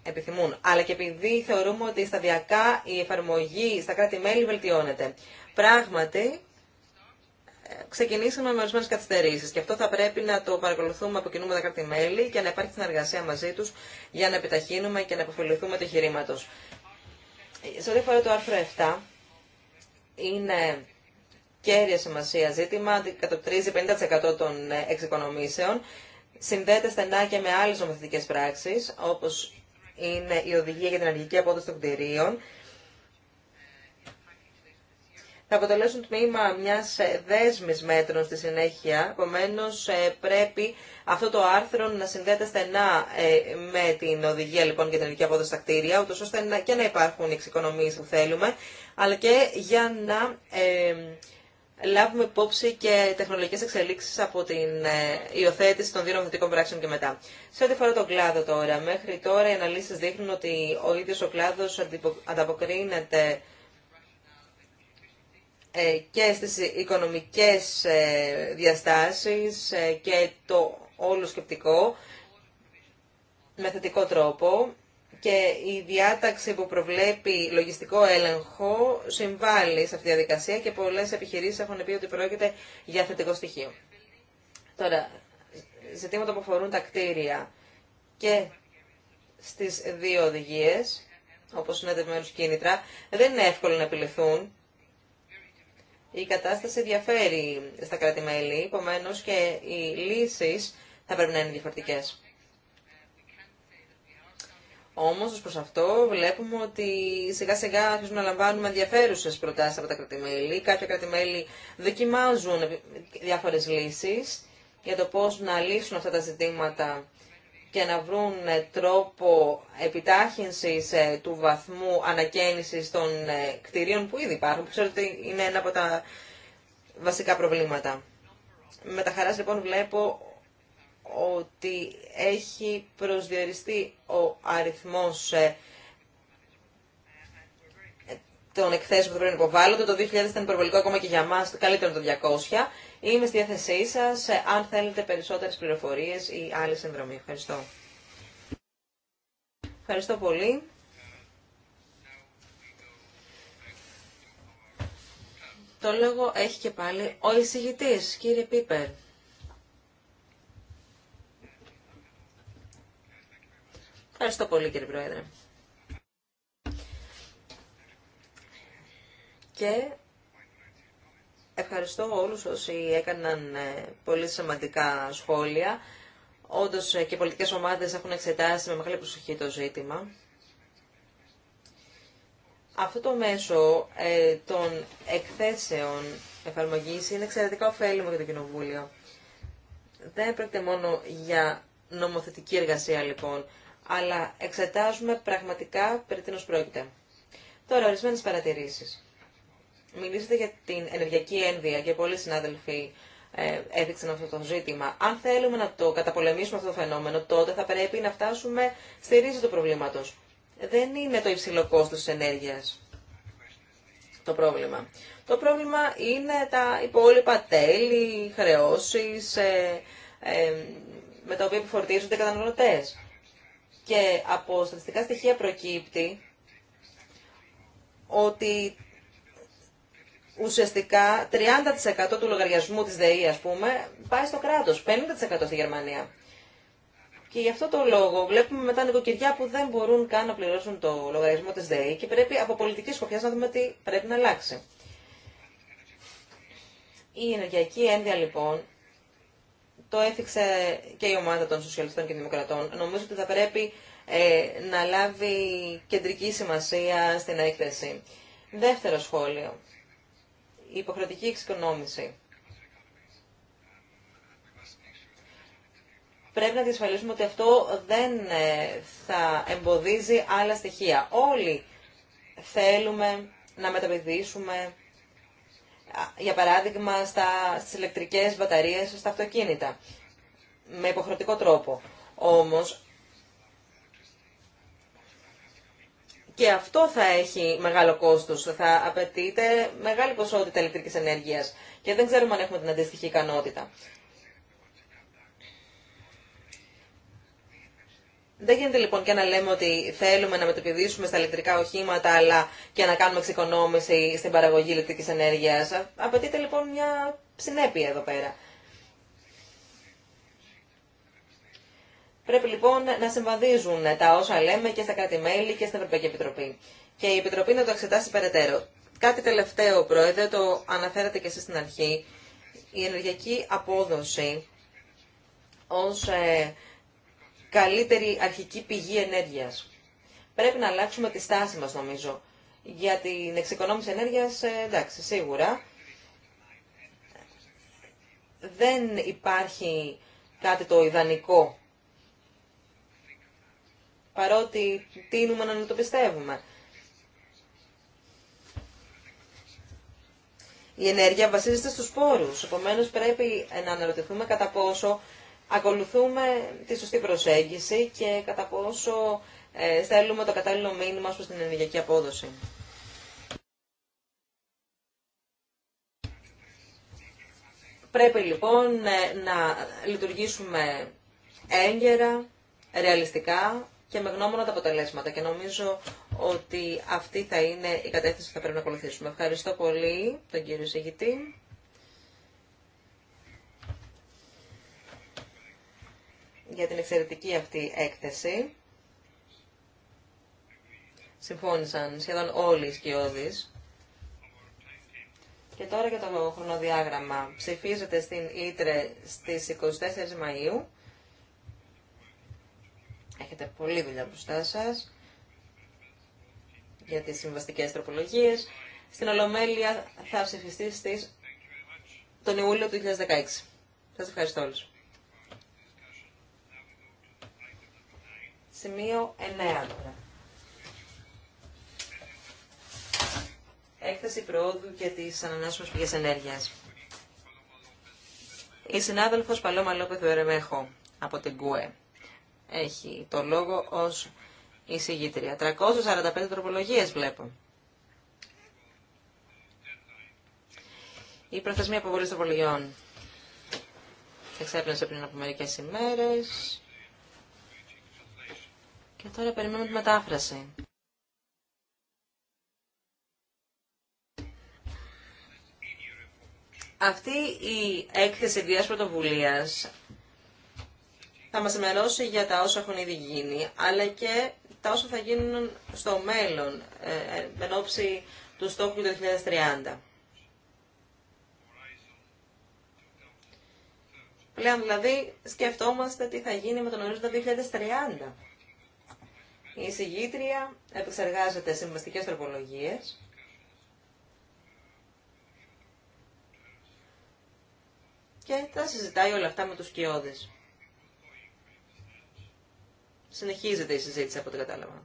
S3: επιθυμούν, αλλά και επειδή θεωρούμε ότι σταδιακά η εφαρμογή στα κράτη-μέλη βελτιώνεται. Πράγματι, ξεκινήσαμε με ορισμένε καθυστερήσει και αυτό θα πρέπει να το παρακολουθούμε από κοινού με τα κράτη-μέλη και να υπάρχει συνεργασία μαζί του για να επιταχύνουμε και να αποφεληθούμε το εγχειρήματο. Σε ό,τι αφορά το άρθρο 7, είναι κέρια σημασία ζήτημα, αντικατοπτρίζει 50% των εξοικονομήσεων, συνδέεται στενά και με άλλε νομοθετικέ πράξει, όπω είναι η οδηγία για την αργική απόδοση των κτηρίων, θα αποτελέσουν τμήμα μια ε, δέσμη μέτρων στη συνέχεια. Επομένω, ε, πρέπει αυτό το άρθρο να συνδέεται στενά ε, με την οδηγία λοιπόν για την ειδική απόδοση στα κτίρια, ούτω ώστε και να υπάρχουν οι εξοικονομίε που θέλουμε, αλλά και για να λάβουμε υπόψη και τεχνολογικές εξελίξεις από την υιοθέτηση των δύο νομοθετικών πράξεων και μετά. Σε ό,τι αφορά τον κλάδο τώρα, μέχρι τώρα οι αναλύσεις δείχνουν ότι ο ίδιος ο κλάδος ανταποκρίνεται ε, και στις οικονομικές ε, διαστάσεις ε, και το όλο σκεπτικό με θετικό τρόπο και η διάταξη που προβλέπει λογιστικό έλεγχο συμβάλλει σε αυτή τη διαδικασία και πολλές επιχειρήσεις έχουν πει ότι πρόκειται για θετικό στοιχείο. Τώρα, ζητήματα που αφορούν τα κτίρια και στις δύο οδηγίες, όπως είναι τα κίνητρα, δεν είναι εύκολο να επιληθούν η κατάσταση διαφέρει στα κράτη-μέλη, επομένω και οι λύσεις θα πρέπει να είναι διαφορετικές. Όμως, ω προς αυτό, βλέπουμε ότι σιγά-σιγά αρχίζουν να λαμβάνουμε ενδιαφέρουσε προτάσει από τα κράτη-μέλη. Κάποια κράτη-μέλη δοκιμάζουν διάφορες λύσεις για το πώς να λύσουν αυτά τα ζητήματα και να βρουν ε, τρόπο επιτάχυνσης ε, του βαθμού ανακαίνησης των ε, κτηρίων που ήδη υπάρχουν, που ξέρετε είναι ένα από τα βασικά προβλήματα. Με τα χαράς λοιπόν βλέπω ότι έχει προσδιοριστεί ο αριθμός των εκθέσεων που πρέπει να υποβάλλονται. Το 2000 ήταν υπερβολικό ακόμα και για μας, καλύτερο το 200. Είμαι στη διάθεσή σας, ε, αν θέλετε περισσότερες πληροφορίες ή άλλη συνδρομή. Ευχαριστώ. Ευχαριστώ πολύ. Το λόγο έχει και πάλι ο εισηγητή, κύριε Πίπερ. Ευχαριστώ πολύ κύριε Πρόεδρε. και ευχαριστώ όλους όσοι έκαναν ε, πολύ σημαντικά σχόλια. Όντως ε, και οι πολιτικές ομάδες έχουν εξετάσει με μεγάλη προσοχή το ζήτημα. Αυτό το μέσο ε, των εκθέσεων εφαρμογής είναι εξαιρετικά ωφέλιμο για το Κοινοβούλιο. Δεν πρόκειται μόνο για νομοθετική εργασία λοιπόν, αλλά εξετάζουμε πραγματικά περί τίνος πρόκειται. Τώρα, ορισμένες παρατηρήσεις μιλήσατε για την ενεργειακή ένδυα και πολλοί συνάδελφοι ε, έδειξαν αυτό το ζήτημα. Αν θέλουμε να το καταπολεμήσουμε αυτό το φαινόμενο, τότε θα πρέπει να φτάσουμε στη ρίζα του προβλήματο. Δεν είναι το υψηλό κόστος τη ενέργειας το πρόβλημα. Το πρόβλημα είναι τα υπόλοιπα τέλη, χρεώσει ε, ε, με τα οποία επιφορτίζονται οι καταναλωτέ. Και από στατιστικά στοιχεία προκύπτει ότι ουσιαστικά 30% του λογαριασμού της ΔΕΗ, ας πούμε, πάει στο κράτος, 50% στη Γερμανία. Και γι' αυτό το λόγο βλέπουμε μετά νοικοκυριά που δεν μπορούν καν να πληρώσουν το λογαριασμό της ΔΕΗ και πρέπει από πολιτική σκοπιά να δούμε τι πρέπει να αλλάξει. Η ενεργειακή ένδια λοιπόν το έφυξε και η ομάδα των Σοσιαλιστών και Δημοκρατών. Νομίζω ότι θα πρέπει ε, να λάβει κεντρική σημασία στην έκθεση. Δεύτερο σχόλιο υποχρεωτική εξοικονόμηση. Πρέπει να διασφαλίσουμε ότι αυτό δεν ε, θα εμποδίζει άλλα στοιχεία. Όλοι θέλουμε να μεταπηδήσουμε, για παράδειγμα, στα, στις ηλεκτρικές μπαταρίες, στα αυτοκίνητα, με υποχρεωτικό τρόπο. Όμως, Και αυτό θα έχει μεγάλο κόστος. Θα απαιτείται μεγάλη ποσότητα ηλεκτρικής ενέργειας. Και δεν ξέρουμε αν έχουμε την αντίστοιχη ικανότητα. Δεν γίνεται λοιπόν και να λέμε ότι θέλουμε να μετοποιησουμε στα ηλεκτρικά οχήματα αλλά και να κάνουμε εξοικονόμηση στην παραγωγή ηλεκτρικής ενέργειας. Απαιτείται λοιπόν μια συνέπεια εδώ πέρα. Πρέπει λοιπόν να συμβαδίζουν τα όσα λέμε και στα κράτη-μέλη και στην Ευρωπαϊκή Επιτροπή. Και η Επιτροπή να το εξετάσει περαιτέρω. Κάτι τελευταίο, Πρόεδρε, το αναφέρατε και εσείς στην αρχή. Η ενεργειακή απόδοση ως ε, καλύτερη αρχική πηγή ενέργειας. Πρέπει να αλλάξουμε τη στάση μας, νομίζω. Για την εξοικονόμηση ενέργειας, ε, εντάξει, σίγουρα. Δεν υπάρχει κάτι το ιδανικό παρότι τίνουμε να μην το πιστεύουμε. Η ενέργεια βασίζεται στους πόρους, επομένως πρέπει να αναρωτηθούμε κατά πόσο ακολουθούμε τη σωστή προσέγγιση και κατά πόσο ε, στέλνουμε το κατάλληλο μήνυμα προς την ενεργειακή απόδοση. Πρέπει λοιπόν ε, να λειτουργήσουμε έγκαιρα, ρεαλιστικά, και με γνώμονα τα αποτελέσματα. Και νομίζω ότι αυτή θα είναι η κατεύθυνση που θα πρέπει να ακολουθήσουμε. Ευχαριστώ πολύ τον κύριο Ζηγητή για την εξαιρετική αυτή έκθεση. Συμφώνησαν σχεδόν όλοι οι σκιώδεις. Και τώρα για το χρονοδιάγραμμα. Ψηφίζεται στην Ήτρε στις 24 Μαΐου Έχετε πολλή δουλειά μπροστά σα για τι συμβαστικέ τροπολογίε. Στην Ολομέλεια θα ψηφιστεί στις τον Ιούλιο του 2016. Σα ευχαριστώ όλου. Σημείο 9. Έκθεση προόδου για τις ανανεώσιμε πηγές ενέργειας. Η συνάδελφος Παλώμα Λόπεθ Βερεμέχο από την ΚΟΕ έχει το λόγο ως εισηγήτρια. 345 τροπολογίες βλέπω. Η προθεσμία αποβολής τροπολογιών εξέπνευσε πριν από μερικές ημέρες. Και τώρα περιμένουμε τη μετάφραση. Αυτή η έκθεση διάσπρωτοβουλίας θα μας ενημερώσει για τα όσα έχουν ήδη γίνει, αλλά και τα όσα θα γίνουν στο μέλλον, ε, ε, εν ώψη του στόχου του 2030. Πλέον δηλαδή σκεφτόμαστε τι θα γίνει με τον ορίζοντα 2030. Η συγγήτρια επεξεργάζεται συμβαστικέ τροπολογίε και θα συζητάει όλα αυτά με τους κοιόδες. Συνεχίζεται η συζήτηση από ό,τι κατάλαβα.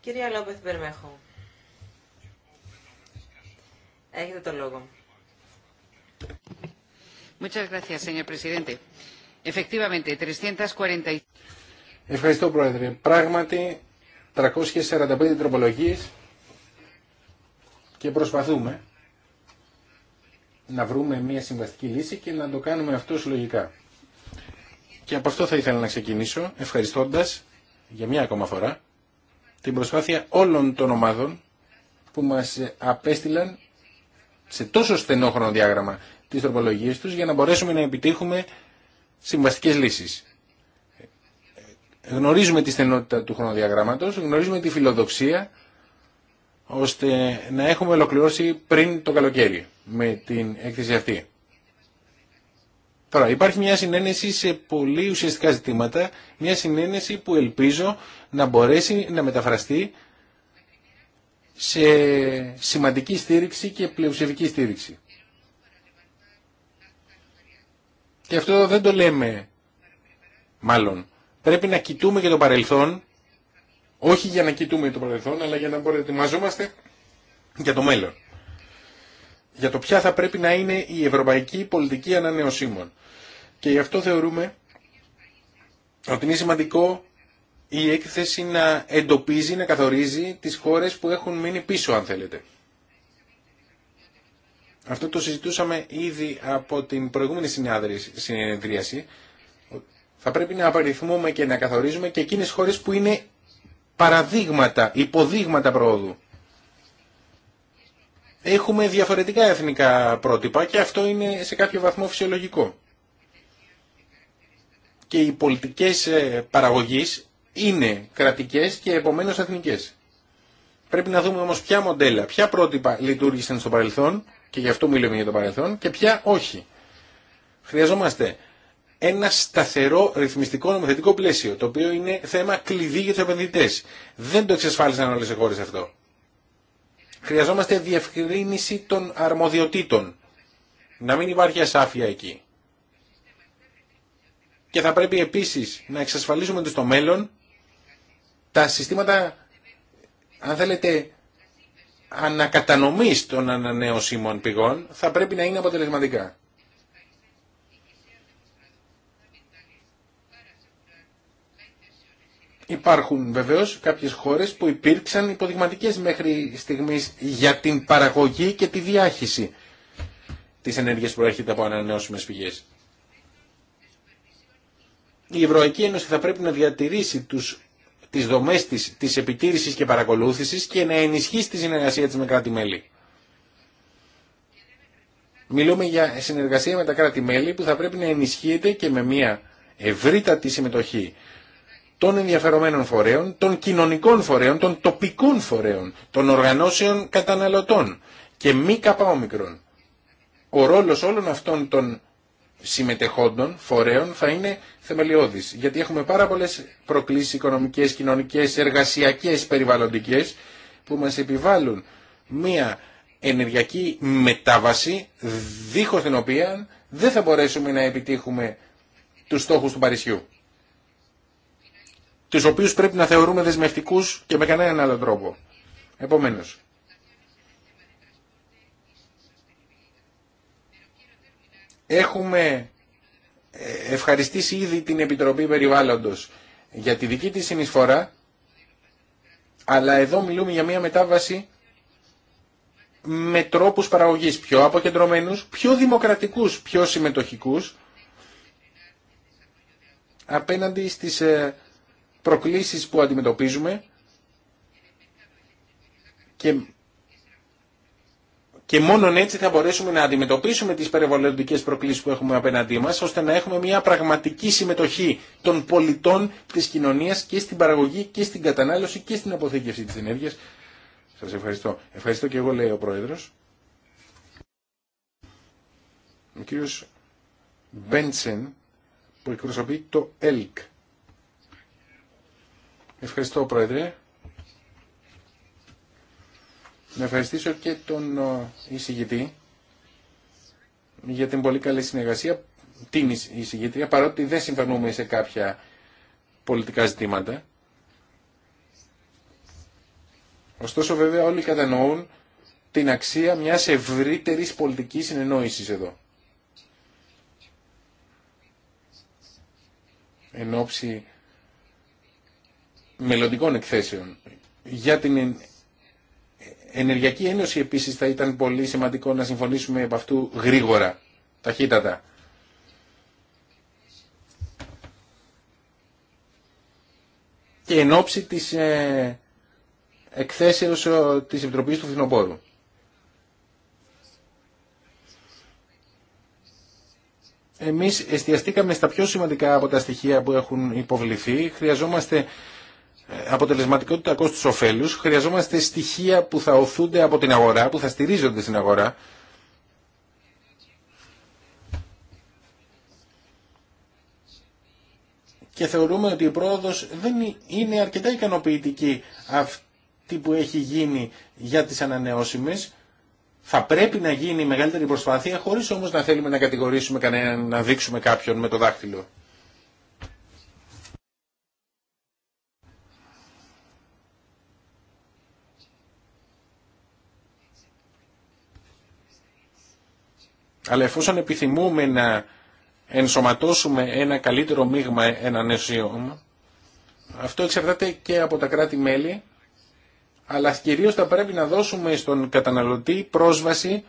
S3: Κυρία Λόπεθ Μπερμέχο, έχετε το λόγο.
S1: Ευχαριστώ, Πρόεδρε. Πράγματι, 345 τροπολογίες και προσπαθούμε να βρούμε μια συμβαστική λύση και να το κάνουμε αυτό συλλογικά. Και από αυτό θα ήθελα να ξεκινήσω ευχαριστώντας για μια ακόμα φορά την προσπάθεια όλων των ομάδων που μας απέστειλαν σε τόσο στενό χρονοδιάγραμμα τις τροπολογίες τους για να μπορέσουμε να επιτύχουμε συμβαστικές λύσεις. Γνωρίζουμε τη στενότητα του χρονοδιαγράμματος, γνωρίζουμε τη φιλοδοξία ώστε να έχουμε ολοκληρώσει πριν το καλοκαίρι με την έκθεση αυτή. Τώρα, υπάρχει μια συνένεση σε πολύ ουσιαστικά ζητήματα, μια συνένεση που ελπίζω να μπορέσει να μεταφραστεί σε σημαντική στήριξη και πλειοψηφική στήριξη. Και αυτό δεν το λέμε, μάλλον. Πρέπει να κοιτούμε και το παρελθόν, όχι για να κοιτούμε το παρελθόν, αλλά για να ετοιμάζομαστε για το μέλλον για το ποια θα πρέπει να είναι η ευρωπαϊκή πολιτική ανανεωσίμων. Και γι' αυτό θεωρούμε ότι είναι σημαντικό η έκθεση να εντοπίζει, να καθορίζει τις χώρες που έχουν μείνει πίσω αν θέλετε. Αυτό το συζητούσαμε ήδη από την προηγούμενη συνεδρίαση. Θα πρέπει να απαριθμούμε και να καθορίζουμε και εκείνες χώρες που είναι παραδείγματα, υποδείγματα προόδου έχουμε διαφορετικά εθνικά πρότυπα και αυτό είναι σε κάποιο βαθμό φυσιολογικό. Και οι πολιτικές ε, παραγωγής είναι κρατικές και επομένως εθνικές. Πρέπει να δούμε όμως ποια μοντέλα, ποια πρότυπα λειτουργήσαν στο παρελθόν και γι' αυτό μιλούμε για το παρελθόν και ποια όχι. Χρειαζόμαστε ένα σταθερό ρυθμιστικό νομοθετικό πλαίσιο, το οποίο είναι θέμα κλειδί για του επενδυτέ. Δεν το εξασφάλισαν όλε οι χώρε αυτό. Χρειαζόμαστε διευκρίνηση των αρμοδιοτήτων. Να μην υπάρχει ασάφεια εκεί. Και θα πρέπει επίσης να εξασφαλίσουμε ότι στο μέλλον τα συστήματα, αν θέλετε, ανακατανομής των ανανεωσίμων πηγών θα πρέπει να είναι αποτελεσματικά. Υπάρχουν βεβαίως κάποιες χώρες που υπήρξαν υποδειγματικές μέχρι στιγμής για την παραγωγή και τη διάχυση της ενέργειας που προέρχεται από ανανεώσιμες πηγές. Η Ευρωπαϊκή Ένωση θα πρέπει να διατηρήσει τους, τις δομές της, της επιτήρησης και παρακολούθησης και να ενισχύσει τη συνεργασία της με κράτη-μέλη. Μιλούμε για συνεργασία με τα κράτη-μέλη που θα πρέπει να ενισχύεται και με μια ευρύτατη συμμετοχή των ενδιαφερομένων φορέων, των κοινωνικών φορέων, των τοπικών φορέων, των οργανώσεων καταναλωτών και μη καπαόμικρων. Ο ρόλος όλων αυτών των συμμετεχόντων φορέων θα είναι θεμελιώδης, γιατί έχουμε πάρα πολλές προκλήσεις οικονομικές, κοινωνικές, εργασιακές, περιβαλλοντικές που μας επιβάλλουν μία ενεργειακή μετάβαση δίχως την οποία δεν θα μπορέσουμε να επιτύχουμε τους στόχους του Παρισιού τους οποίους πρέπει να θεωρούμε δεσμευτικούς και με κανέναν άλλο τρόπο. Επομένως, έχουμε ε, ευχαριστήσει ήδη την Επιτροπή Περιβάλλοντος για τη δική της συνεισφορά, αλλά εδώ μιλούμε για μια μετάβαση με τρόπους παραγωγής πιο αποκεντρωμένους, πιο δημοκρατικούς, πιο συμμετοχικούς, απέναντι στις ε, προκλήσεις που αντιμετωπίζουμε και, και μόνον έτσι θα μπορέσουμε να αντιμετωπίσουμε τις περιβαλλοντικές προκλήσεις που έχουμε απέναντί μας ώστε να έχουμε μια πραγματική συμμετοχή των πολιτών της κοινωνίας και στην παραγωγή και στην κατανάλωση και στην αποθήκευση της ενέργειας. Σας ευχαριστώ. Ευχαριστώ και εγώ λέει ο Πρόεδρος. Ο κύριος Μπέντσεν που εκπροσωπεί το ΕΛΚ. Ευχαριστώ Πρόεδρε. Να ευχαριστήσω και τον ε, εισηγητή για την πολύ καλή συνεργασία, την εισηγητρία, παρότι δεν συμφωνούμε σε κάποια πολιτικά ζητήματα. Ωστόσο βέβαια όλοι κατανοούν την αξία μιας ευρύτερης πολιτικής συνεννόησης εδώ. Εν μελλοντικών εκθέσεων. Για την Ενεργειακή Ένωση επίσης θα ήταν πολύ σημαντικό να συμφωνήσουμε από αυτού γρήγορα, ταχύτατα. Και εν ώψη της ε, εκθέσεως της Επιτροπής του Φθινοπόρου. Εμείς εστιαστήκαμε στα πιο σημαντικά από τα στοιχεία που έχουν υποβληθεί. Χρειαζόμαστε αποτελεσματικότητα κόστου ωφέλου. χρειαζόμαστε στοιχεία που θα οθούνται από την αγορά, που θα στηρίζονται στην αγορά. Και θεωρούμε ότι η πρόοδος δεν είναι αρκετά ικανοποιητική αυτή που έχει γίνει για τις ανανεώσιμες. Θα πρέπει να γίνει μεγαλύτερη προσπάθεια, χωρίς όμως να θέλουμε να κατηγορήσουμε κανέναν, να δείξουμε κάποιον με το δάχτυλο. Αλλά εφόσον επιθυμούμε να ενσωματώσουμε ένα καλύτερο μείγμα ένα αυτό εξαρτάται και από τα κράτη-μέλη, αλλά κυρίως θα πρέπει να δώσουμε στον καταναλωτή πρόσβαση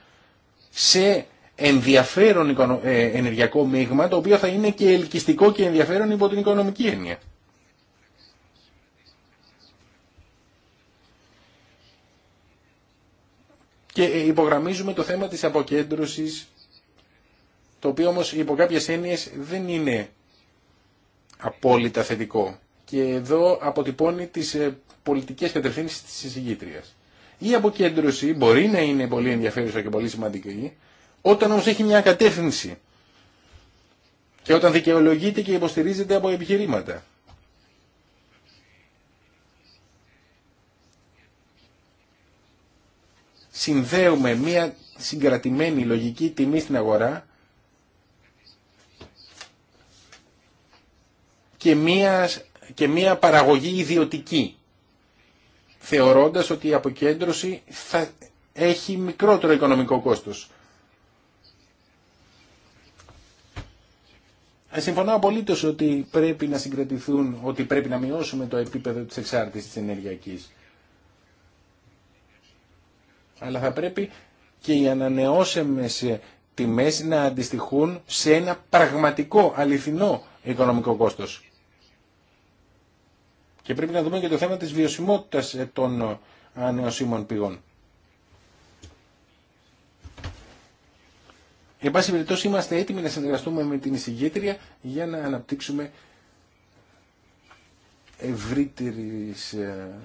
S1: σε ενδιαφέρον ε, ενεργειακό μείγμα, το οποίο θα είναι και ελκυστικό και ενδιαφέρον υπό την οικονομική έννοια. Και ε, υπογραμμίζουμε το θέμα της αποκέντρωσης το οποίο όμως υπό κάποιες έννοιες δεν είναι απόλυτα θετικό. Και εδώ αποτυπώνει τις ε, πολιτικές κατευθύνσεις της συζυγήτριας. Η αποκέντρωση μπορεί να είναι πολύ ενδιαφέρουσα και πολύ σημαντική, όταν όμως έχει μια κατεύθυνση και όταν δικαιολογείται και υποστηρίζεται από επιχειρήματα. Συνδέουμε μια συγκρατημένη λογική τιμή στην αγορά και μία, και μία παραγωγή ιδιωτική, θεωρώντας ότι η αποκέντρωση θα έχει μικρότερο οικονομικό κόστος. Ε, συμφωνώ απολύτως ότι πρέπει να συγκρατηθούν, ότι πρέπει να μειώσουμε το επίπεδο της εξάρτησης της ενεργειακής. Αλλά θα πρέπει και οι ανανεώσιμες τιμές να αντιστοιχούν σε ένα πραγματικό, αληθινό οικονομικό κόστος. Και πρέπει να δούμε και το θέμα της βιωσιμότητας ε, των ε, ανοσίμων πηγών. Εν πάση περιπτώσει είμαστε έτοιμοι να συνεργαστούμε με την εισηγήτρια για να αναπτύξουμε ευρύτερους, ε,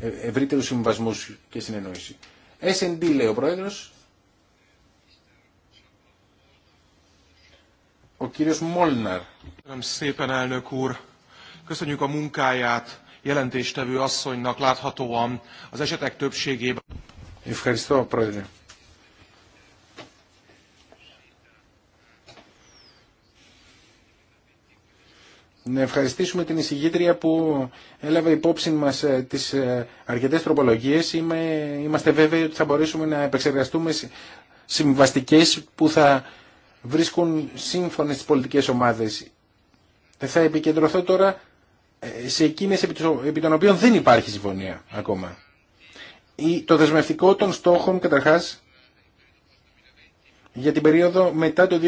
S1: ευρύτερους συμβασμούς και συνεννόηση. S&D λέει ο Πρόεδρος. Ο κύριος Μόλναρ. Köszönjük a munkáját jelentéstevő asszonynak láthatóan az esetek többségében. Ευχαριστώ, Να ευχαριστήσουμε την εισηγήτρια που έλαβε υπόψη μας ε, τι ε, αρκετέ τροπολογίε. είμαστε βέβαιοι ότι θα μπορέσουμε να επεξεργαστούμε συμβαστικέ που θα βρίσκουν σύμφωνες τις πολιτικές ομάδες. Θα επικεντρωθώ τώρα ε, σε εκείνες επί των οποίων δεν υπάρχει συμφωνία ακόμα. Το δεσμευτικό των στόχων καταρχάς για την περίοδο μετά το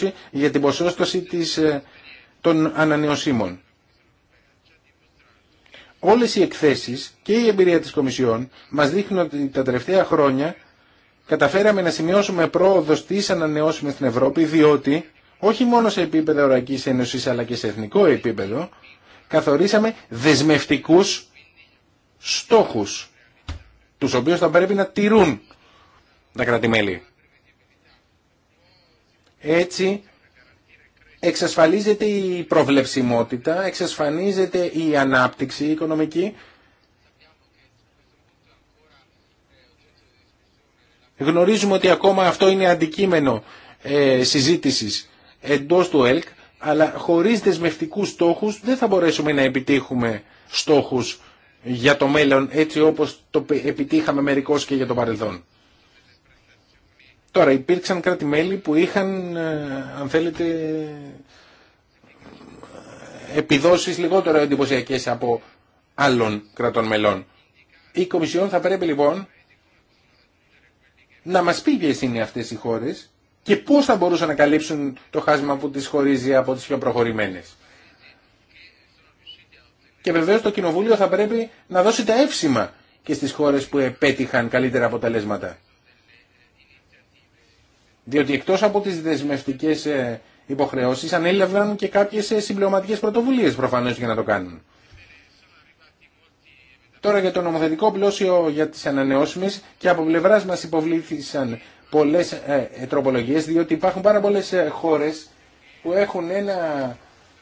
S1: 2020 για την ποσόστοση της, ε, των ανανεωσίμων. Όλες οι εκθέσεις και η εμπειρία της Κομισιόν μας δείχνουν ότι τα τελευταία χρόνια καταφέραμε να σημειώσουμε πρόοδο στις ανανεώσιμες στην Ευρώπη διότι όχι μόνο σε επίπεδο Ευρωπαϊκής Ένωσης αλλά και σε εθνικό επίπεδο καθορίσαμε δεσμευτικούς στόχους, τους οποίους θα πρέπει να τηρούν τα κρατημέλη. Έτσι εξασφαλίζεται η προβλεψιμότητα, εξασφανίζεται η ανάπτυξη οικονομική. Γνωρίζουμε ότι ακόμα αυτό είναι αντικείμενο ε, συζήτησης εντός του ΕΛΚ αλλά χωρίς δεσμευτικούς στόχους δεν θα μπορέσουμε να επιτύχουμε στόχους για το μέλλον έτσι όπως το επιτύχαμε μερικώς και για το παρελθόν. Τώρα υπήρξαν κράτη-μέλη που είχαν, ε, αν θέλετε, επιδόσεις λιγότερο εντυπωσιακέ από άλλων κρατών μελών. Η Κομισιόν θα πρέπει λοιπόν να μας πει ποιες είναι αυτές οι χώρες και πώ θα μπορούσαν να καλύψουν το χάσμα που τις χωρίζει από τις πιο προχωρημένες. Και βεβαίω το Κοινοβούλιο θα πρέπει να δώσει τα εύσημα και στις χώρες που επέτυχαν καλύτερα αποτελέσματα. Διότι εκτό από τις δεσμευτικέ ε, υποχρεώσεις ανέλαβαν και κάποιες ε, συμπληρωματικέ πρωτοβουλίες προφανώ για να το κάνουν. Τώρα για το νομοθετικό πλώσιο για τις ανανεώσιμες και από πλευράς μας υποβλήθησαν Πολλέ ε, ε διότι υπάρχουν πάρα πολλές ε, χώρες που έχουν ένα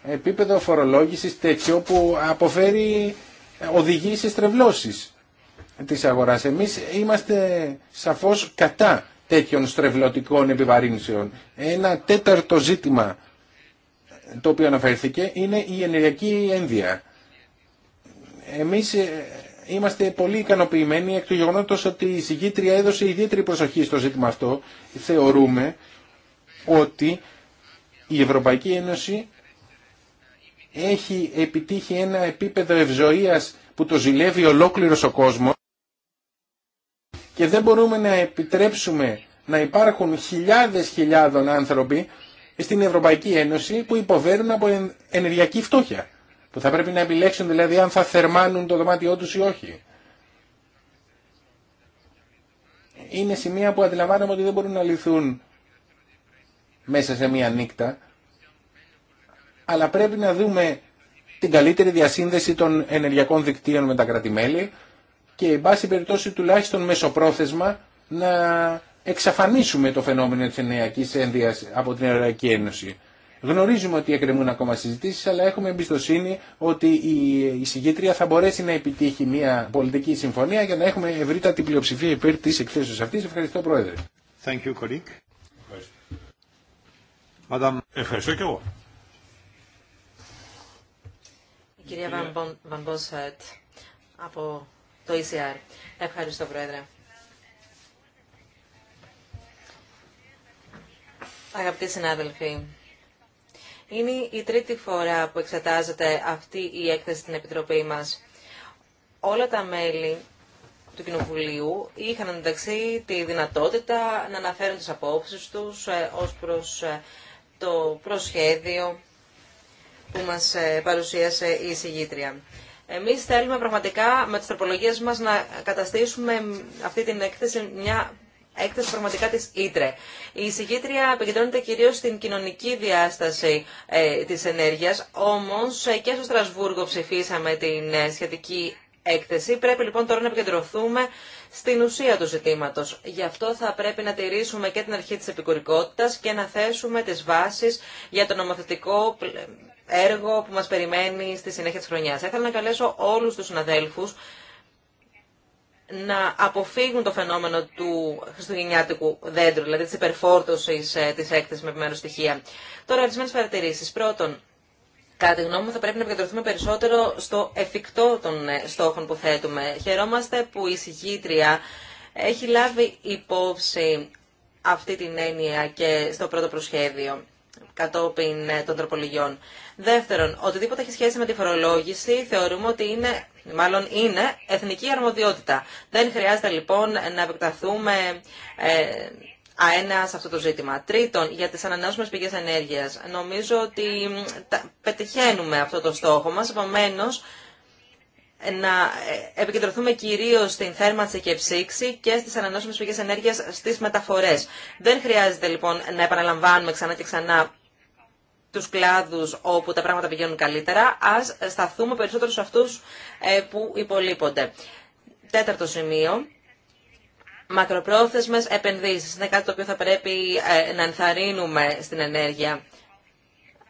S1: επίπεδο φορολόγηση τέτοιο που αποφέρει ε, οδηγεί σε στρεβλώσεις της αγοράς. Εμείς είμαστε σαφώς κατά τέτοιων στρεβλωτικών επιβαρύνσεων. Ένα τέταρτο ζήτημα το οποίο αναφέρθηκε είναι η ενεργειακή ένδυα. Εμείς είμαστε πολύ ικανοποιημένοι εκ του γεγονότος ότι η συγκήτρια έδωσε ιδιαίτερη προσοχή στο ζήτημα αυτό. Θεωρούμε ότι η Ευρωπαϊκή Ένωση έχει επιτύχει ένα επίπεδο ευζοίας που το ζηλεύει ολόκληρος ο κόσμος και δεν μπορούμε να επιτρέψουμε να υπάρχουν χιλιάδες χιλιάδων άνθρωποι στην Ευρωπαϊκή Ένωση που υποβαίνουν από ενεργειακή φτώχεια. Που θα πρέπει να επιλέξουν δηλαδή αν θα θερμάνουν το δωμάτιό τους ή όχι. Είναι σημεία που αντιλαμβάνομαι ότι δεν μπορούν να λυθούν μέσα σε μία νύχτα. Αλλά πρέπει να δούμε την καλύτερη διασύνδεση των ενεργειακών δικτύων με τα κρατημέλη και εν πάση περιπτώσει τουλάχιστον μεσοπρόθεσμα να εξαφανίσουμε το φαινόμενο της ενεργειακής ένδυας από την Ευρωπαϊκή Ένωση. Γνωρίζουμε ότι εκκρεμούν ακόμα συζητήσει, αλλά έχουμε εμπιστοσύνη ότι η συγκέντρια θα μπορέσει να επιτύχει μια πολιτική συμφωνία για να έχουμε ευρύτατη πλειοψηφία υπέρ τη εκθέσεω αυτή. Ευχαριστώ, Πρόεδρε. Thank you,
S2: Ευχαριστώ. Ευχαριστώ και εγώ.
S3: Η κυρία Βαμπόσφατ από το ECR. Ευχαριστώ, Πρόεδρε. Αγαπητοί συνάδελφοι, είναι η τρίτη φορά που εξετάζεται αυτή η έκθεση στην Επιτροπή μας. Όλα τα μέλη του Κοινοβουλίου είχαν ενταξύ τη δυνατότητα να αναφέρουν τις απόψεις τους ε, ως προς ε, το προσχέδιο που μας ε, παρουσίασε η συγγήτρια. Εμείς θέλουμε πραγματικά με τις τροπολογίες μας να καταστήσουμε αυτή την έκθεση μια έκθεση πραγματικά της Ήτρε. Η εισηγήτρια επικεντρώνεται κυρίως στην κοινωνική διάσταση ε, της ενέργειας, όμως ε, και στο Στρασβούργο ψηφίσαμε την ε, σχετική έκθεση. Πρέπει λοιπόν τώρα να επικεντρωθούμε στην ουσία του ζητήματος. Γι' αυτό θα πρέπει να τηρήσουμε και την αρχή της επικουρικότητας και να θέσουμε τις βάσεις για το νομοθετικό έργο που μας περιμένει στη συνέχεια της χρονιάς. Θα ήθελα να καλέσω όλους τους συναδέλφους να αποφύγουν το φαινόμενο του χριστουγεννιάτικου δέντρου, δηλαδή τη υπερφόρτωση ε, τη έκθεση με επιμέρου στοιχεία. Τώρα, ορισμένε παρατηρήσει. Πρώτον, κατά τη γνώμη μου, θα πρέπει να επικεντρωθούμε περισσότερο στο εφικτό των ε, στόχων που θέτουμε. Χαιρόμαστε που η συγκήτρια έχει λάβει υπόψη αυτή την έννοια και στο πρώτο προσχέδιο κατόπιν ε, των τροπολογιών. Δεύτερον, οτιδήποτε έχει σχέση με τη φορολόγηση θεωρούμε ότι είναι μάλλον είναι εθνική αρμοδιότητα. Δεν χρειάζεται λοιπόν να επεκταθούμε ε, αένα σε αυτό το ζήτημα. Τρίτον, για τις ανανεώσιμες πηγές ενέργειας. Νομίζω ότι πετυχαίνουμε αυτό το στόχο μας, επομένω να ε, επικεντρωθούμε κυρίως στην θέρμανση και ψήξη και στις ανανεώσιμες πηγές ενέργειας στις μεταφορές. Δεν χρειάζεται λοιπόν να επαναλαμβάνουμε ξανά και ξανά τους κλάδους όπου τα πράγματα πηγαίνουν καλύτερα, ας σταθούμε περισσότερο σε αυτούς ε, που υπολείπονται. Τέταρτο σημείο, μακροπρόθεσμες επενδύσεις. Είναι κάτι το οποίο θα πρέπει ε, να ενθαρρύνουμε στην ενέργεια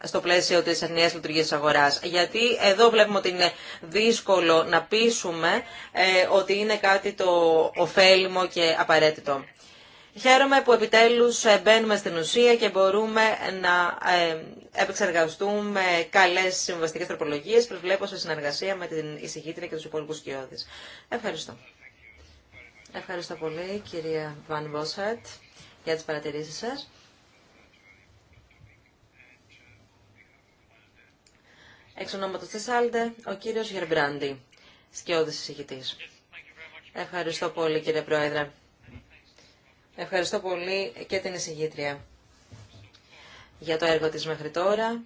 S3: στο πλαίσιο της ενιαίας λειτουργίας αγοράς. Γιατί εδώ βλέπουμε ότι είναι δύσκολο να πείσουμε ε, ότι είναι κάτι το ωφέλιμο και απαραίτητο. Χαίρομαι που επιτέλους ε, μπαίνουμε στην ουσία και μπορούμε να ε, επεξεργαστούμε καλές συμβαστικές τροπολογίες βλέπω σε συνεργασία με την εισηγήτρια και τους υπόλοιπους κοιόδης. Ευχαριστώ. Ευχαριστώ πολύ κυρία Βαν Βόσχατ για τις παρατηρήσεις σας. Εξ ονόματος της Άλντε, ο κύριος Γερμπράντη, σκιώδης εισηγητής. Ευχαριστώ πολύ κύριε Πρόεδρε. Ευχαριστώ πολύ και την εισηγήτρια για το έργο της μέχρι τώρα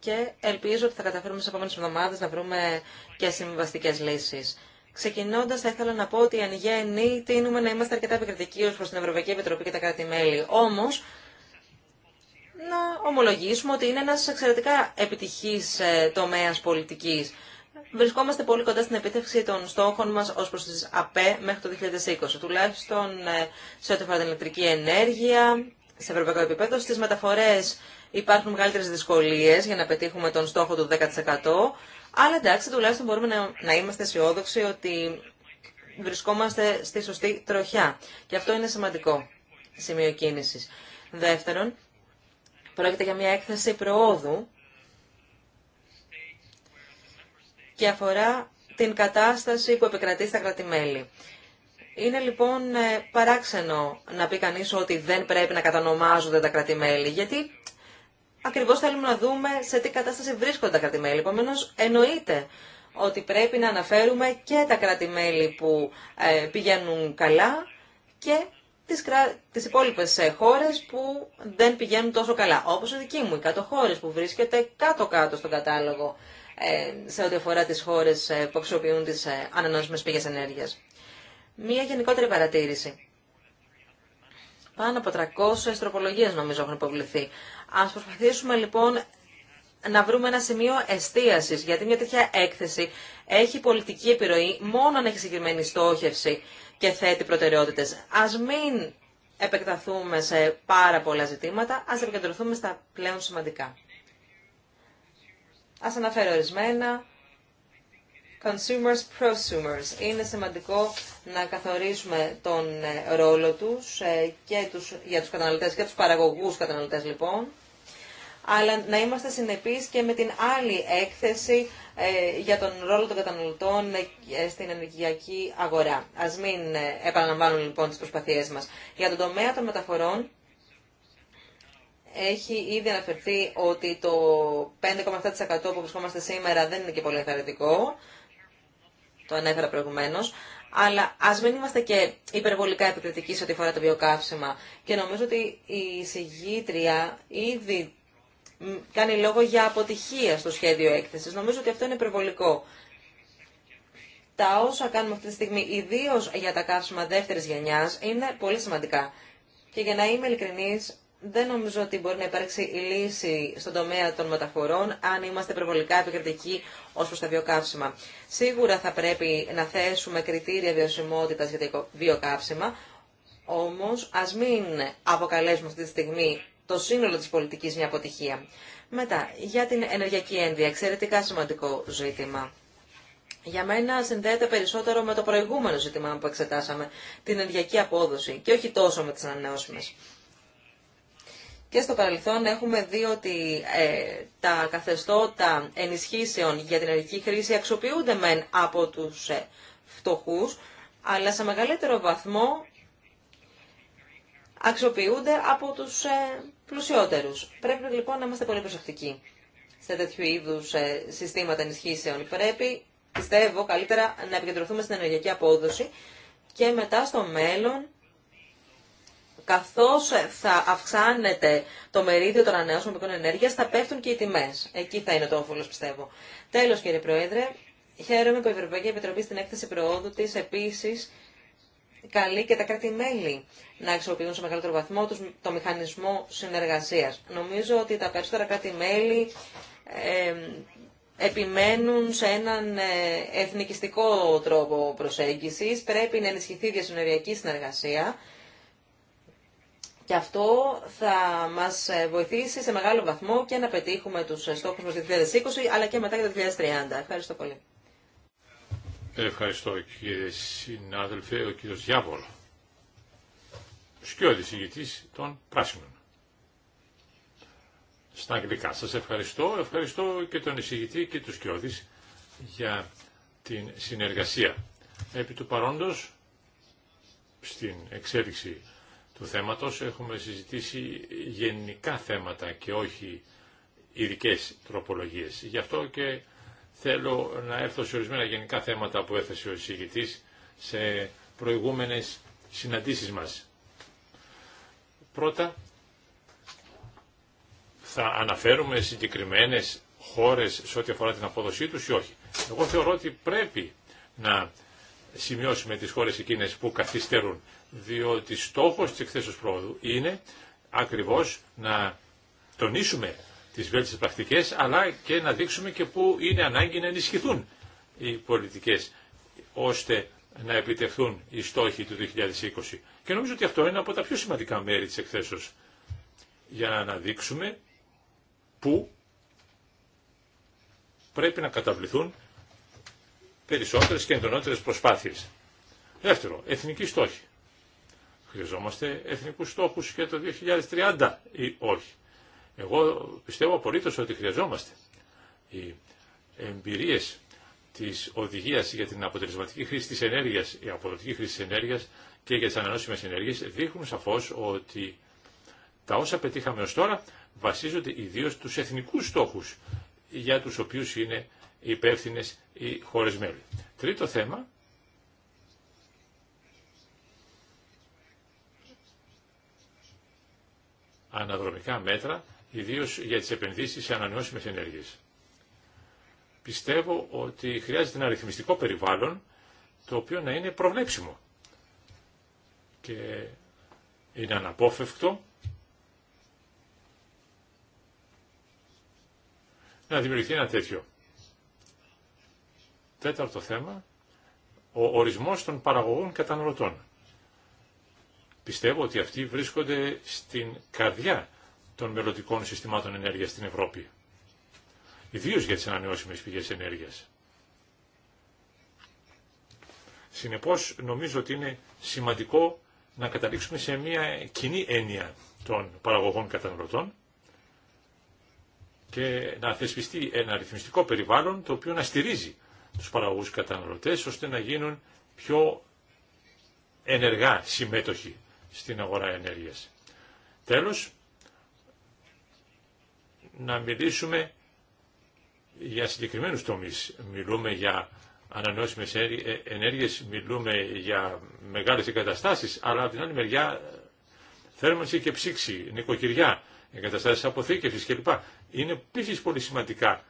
S3: και ελπίζω ότι θα καταφέρουμε στις επόμενες εβδομάδες να βρούμε και συμβαστικές λύσεις. Ξεκινώντα, θα ήθελα να πω ότι αν γέννη τείνουμε να είμαστε αρκετά επικριτικοί ω προ την Ευρωπαϊκή Επιτροπή και τα κράτη-μέλη. Όμω, να ομολογήσουμε ότι είναι ένα εξαιρετικά επιτυχή ε, τομέα πολιτική βρισκόμαστε πολύ κοντά στην επίτευξη των στόχων μας ως προς τις ΑΠΕ μέχρι το 2020, τουλάχιστον ε, σε ό,τι αφορά την ηλεκτρική ενέργεια, σε ευρωπαϊκό επίπεδο. Στι μεταφορές υπάρχουν μεγαλύτερε δυσκολίες για να πετύχουμε τον στόχο του 10%, αλλά εντάξει, τουλάχιστον μπορούμε να, να είμαστε αισιόδοξοι ότι βρισκόμαστε στη σωστή τροχιά. Και αυτό είναι σημαντικό σημείο κίνηση. Δεύτερον, πρόκειται για μια έκθεση προόδου και αφορά την κατάσταση που επικρατεί στα κρατημέλη. Είναι λοιπόν ε, παράξενο να πει κανεί ότι δεν πρέπει να κατανομάζονται τα κρατημέλη, γιατί ακριβώ θέλουμε να δούμε σε τι κατάσταση βρίσκονται τα κρατημέλη. μελη Επομένω, εννοείται ότι πρέπει να αναφέρουμε και τα κρατημέλη που ε, πηγαίνουν καλά και τις, υπόλοιπε τις υπόλοιπες ε, χώρες που δεν πηγαίνουν τόσο καλά. Όπως η δική μου, οι κάτω χώρες που βρίσκεται κάτω-κάτω στον κατάλογο ε, σε ό,τι αφορά τις χώρες ε, που αξιοποιούν τις ε, ανανεώσιμες πηγές ενέργειας. Μία γενικότερη παρατήρηση. Πάνω από 300 τροπολογίες νομίζω έχουν υποβληθεί. Ας προσπαθήσουμε λοιπόν να βρούμε ένα σημείο εστίασης, γιατί μια τέτοια εστροπολογιες νομιζω εχουν υποβληθει έχει πολιτική επιρροή μόνο αν έχει συγκεκριμένη στόχευση και θέτει προτεραιότητες. Ας μην επεκταθούμε σε πάρα πολλά ζητήματα, ας επικεντρωθούμε στα πλέον σημαντικά. Ας αναφέρω ορισμένα. Consumers, prosumers. Είναι σημαντικό να καθορίσουμε τον ε, ρόλο τους ε, και τους, για τους καταναλωτές και τους παραγωγούς καταναλωτές λοιπόν. Αλλά να είμαστε συνεπείς και με την άλλη έκθεση ε, για τον ρόλο των καταναλωτών στην ενεργειακή αγορά. Ας μην επαναλαμβάνουν λοιπόν τις προσπαθίες μας. Για τον τομέα των μεταφορών έχει ήδη αναφερθεί ότι το 5,7% που βρισκόμαστε σήμερα δεν είναι και πολύ ενθαρρυντικό. Το ανέφερα προηγουμένω. Αλλά α μην είμαστε και υπερβολικά επικριτικοί σε ό,τι αφορά το βιοκαύσιμα. Και νομίζω ότι η συγγήτρια ήδη κάνει λόγο για αποτυχία στο σχέδιο έκθεση. Νομίζω ότι αυτό είναι υπερβολικό. Τα όσα κάνουμε αυτή τη στιγμή, ιδίω για τα καύσιμα δεύτερη γενιά είναι πολύ σημαντικά. Και για να είμαι ειλικρινή, δεν νομίζω ότι μπορεί να υπάρξει η λύση στον τομέα των μεταφορών αν είμαστε προβολικά επικριτικοί ως προς τα βιοκαύσιμα. Σίγουρα θα πρέπει να θέσουμε κριτήρια βιωσιμότητας για τα βιοκαύσιμα, όμως ας μην αποκαλέσουμε αυτή τη στιγμή το σύνολο της πολιτικής μια αποτυχία. Μετά, για την ενεργειακή ένδυα, εξαιρετικά σημαντικό ζήτημα. Για μένα συνδέεται περισσότερο με το προηγούμενο ζήτημα που εξετάσαμε, την ενεργειακή απόδοση και όχι τόσο με τις ανανεώσιμες. Και στο παρελθόν έχουμε δει ότι ε, τα καθεστώτα ενισχύσεων για την ενεργική χρήση αξιοποιούνται μεν από τους ε, φτωχούς, αλλά σε μεγαλύτερο βαθμό αξιοποιούνται από τους ε, πλουσιότερους. Πρέπει λοιπόν να είμαστε πολύ προσεκτικοί σε τέτοιου είδους ε, συστήματα ενισχύσεων. Πρέπει, πιστεύω, καλύτερα να επικεντρωθούμε στην ενεργειακή απόδοση και μετά στο μέλλον καθώς θα αυξάνεται το μερίδιο των ανανεώσιμων πηγών ενέργειας, θα πέφτουν και οι τιμές. Εκεί θα είναι το όφελος, πιστεύω. Τέλος, κύριε Πρόεδρε, χαίρομαι που η Ευρωπαϊκή Επιτροπή στην έκθεση προόδου της επίσης καλεί και τα κράτη-μέλη να αξιοποιούν σε μεγαλύτερο βαθμό τους το μηχανισμό συνεργασίας. Νομίζω ότι τα περισσότερα κράτη-μέλη επιμένουν σε έναν ε, εθνικιστικό τρόπο προσέγγισης. Πρέπει να ενισχυθεί η διασυνοριακή συνεργασία και αυτό θα μας ε, βοηθήσει σε μεγάλο βαθμό και να πετύχουμε τους ε, στόχους μας για το 2020, αλλά και μετά για το 2030. Ευχαριστώ πολύ.
S2: Ευχαριστώ κύριε συνάδελφε, ο κύριος Διάβολο, σκιώδης ηγητή των Πράσινων. Στα αγγλικά σα ευχαριστώ, ευχαριστώ και τον εισηγητή και τους Σκιώδη για την συνεργασία. Επί του παρόντος, στην εξέλιξη του Έχουμε συζητήσει γενικά θέματα και όχι ειδικέ τροπολογίες. Γι' αυτό και θέλω να έρθω σε ορισμένα γενικά θέματα που έθεσε ο εισηγητής σε προηγούμενες συναντήσεις μας. Πρώτα, θα αναφέρουμε συγκεκριμένες χώρες σε ό,τι αφορά την αποδοσή τους ή όχι. Εγώ θεωρώ ότι πρέπει να με τις χώρες εκείνες που καθυστερούν, διότι στόχος της εκθέσεως πρόοδου είναι ακριβώς να τονίσουμε τις βέλτιστες πρακτικές, αλλά και να δείξουμε και πού είναι ανάγκη να ενισχυθούν οι πολιτικές, ώστε να επιτευχθούν οι στόχοι του 2020. Και νομίζω ότι αυτό είναι από τα πιο σημαντικά μέρη της εκθέσεως, για να αναδείξουμε πού πρέπει να καταβληθούν περισσότερες και εντονότερες προσπάθειες. Δεύτερο, εθνικοί στόχοι. Χρειαζόμαστε εθνικούς στόχους για το 2030 ή όχι. Εγώ πιστεύω απολύτως ότι χρειαζόμαστε. Οι εμπειρίες της οδηγίας για την αποτελεσματική χρήση της ενέργειας, η αποδοτική χρήση της ενέργειας και για τις ανανόσιμες ενέργειες δείχνουν σαφώς ότι τα όσα πετύχαμε ως τώρα βασίζονται ιδίως στους εθνικούς στόχους για τους οποίους είναι υπεύθυνε ή χώρε μέλη. Τρίτο θέμα, αναδρομικά μέτρα, ιδίως για τι επενδύσει σε ανανεώσιμες ενέργειε. Πιστεύω ότι χρειάζεται ένα ρυθμιστικό περιβάλλον, το οποίο να είναι προβλέψιμο. Και είναι αναπόφευκτο να δημιουργηθεί ένα τέτοιο Τέταρτο θέμα, ο ορισμός των παραγωγών καταναλωτών. Πιστεύω ότι αυτοί βρίσκονται στην καρδιά των μελλοντικών συστημάτων ενέργειας στην Ευρώπη. Ιδίω για τις ανανεώσιμες πηγές ενέργειας. Συνεπώς νομίζω ότι είναι σημαντικό να καταλήξουμε σε μια κοινή έννοια των παραγωγών καταναλωτών και να θεσπιστεί ένα ρυθμιστικό περιβάλλον το οποίο να στηρίζει τους παραγωγούς καταναλωτές ώστε να γίνουν πιο ενεργά συμμέτοχοι στην αγορά ενέργειας. Τέλος, να μιλήσουμε για συγκεκριμένους τομείς. Μιλούμε για ανανεώσιμες ε, ενέργειες, μιλούμε για μεγάλες εγκαταστάσεις, αλλά από την άλλη μεριά ε, θέρμανση και ψήξη, νοικοκυριά, εγκαταστάσεις αποθήκευσης κλπ. Είναι επίση πολύ σημαντικά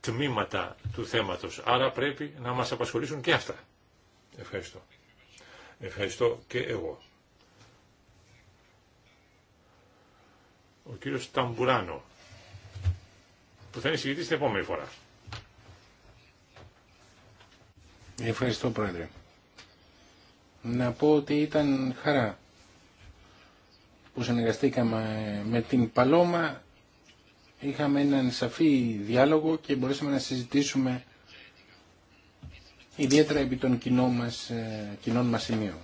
S2: τμήματα του θέματος. Άρα πρέπει να μας απασχολήσουν και αυτά. Ευχαριστώ. Ευχαριστώ και εγώ. Ο κύριος Ταμπουράνο, που θα είναι συγγητής την επόμενη φορά.
S1: Ευχαριστώ Πρόεδρε. Να πω ότι ήταν χαρά που συνεργαστήκαμε με την Παλώμα είχαμε έναν σαφή διάλογο και μπορέσαμε να συζητήσουμε ιδιαίτερα επί των κοινών μας, ε, κοινών μας σημείων.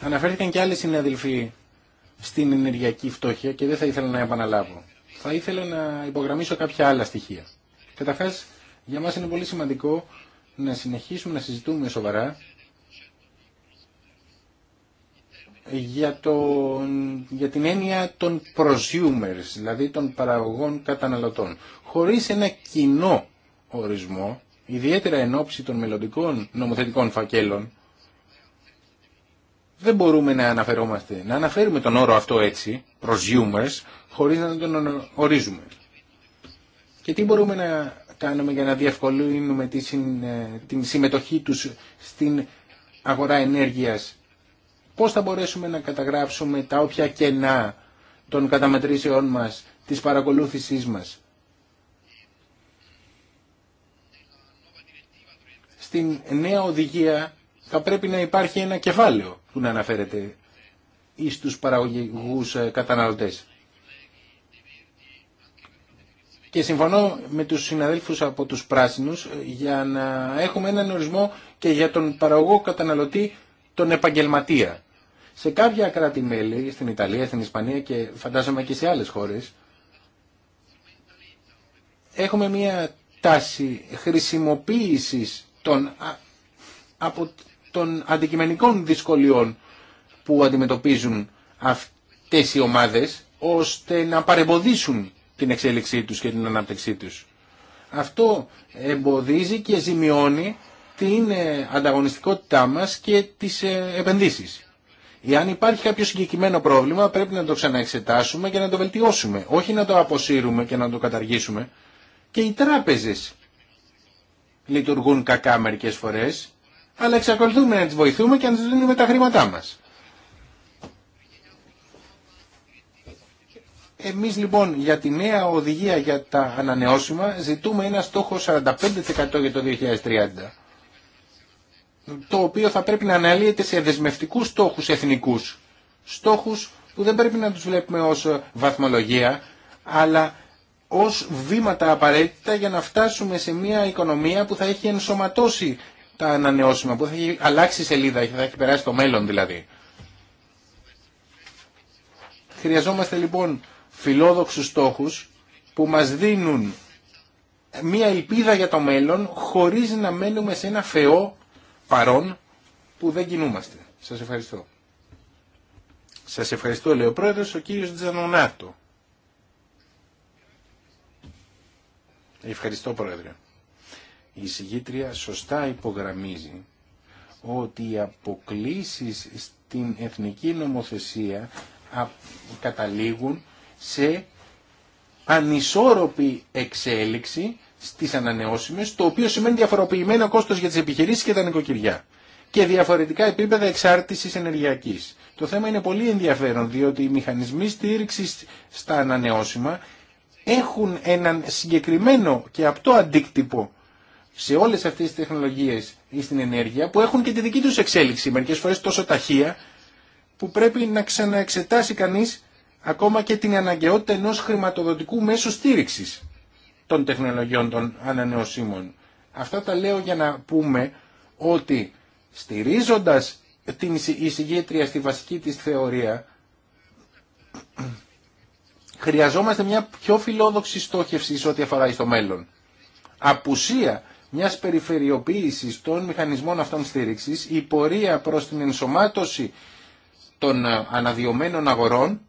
S1: Αναφέρθηκαν και άλλοι συναδελφοί στην ενεργειακή φτώχεια και δεν θα ήθελα να επαναλάβω. Θα ήθελα να υπογραμμίσω κάποια άλλα στοιχεία. Καταρχά, για μας είναι πολύ σημαντικό να συνεχίσουμε να συζητούμε σοβαρά για, τον, για την έννοια των prosumers, δηλαδή των παραγωγών καταναλωτών. Χωρίς ένα κοινό ορισμό, ιδιαίτερα εν ώψη των μελλοντικών νομοθετικών φακέλων, δεν μπορούμε να αναφερόμαστε, να αναφέρουμε τον όρο αυτό έτσι, prosumers, χωρίς να τον ορίζουμε. Και τι μπορούμε να κάνουμε για να διευκολύνουμε ε, την συμμετοχή τους στην αγορά ενέργειας πώς θα μπορέσουμε να καταγράψουμε τα όποια κενά των καταμετρήσεών μας, της παρακολούθησής μας. Στην νέα οδηγία θα πρέπει να υπάρχει ένα κεφάλαιο που να αναφέρεται εις τους παραγωγούς ε, καταναλωτές. Και συμφωνώ με τους συναδέλφους από τους πράσινους ε, για να έχουμε έναν ορισμό και για τον παραγωγό καταναλωτή τον επαγγελματία. Σε κάποια κράτη-μέλη, στην Ιταλία, στην Ισπανία και φαντάζομαι και σε άλλες χώρες, έχουμε μια τάση χρησιμοποίησης των, από των αντικειμενικών δυσκολιών που αντιμετωπίζουν αυτές οι ομάδες, ώστε να παρεμποδίσουν την εξέλιξή τους και την ανάπτυξή τους. Αυτό εμποδίζει και ζημιώνει την ε, ανταγωνιστικότητά μας και τις ε, επενδύσεις. Εάν υπάρχει κάποιο συγκεκριμένο πρόβλημα πρέπει να το ξαναεξετάσουμε και να το βελτιώσουμε. Όχι να το αποσύρουμε και να το καταργήσουμε. Και οι τράπεζες λειτουργούν κακά μερικέ φορές αλλά εξακολουθούμε να τις βοηθούμε και να τους δίνουμε τα χρήματά μας. Εμείς λοιπόν για τη νέα οδηγία για τα ανανεώσιμα ζητούμε ένα στόχο 45% για το 2030 το οποίο θα πρέπει να αναλύεται σε δεσμευτικούς στόχους εθνικούς. Στόχους που δεν πρέπει να τους βλέπουμε ως ε, βαθμολογία, αλλά ως βήματα απαραίτητα για να φτάσουμε σε μια οικονομία που θα έχει ενσωματώσει τα ανανεώσιμα, που θα έχει αλλάξει σελίδα, θα έχει περάσει το μέλλον δηλαδή. Χρειαζόμαστε λοιπόν φιλόδοξους στόχους που μας δίνουν μια ελπίδα για το μέλλον χωρίς να μένουμε σε ένα φαιό παρόν που δεν κινούμαστε. Σας ευχαριστώ. Σας ευχαριστώ, λέει ο πρόεδρος, ο κύριος Τζανονάτο. Ευχαριστώ, πρόεδρε. Η συγγήτρια σωστά υπογραμμίζει ότι οι αποκλήσεις στην εθνική νομοθεσία καταλήγουν σε ανισόρροπη εξέλιξη στις ανανεώσιμες, το οποίο σημαίνει διαφοροποιημένο κόστος για τις επιχειρήσεις και τα νοικοκυριά και διαφορετικά επίπεδα εξάρτησης ενεργειακής. Το θέμα είναι πολύ ενδιαφέρον, διότι οι μηχανισμοί στήριξης στα ανανεώσιμα έχουν έναν συγκεκριμένο και απτό αντίκτυπο σε όλες αυτές τις τεχνολογίες ή στην ενέργεια που έχουν και τη δική τους εξέλιξη μερικές φορές τόσο ταχεία που πρέπει να ξαναεξετάσει κανείς ακόμα και την αναγκαιότητα ενός χρηματοδοτικού μέσου στήριξης των τεχνολογιών των ανανεωσίμων. Αυτά τα λέω για να πούμε ότι στηρίζοντας την εισηγήτρια στη βασική της θεωρία χρειαζόμαστε μια πιο φιλόδοξη στόχευση σε ό,τι αφορά στο μέλλον. Απουσία μιας περιφερειοποίησης των μηχανισμών αυτών στήριξης, η πορεία προς την ενσωμάτωση των ε, αναδειωμένων αγορών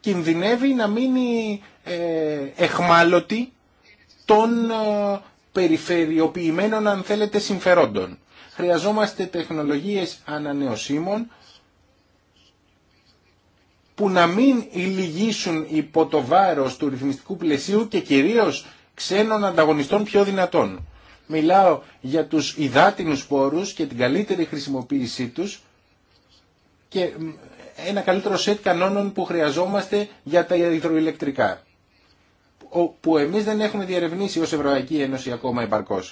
S1: κινδυνεύει να μείνει ε, εχμάλωτη των ε, περιφερειοποιημένων αν θέλετε συμφερόντων. Χρειαζόμαστε τεχνολογίες ανανεωσίμων που να μην ηλιγήσουν υπό το βάρος του ρυθμιστικού πλαισίου και κυρίως ξένων ανταγωνιστών πιο δυνατών. Μιλάω για τους υδάτινους πόρους και την καλύτερη χρησιμοποίησή τους και ένα καλύτερο σετ κανόνων που χρειαζόμαστε για τα υδροηλεκτρικά που εμεί δεν έχουμε διερευνήσει ως Ευρωπαϊκή Ένωση ακόμα επαρκώ.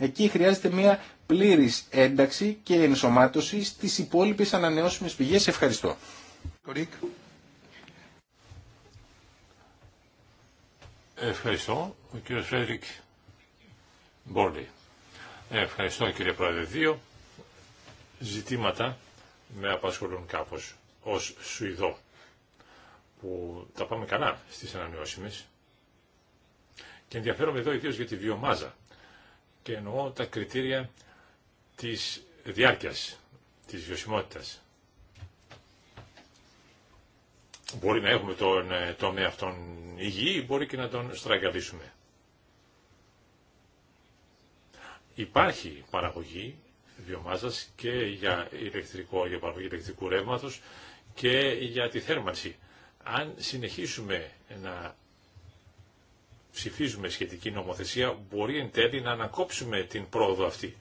S1: Εκεί χρειάζεται μια πλήρης ένταξη και ενσωμάτωση στις υπόλοιπε ανανεώσιμε πηγές. Ευχαριστώ.
S2: Ευχαριστώ. Ο κύριος Φρέδρικ Μπόρλι. Ευχαριστώ κύριε Πρόεδρε. Δύο ζητήματα με απασχολούν κάπως ως Σουηδό που τα πάμε καλά στις ανανεώσιμες και ενδιαφέρομαι εδώ ιδίως για τη βιομάζα και εννοώ τα κριτήρια της διάρκειας, της βιωσιμότητας. Μπορεί να έχουμε τον ε, τομέα αυτόν υγιή, μπορεί και να τον στραγγαλίσουμε. Υπάρχει παραγωγή βιομάζας και για ηλεκτρικό, για παραγωγή ηλεκτρικού ρεύματος και για τη θέρμανση αν συνεχίσουμε να ψηφίζουμε σχετική νομοθεσία, μπορεί εν τέλει να ανακόψουμε την πρόοδο αυτή.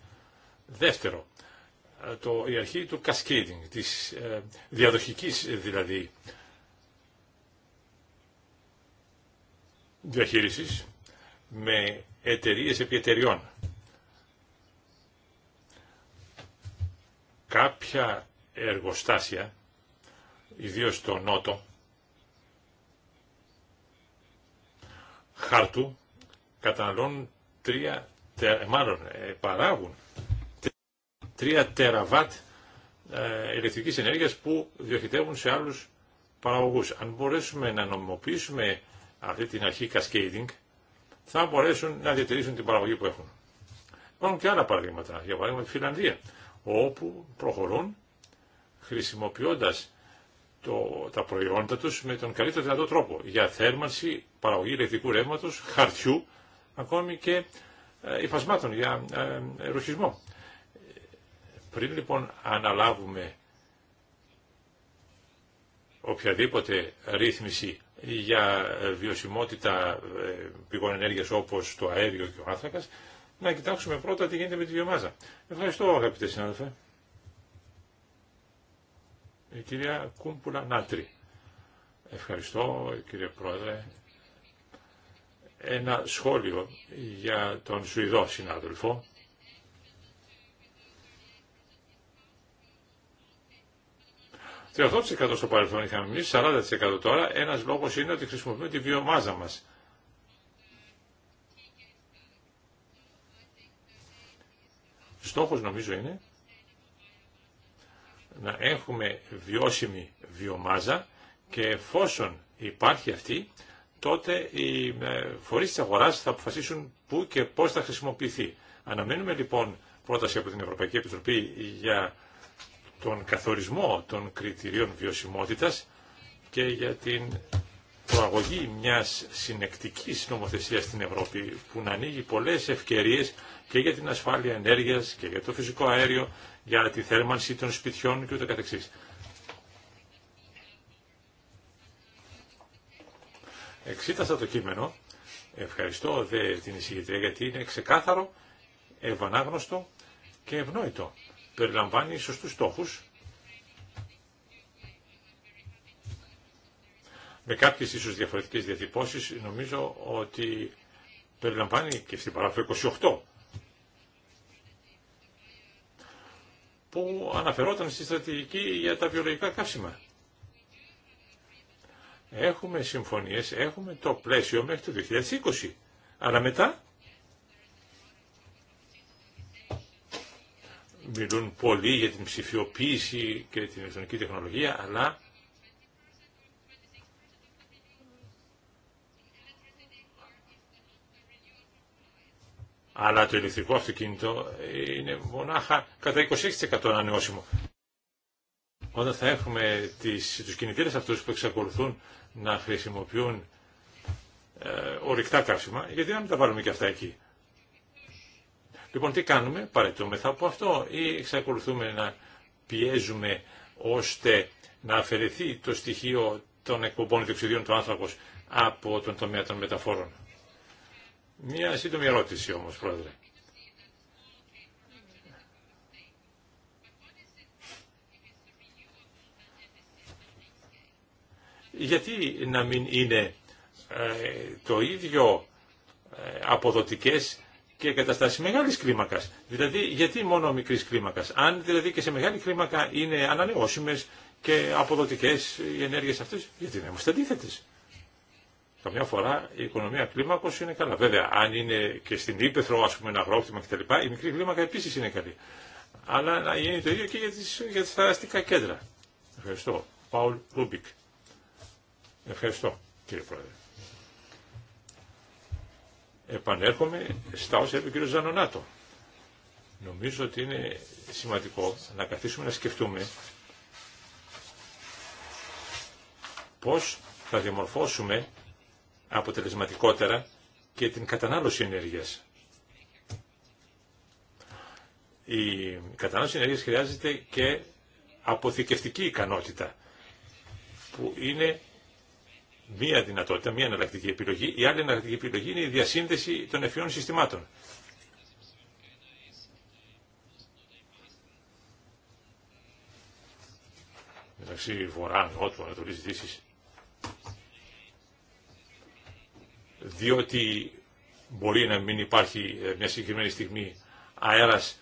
S2: Δεύτερο, ε, το, η αρχή του cascading, της ε, διαδοχικής ε, δηλαδή διαχείρισης με εταιρείε επί εταιριών. Κάποια εργοστάσια, ιδίως στο Νότο, χάρτου καταναλώνουν 3, ε, ε, παράγουν 3 τεραβάτ ε, ηλεκτρικής ενέργειας που διοχετεύουν σε άλλους παραγωγούς. Αν μπορέσουμε να νομιμοποιήσουμε αυτή την αρχή cascading, θα μπορέσουν να διατηρήσουν την παραγωγή που έχουν. Υπάρχουν και άλλα παραδείγματα, για παράδειγμα τη Φιλανδία, όπου προχωρούν χρησιμοποιώντας το, τα προϊόντα τους με τον καλύτερο δυνατό τρόπο για θέρμανση, παραγωγή ηλεκτρικού ρεύματος, χαρτιού, ακόμη και ε, υφασμάτων για ε, ε, ρουχισμό. Πριν λοιπόν αναλάβουμε οποιαδήποτε ρύθμιση για βιωσιμότητα ε, πηγών ενέργειας όπως το αέριο και ο άνθρακας, να κοιτάξουμε πρώτα τι γίνεται με τη βιομάζα. Ευχαριστώ αγαπητέ συνάδελφε. Η κυρία Κούμπουλα Νάτρη. Ευχαριστώ κύριε Πρόεδρε. Ένα σχόλιο για τον Σουηδό συνάδελφο. Το 38% στο παρελθόν είχαμε εμεί, 40% τώρα. ένας λόγος είναι ότι χρησιμοποιούμε τη βιομάζα μας Στόχο νομίζω είναι να έχουμε βιώσιμη βιομάζα και εφόσον υπάρχει αυτή, τότε οι ε, φορείς της αγοράς θα αποφασίσουν πού και πώς θα χρησιμοποιηθεί. Αναμένουμε λοιπόν πρόταση από την Ευρωπαϊκή Επιτροπή για τον καθορισμό των κριτηρίων βιωσιμότητας και για την προαγωγή μιας συνεκτικής νομοθεσίας στην Ευρώπη που να ανοίγει πολλές ευκαιρίες και για την ασφάλεια ενέργειας και για το φυσικό αέριο για τη θέρμανση των σπιτιών και ούτω καθεξής. Εξήτασα το κείμενο. Ευχαριστώ την εισηγητρία γιατί είναι ξεκάθαρο, ευανάγνωστο και ευνόητο. Περιλαμβάνει σωστούς στόχους. Με κάποιες ίσως διαφορετικές διατυπώσεις νομίζω ότι περιλαμβάνει και στην παράγραφο 28 που αναφερόταν στη στρατηγική για τα βιολογικά καύσιμα. Έχουμε συμφωνίες, έχουμε το πλαίσιο μέχρι το 2020. Αλλά μετά μιλούν πολύ για την ψηφιοποίηση και την ηλεκτρονική τεχνολογία, αλλά αλλά το ηλεκτρικό αυτοκίνητο είναι μονάχα κατά 26% ανανεώσιμο. Όταν θα έχουμε τις, τους κινητήρες αυτούς που εξακολουθούν να χρησιμοποιούν ε, ορυκτά καύσιμα, γιατί να μην τα βάλουμε και αυτά εκεί. Λοιπόν, τι κάνουμε, παρετούμεθα από αυτό ή εξακολουθούμε να πιέζουμε ώστε να αφαιρεθεί το στοιχείο των εκπομπών διοξιδίων του άνθρακος από τον τομέα των μεταφόρων.
S3: Μία σύντομη
S2: ερώτηση όμως, Πρόεδρε. Γιατί να μην είναι ε, το ίδιο ε, αποδοτικές και καταστάσεις μεγάλης κλίμακας. Δηλαδή, γιατί μόνο μικρής κλίμακας. Αν δηλαδή και σε μεγάλη κλίμακα είναι ανανεώσιμες και αποδοτικές οι ενέργειες αυτές, γιατί να είμαστε αντίθετες. Καμιά φορά η οικονομία κλίμακος είναι καλά. Βέβαια, αν είναι και στην Ήπεθρο, ας πούμε, ένα αγρόκτημα κτλ. Η μικρή κλίμακα επίσης είναι καλή. Αλλά να γίνει το ίδιο και για τις, για κέντρα. Ευχαριστώ. Παουλ Ρούμπικ. Ευχαριστώ, κύριε Πρόεδρε. Επανέρχομαι στα όσα είπε ο κύριος Ζανονάτο. Νομίζω ότι είναι σημαντικό να καθίσουμε να σκεφτούμε πώς θα διαμορφώσουμε αποτελεσματικότερα και την κατανάλωση ενέργειας. Η κατανάλωση ενέργειας χρειάζεται και αποθηκευτική ικανότητα, που είναι μία δυνατότητα, μία εναλλακτική επιλογή. Η άλλη εναλλακτική επιλογή είναι η διασύνδεση των ευφυών συστημάτων. μεταξύ Βορρά, Νότου, Ανατολής Δύσης διότι μπορεί να μην υπάρχει ε, μια συγκεκριμένη στιγμή αέρας,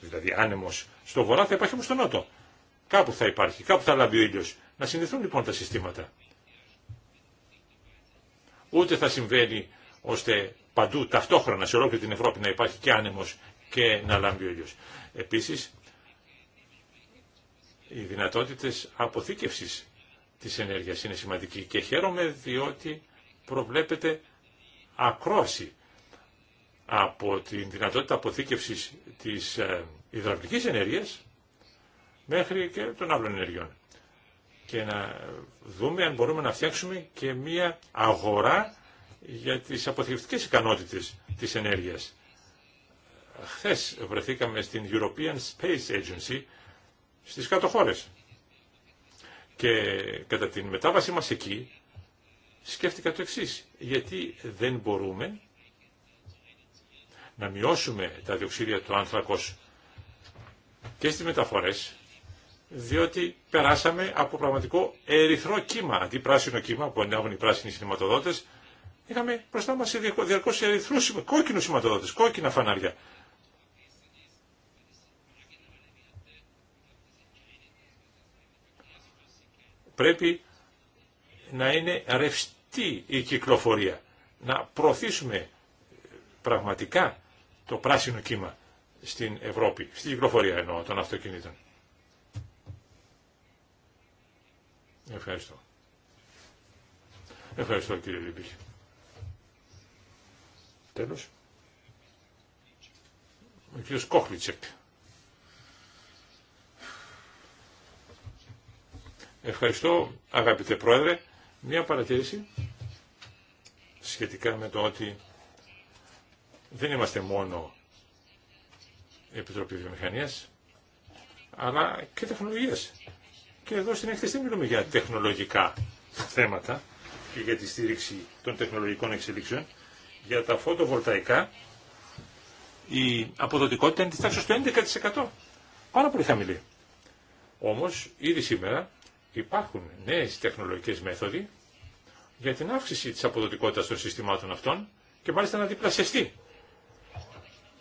S2: δηλαδή άνεμος, στο βορρά θα υπάρχει όμως στο νότο. Κάπου θα υπάρχει, κάπου θα λάβει ο ήλιος. Να συνδεθούν λοιπόν τα συστήματα. Ούτε θα συμβαίνει ώστε παντού ταυτόχρονα σε ολόκληρη την Ευρώπη να υπάρχει και άνεμος και να λάμπει ο ήλιος. Επίσης, οι δυνατότητες αποθήκευσης της ενέργειας είναι σημαντική και χαίρομαι διότι προβλέπεται ακρόαση από την δυνατότητα αποθήκευσης της ε, υδραυλικής ενέργειας μέχρι και των άλλων ενεργειών. Και να δούμε αν μπορούμε να φτιάξουμε και μία αγορά για τις αποθηκευτικές ικανότητες της ενέργειας. Χθες βρεθήκαμε στην European Space Agency στις κάτω χώρες. Και κατά την μετάβασή μας εκεί σκέφτηκα το εξής. Γιατί δεν μπορούμε να μειώσουμε τα διοξίδια του άνθρακος και στις μεταφορές, διότι περάσαμε από πραγματικό ερυθρό κύμα, αντί πράσινο κύμα που ανάβουν οι πράσινοι σηματοδότες, είχαμε μπροστά μας διαρκώς ερυθρού κόκκινους σηματοδότες, κόκκινα φανάρια. Πρέπει να είναι ρευστή τι η κυκλοφορία. Να προωθήσουμε πραγματικά το πράσινο κύμα στην Ευρώπη, στην κυκλοφορία εννοώ των αυτοκινήτων. Ευχαριστώ. Ευχαριστώ κύριε Λιμπής. Τέλος. Ο κύριος Κόχλιτσεκ. Ευχαριστώ αγαπητέ Πρόεδρε. Μια παρατήρηση σχετικά με το ότι δεν είμαστε μόνο Επιτροπή Βιομηχανίας, αλλά και τεχνολογίας. Και εδώ στην έκθεση δεν μιλούμε για τεχνολογικά θέματα και για τη στήριξη των τεχνολογικών εξελίξεων. Για τα φωτοβολταϊκά η αποδοτικότητα είναι της τάξης του 11%. Πάρα πολύ χαμηλή. Όμως ήδη σήμερα Υπάρχουν νέες τεχνολογικές μέθοδοι για την αύξηση της αποδοτικότητας των συστημάτων αυτών και μάλιστα να διπλασιαστεί.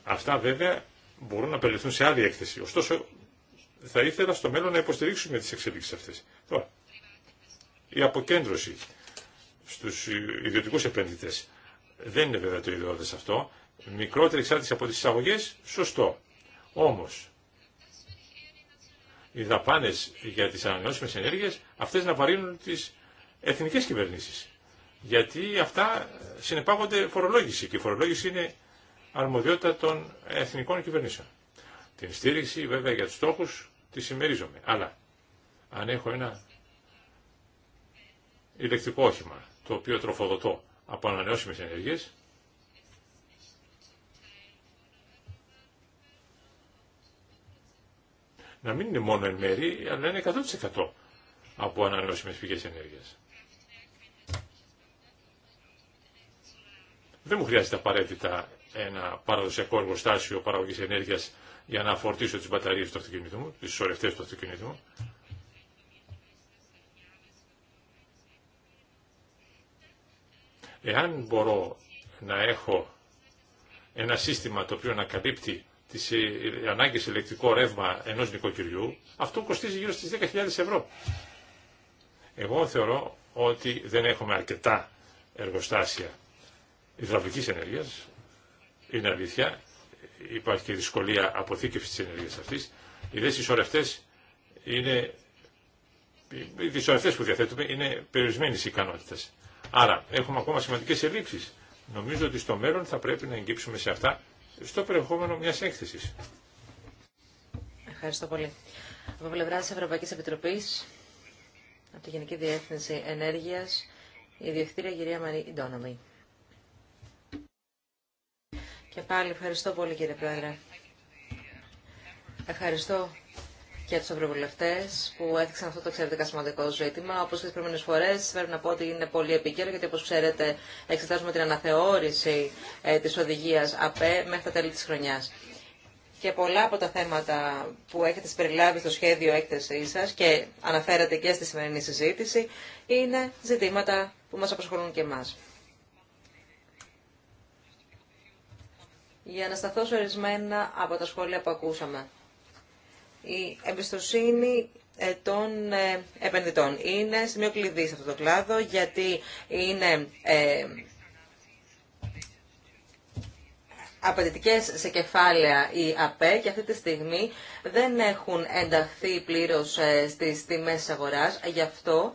S2: Αυτά βέβαια μπορούν να περιληφθούν σε άλλη έκθεση. Ωστόσο, θα ήθελα στο μέλλον να υποστηρίξουμε τις εξελίξεις αυτές. Τώρα, η αποκέντρωση στους ιδιωτικούς επενδυτές δεν είναι βέβαια το ιδεώδες αυτό. Μικρότερη εξάρτηση από τις εισαγωγές, σωστό. Όμως, οι δαπάνε για τις ανανεώσιμες ενέργειες αυτές να βαρύνουν τι εθνικές κυβερνήσεις. Γιατί αυτά συνεπάγονται φορολόγηση και η φορολόγηση είναι αρμοδιότητα των εθνικών κυβερνήσεων. Την στήριξη βέβαια για τους στόχους τη συμμερίζομαι. Αλλά αν έχω ένα ηλεκτρικό όχημα το οποίο τροφοδοτώ από ανανεώσιμε ενέργειε, να μην είναι μόνο εν μέρη, αλλά είναι 100% από ανανεώσιμες πηγές ενέργειας. Δεν μου χρειάζεται απαραίτητα ένα παραδοσιακό εργοστάσιο παραγωγής ενέργειας για να φορτίσω τις μπαταρίες του αυτοκινήτου μου, τις σωρευτές του αυτοκινήτου μου. Εάν μπορώ να έχω ένα σύστημα το οποίο να καλύπτει τι σε ηλεκτρικό ρεύμα ενός νοικοκυριού, αυτό κοστίζει γύρω στις 10.000 ευρώ. Εγώ θεωρώ ότι δεν έχουμε αρκετά εργοστάσια υδραυλικής ενέργειας, είναι αλήθεια, υπάρχει και δυσκολία αποθήκευσης της ενέργειας αυτής, οι δε είναι οι που διαθέτουμε είναι περιορισμένης ικανότητας. Άρα έχουμε ακόμα σημαντικές ελλείψεις. Νομίζω ότι στο μέλλον θα πρέπει να εγκύψουμε σε αυτά στο περιεχόμενο μια έκθεση.
S3: Ευχαριστώ πολύ. Από πλευρά τη Ευρωπαϊκή Επιτροπή, από τη Γενική Διεύθυνση Ενέργεια, η Διευθύντρια κυρία Μαρή Ιντόνομη. Και πάλι ευχαριστώ πολύ κύριε Πρόεδρε. Ευχαριστώ και του ευρωβουλευτέ που έδειξαν αυτό το εξαιρετικά σημαντικό ζήτημα. Όπω και τι προηγούμενε φορέ, πρέπει να πω ότι είναι πολύ επίκαιρο γιατί όπω ξέρετε εξετάζουμε την αναθεώρηση ε, της οδηγίας ΑΠΕ μέχρι τα τέλη τη χρονιά. Και πολλά από τα θέματα που έχετε συμπεριλάβει στο σχέδιο έκθεσή σα και αναφέρατε και στη σημερινή συζήτηση είναι ζητήματα που μας απασχολούν και εμά. Για να σταθώ σε ορισμένα από τα σχόλια που ακούσαμε. Η εμπιστοσύνη ε, των ε, επενδυτών είναι σημείο κλειδί σε αυτό το κλάδο γιατί είναι ε, απαιτητικέ σε κεφάλαια οι ΑΠΕ και αυτή τη στιγμή δεν έχουν ενταχθεί πλήρως στις τιμές της αγορά. Γι' αυτό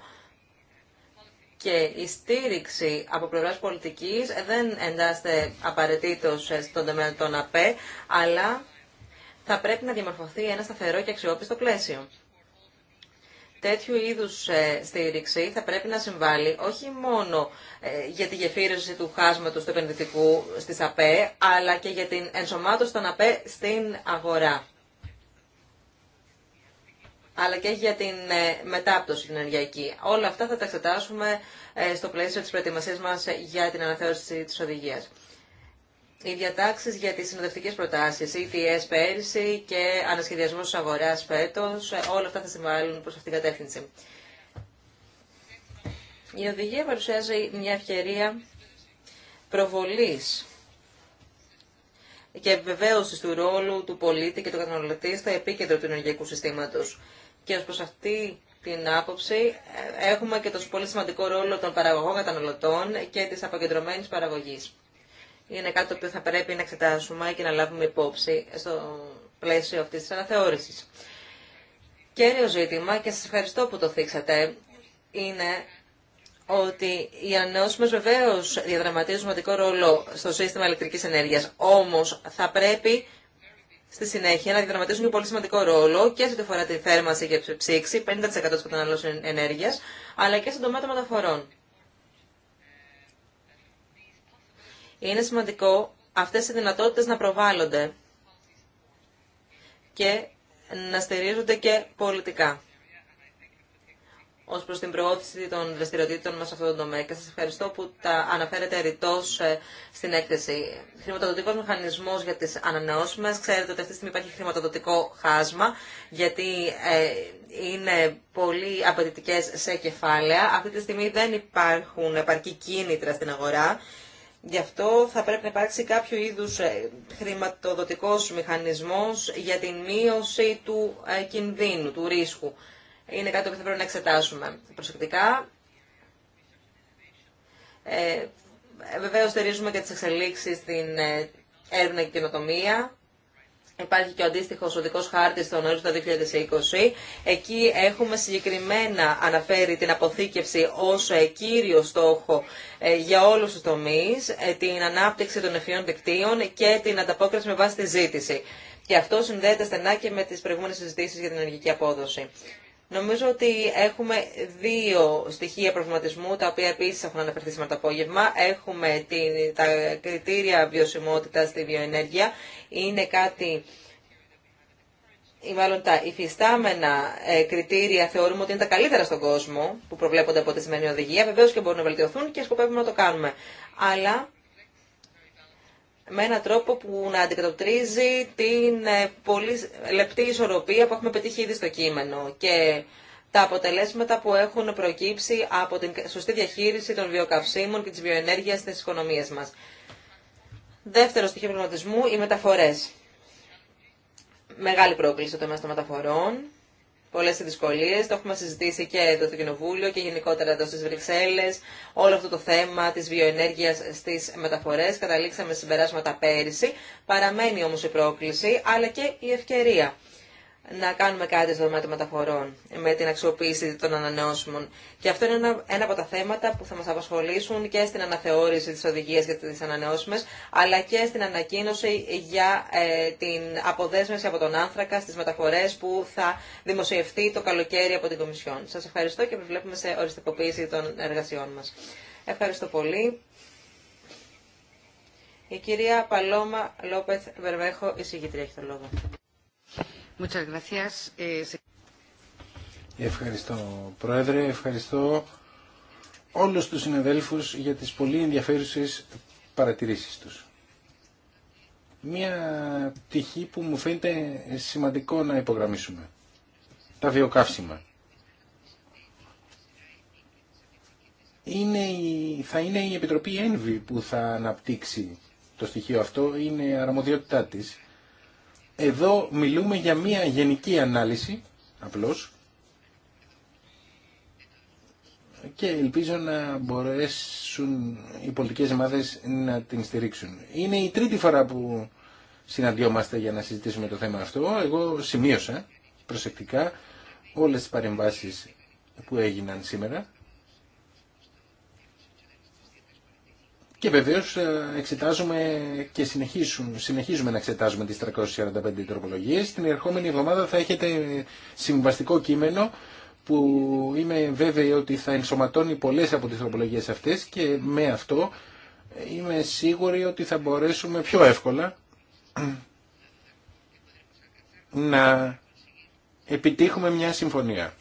S3: και η στήριξη από πλευρά πολιτικής δεν εντάσσεται απαραίτητο στον τομέα των ΑΠΕ, αλλά θα πρέπει να διαμορφωθεί ένα σταθερό και αξιόπιστο πλαίσιο. Τέτοιου είδους ε, στήριξη θα πρέπει να συμβάλλει όχι μόνο ε, για τη γεφύρωση του χάσματος του επενδυτικού στις ΑΠΕ, αλλά και για την ενσωμάτωση των ΑΠΕ στην αγορά. Αλλά και για την ε, μετάπτωση την ενεργειακή. Όλα αυτά θα τα εξετάσουμε στο πλαίσιο της προετοιμασίας μας για την αναθεώρηση της οδηγίας οι διατάξεις για τις συνοδευτικές προτάσεις, ETS πέρυσι και ανασχεδιασμός τη αγοράς φέτο, όλα αυτά θα συμβάλλουν προς αυτήν την κατεύθυνση. Η οδηγία παρουσιάζει μια ευκαιρία προβολής και επιβεβαίωση του ρόλου του πολίτη και του καταναλωτή στο επίκεντρο του ενεργειακού συστήματο. Και ω προ αυτή την άποψη έχουμε και το πολύ σημαντικό ρόλο των παραγωγών καταναλωτών και τη αποκεντρωμένη παραγωγή είναι κάτι το οποίο θα πρέπει να εξετάσουμε και να λάβουμε υπόψη στο πλαίσιο αυτής της αναθεώρησης. Κέριο ζήτημα, και σας ευχαριστώ που το θίξατε, είναι ότι οι ανανεώσιμε βεβαίω διαδραματίζουν σημαντικό ρόλο στο σύστημα ηλεκτρικής ενέργειας. Όμως θα πρέπει στη συνέχεια να διαδραματίζουν και πολύ σημαντικό ρόλο και σε ό,τι αφορά τη θέρμανση και ψήξη, 50% της καταναλωση ενέργειας, αλλά και στον τομέα των μεταφορών. Είναι σημαντικό αυτές οι δυνατότητες να προβάλλονται και να στηρίζονται και πολιτικά ως προς την προώθηση των δραστηριοτήτων μας σε αυτό το τομέα και σας ευχαριστώ που τα αναφέρετε ρητός ε, στην έκθεση. Χρηματοδοτικός μηχανισμός για τις ανανεώσιμες. Ξέρετε ότι αυτή τη στιγμή υπάρχει χρηματοδοτικό χάσμα γιατί ε, είναι πολύ απαιτητικέ σε κεφάλαια. Αυτή τη στιγμή δεν υπάρχουν επαρκή κίνητρα στην αγορά Γι' αυτό θα πρέπει να υπάρξει κάποιο είδους ε, χρηματοδοτικός μηχανισμός για την μείωση του ε, κινδύνου, του ρίσκου. Είναι κάτι που θα πρέπει να εξετάσουμε προσεκτικά. Ε, ε Βεβαίω στηρίζουμε και τις εξελίξεις στην έρευνα και καινοτομία. Υπάρχει και ο αντίστοιχο οδικό χάρτη στον του 2020. Εκεί έχουμε συγκεκριμένα αναφέρει την αποθήκευση ω ε, κύριο στόχο ε, για όλου του τομεί, ε, την ανάπτυξη των ευφυών δικτύων και την ανταπόκριση με βάση τη ζήτηση. Και αυτό συνδέεται στενά και με τι προηγούμενε συζητήσει για την ενεργική απόδοση. Νομίζω ότι έχουμε δύο στοιχεία προβληματισμού, τα οποία επίσης έχουν αναφερθεί σήμερα το απόγευμα. Έχουμε την, τα κριτήρια βιωσιμότητα στη βιοενέργεια. Είναι κάτι ή μάλλον τα υφιστάμενα ε, κριτήρια θεωρούμε ότι είναι τα καλύτερα στον κόσμο που προβλέπονται από τη σημερινή οδηγία. Βεβαίω και μπορούν να βελτιωθούν και σκοπεύουμε να το κάνουμε. Αλλά με έναν τρόπο που να αντικατοπτρίζει την ε, πολύ λεπτή ισορροπία που έχουμε πετύχει ήδη στο κείμενο και τα αποτελέσματα που έχουν προκύψει από την σωστή διαχείριση των βιοκαυσίμων και της βιοενέργειας στις οικονομίες μας. Δεύτερο στοιχείο προγραμματισμού, οι μεταφορές. Μεγάλη πρόκληση το μέσα των μεταφορών πολλέ δυσκολίε. Το έχουμε συζητήσει και εδώ στο Κοινοβούλιο και γενικότερα εδώ στι Βρυξέλλε. Όλο αυτό το θέμα τη βιοενέργεια στι μεταφορέ. Καταλήξαμε συμπεράσματα πέρυσι. Παραμένει όμω η πρόκληση, αλλά και η ευκαιρία να κάνουμε κάτι στο δομέα των μεταφορών με την αξιοποίηση των ανανεώσιμων. Και αυτό είναι ένα, ένα από τα θέματα που θα μα απασχολήσουν και στην αναθεώρηση τη οδηγία για τι ανανεώσιμε, αλλά και στην ανακοίνωση για ε, την αποδέσμευση από τον άνθρακα στι μεταφορέ που θα δημοσιευτεί το καλοκαίρι από την Κομισιόν. Σα ευχαριστώ και επιβλέπουμε σε οριστικοποίηση των εργασιών μα. Ευχαριστώ πολύ. Η κυρία Παλώμα Λόπεθ Βερβέχο, εισηγητρία, έχει το λόγο. Eh,
S1: ευχαριστώ Πρόεδρε, ευχαριστώ όλους τους συναδέλφους για τις πολύ ενδιαφέρουσες παρατηρήσεις τους. Μία πτυχή που μου φαίνεται σημαντικό να υπογραμμίσουμε. Τα βιοκαύσιμα. Είναι θα είναι η Επιτροπή Ένβη που θα αναπτύξει το στοιχείο αυτό, είναι αρμοδιότητά της. Εδώ μιλούμε για μια γενική ανάλυση, απλώς, και ελπίζω να μπορέσουν οι πολιτικές ομάδες να την στηρίξουν. Είναι η τρίτη φορά που συναντιόμαστε για να συζητήσουμε το θέμα αυτό. Εγώ σημείωσα προσεκτικά όλες τις παρεμβάσεις που έγιναν σήμερα Και βεβαίω ε, εξετάζουμε και συνεχίζουμε, να εξετάζουμε τις 345 τροπολογίε. Την ερχόμενη εβδομάδα θα έχετε συμβαστικό κείμενο που είμαι βέβαιη ότι θα ενσωματώνει πολλές από τις τροπολογίε αυτές και με αυτό είμαι σίγουρη ότι θα μπορέσουμε πιο εύκολα να επιτύχουμε μια συμφωνία.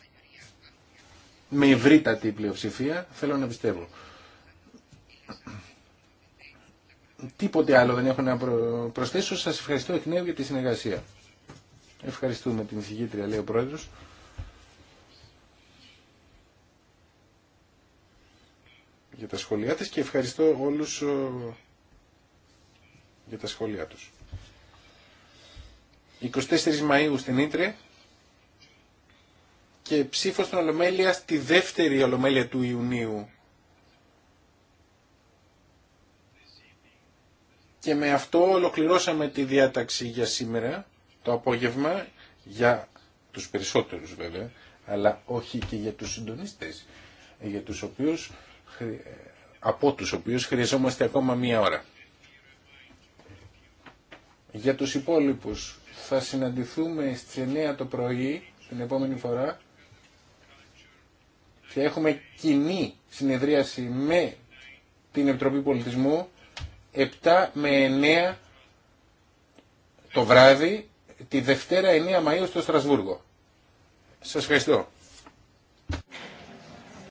S1: Με ευρύτατη πλειοψηφία θέλω να πιστεύω. Τίποτε άλλο δεν έχω να προσθέσω. Σας ευχαριστώ εκ νέου για τη συνεργασία. Ευχαριστούμε την εισηγήτρια, λέει ο Πρόεδρος. για τα σχόλιά της και ευχαριστώ όλους για τα σχόλιά τους. 24 Μαΐου στην Ήτρε και ψήφος στην Ολομέλεια στη δεύτερη Ολομέλεια του Ιουνίου Και με αυτό ολοκληρώσαμε τη διάταξη για σήμερα, το απόγευμα, για τους περισσότερους βέβαια, αλλά όχι και για τους συντονίστες, για τους οποίους, από τους οποίους χρειαζόμαστε ακόμα μία ώρα. Για τους υπόλοιπους θα συναντηθούμε στις 9 το πρωί την επόμενη φορά και έχουμε κοινή συνεδρίαση με την Επιτροπή Πολιτισμού 7 με 9 το βράδυ τη Δευτέρα 9 Μαΐου στο Στρασβούργο. Σας ευχαριστώ.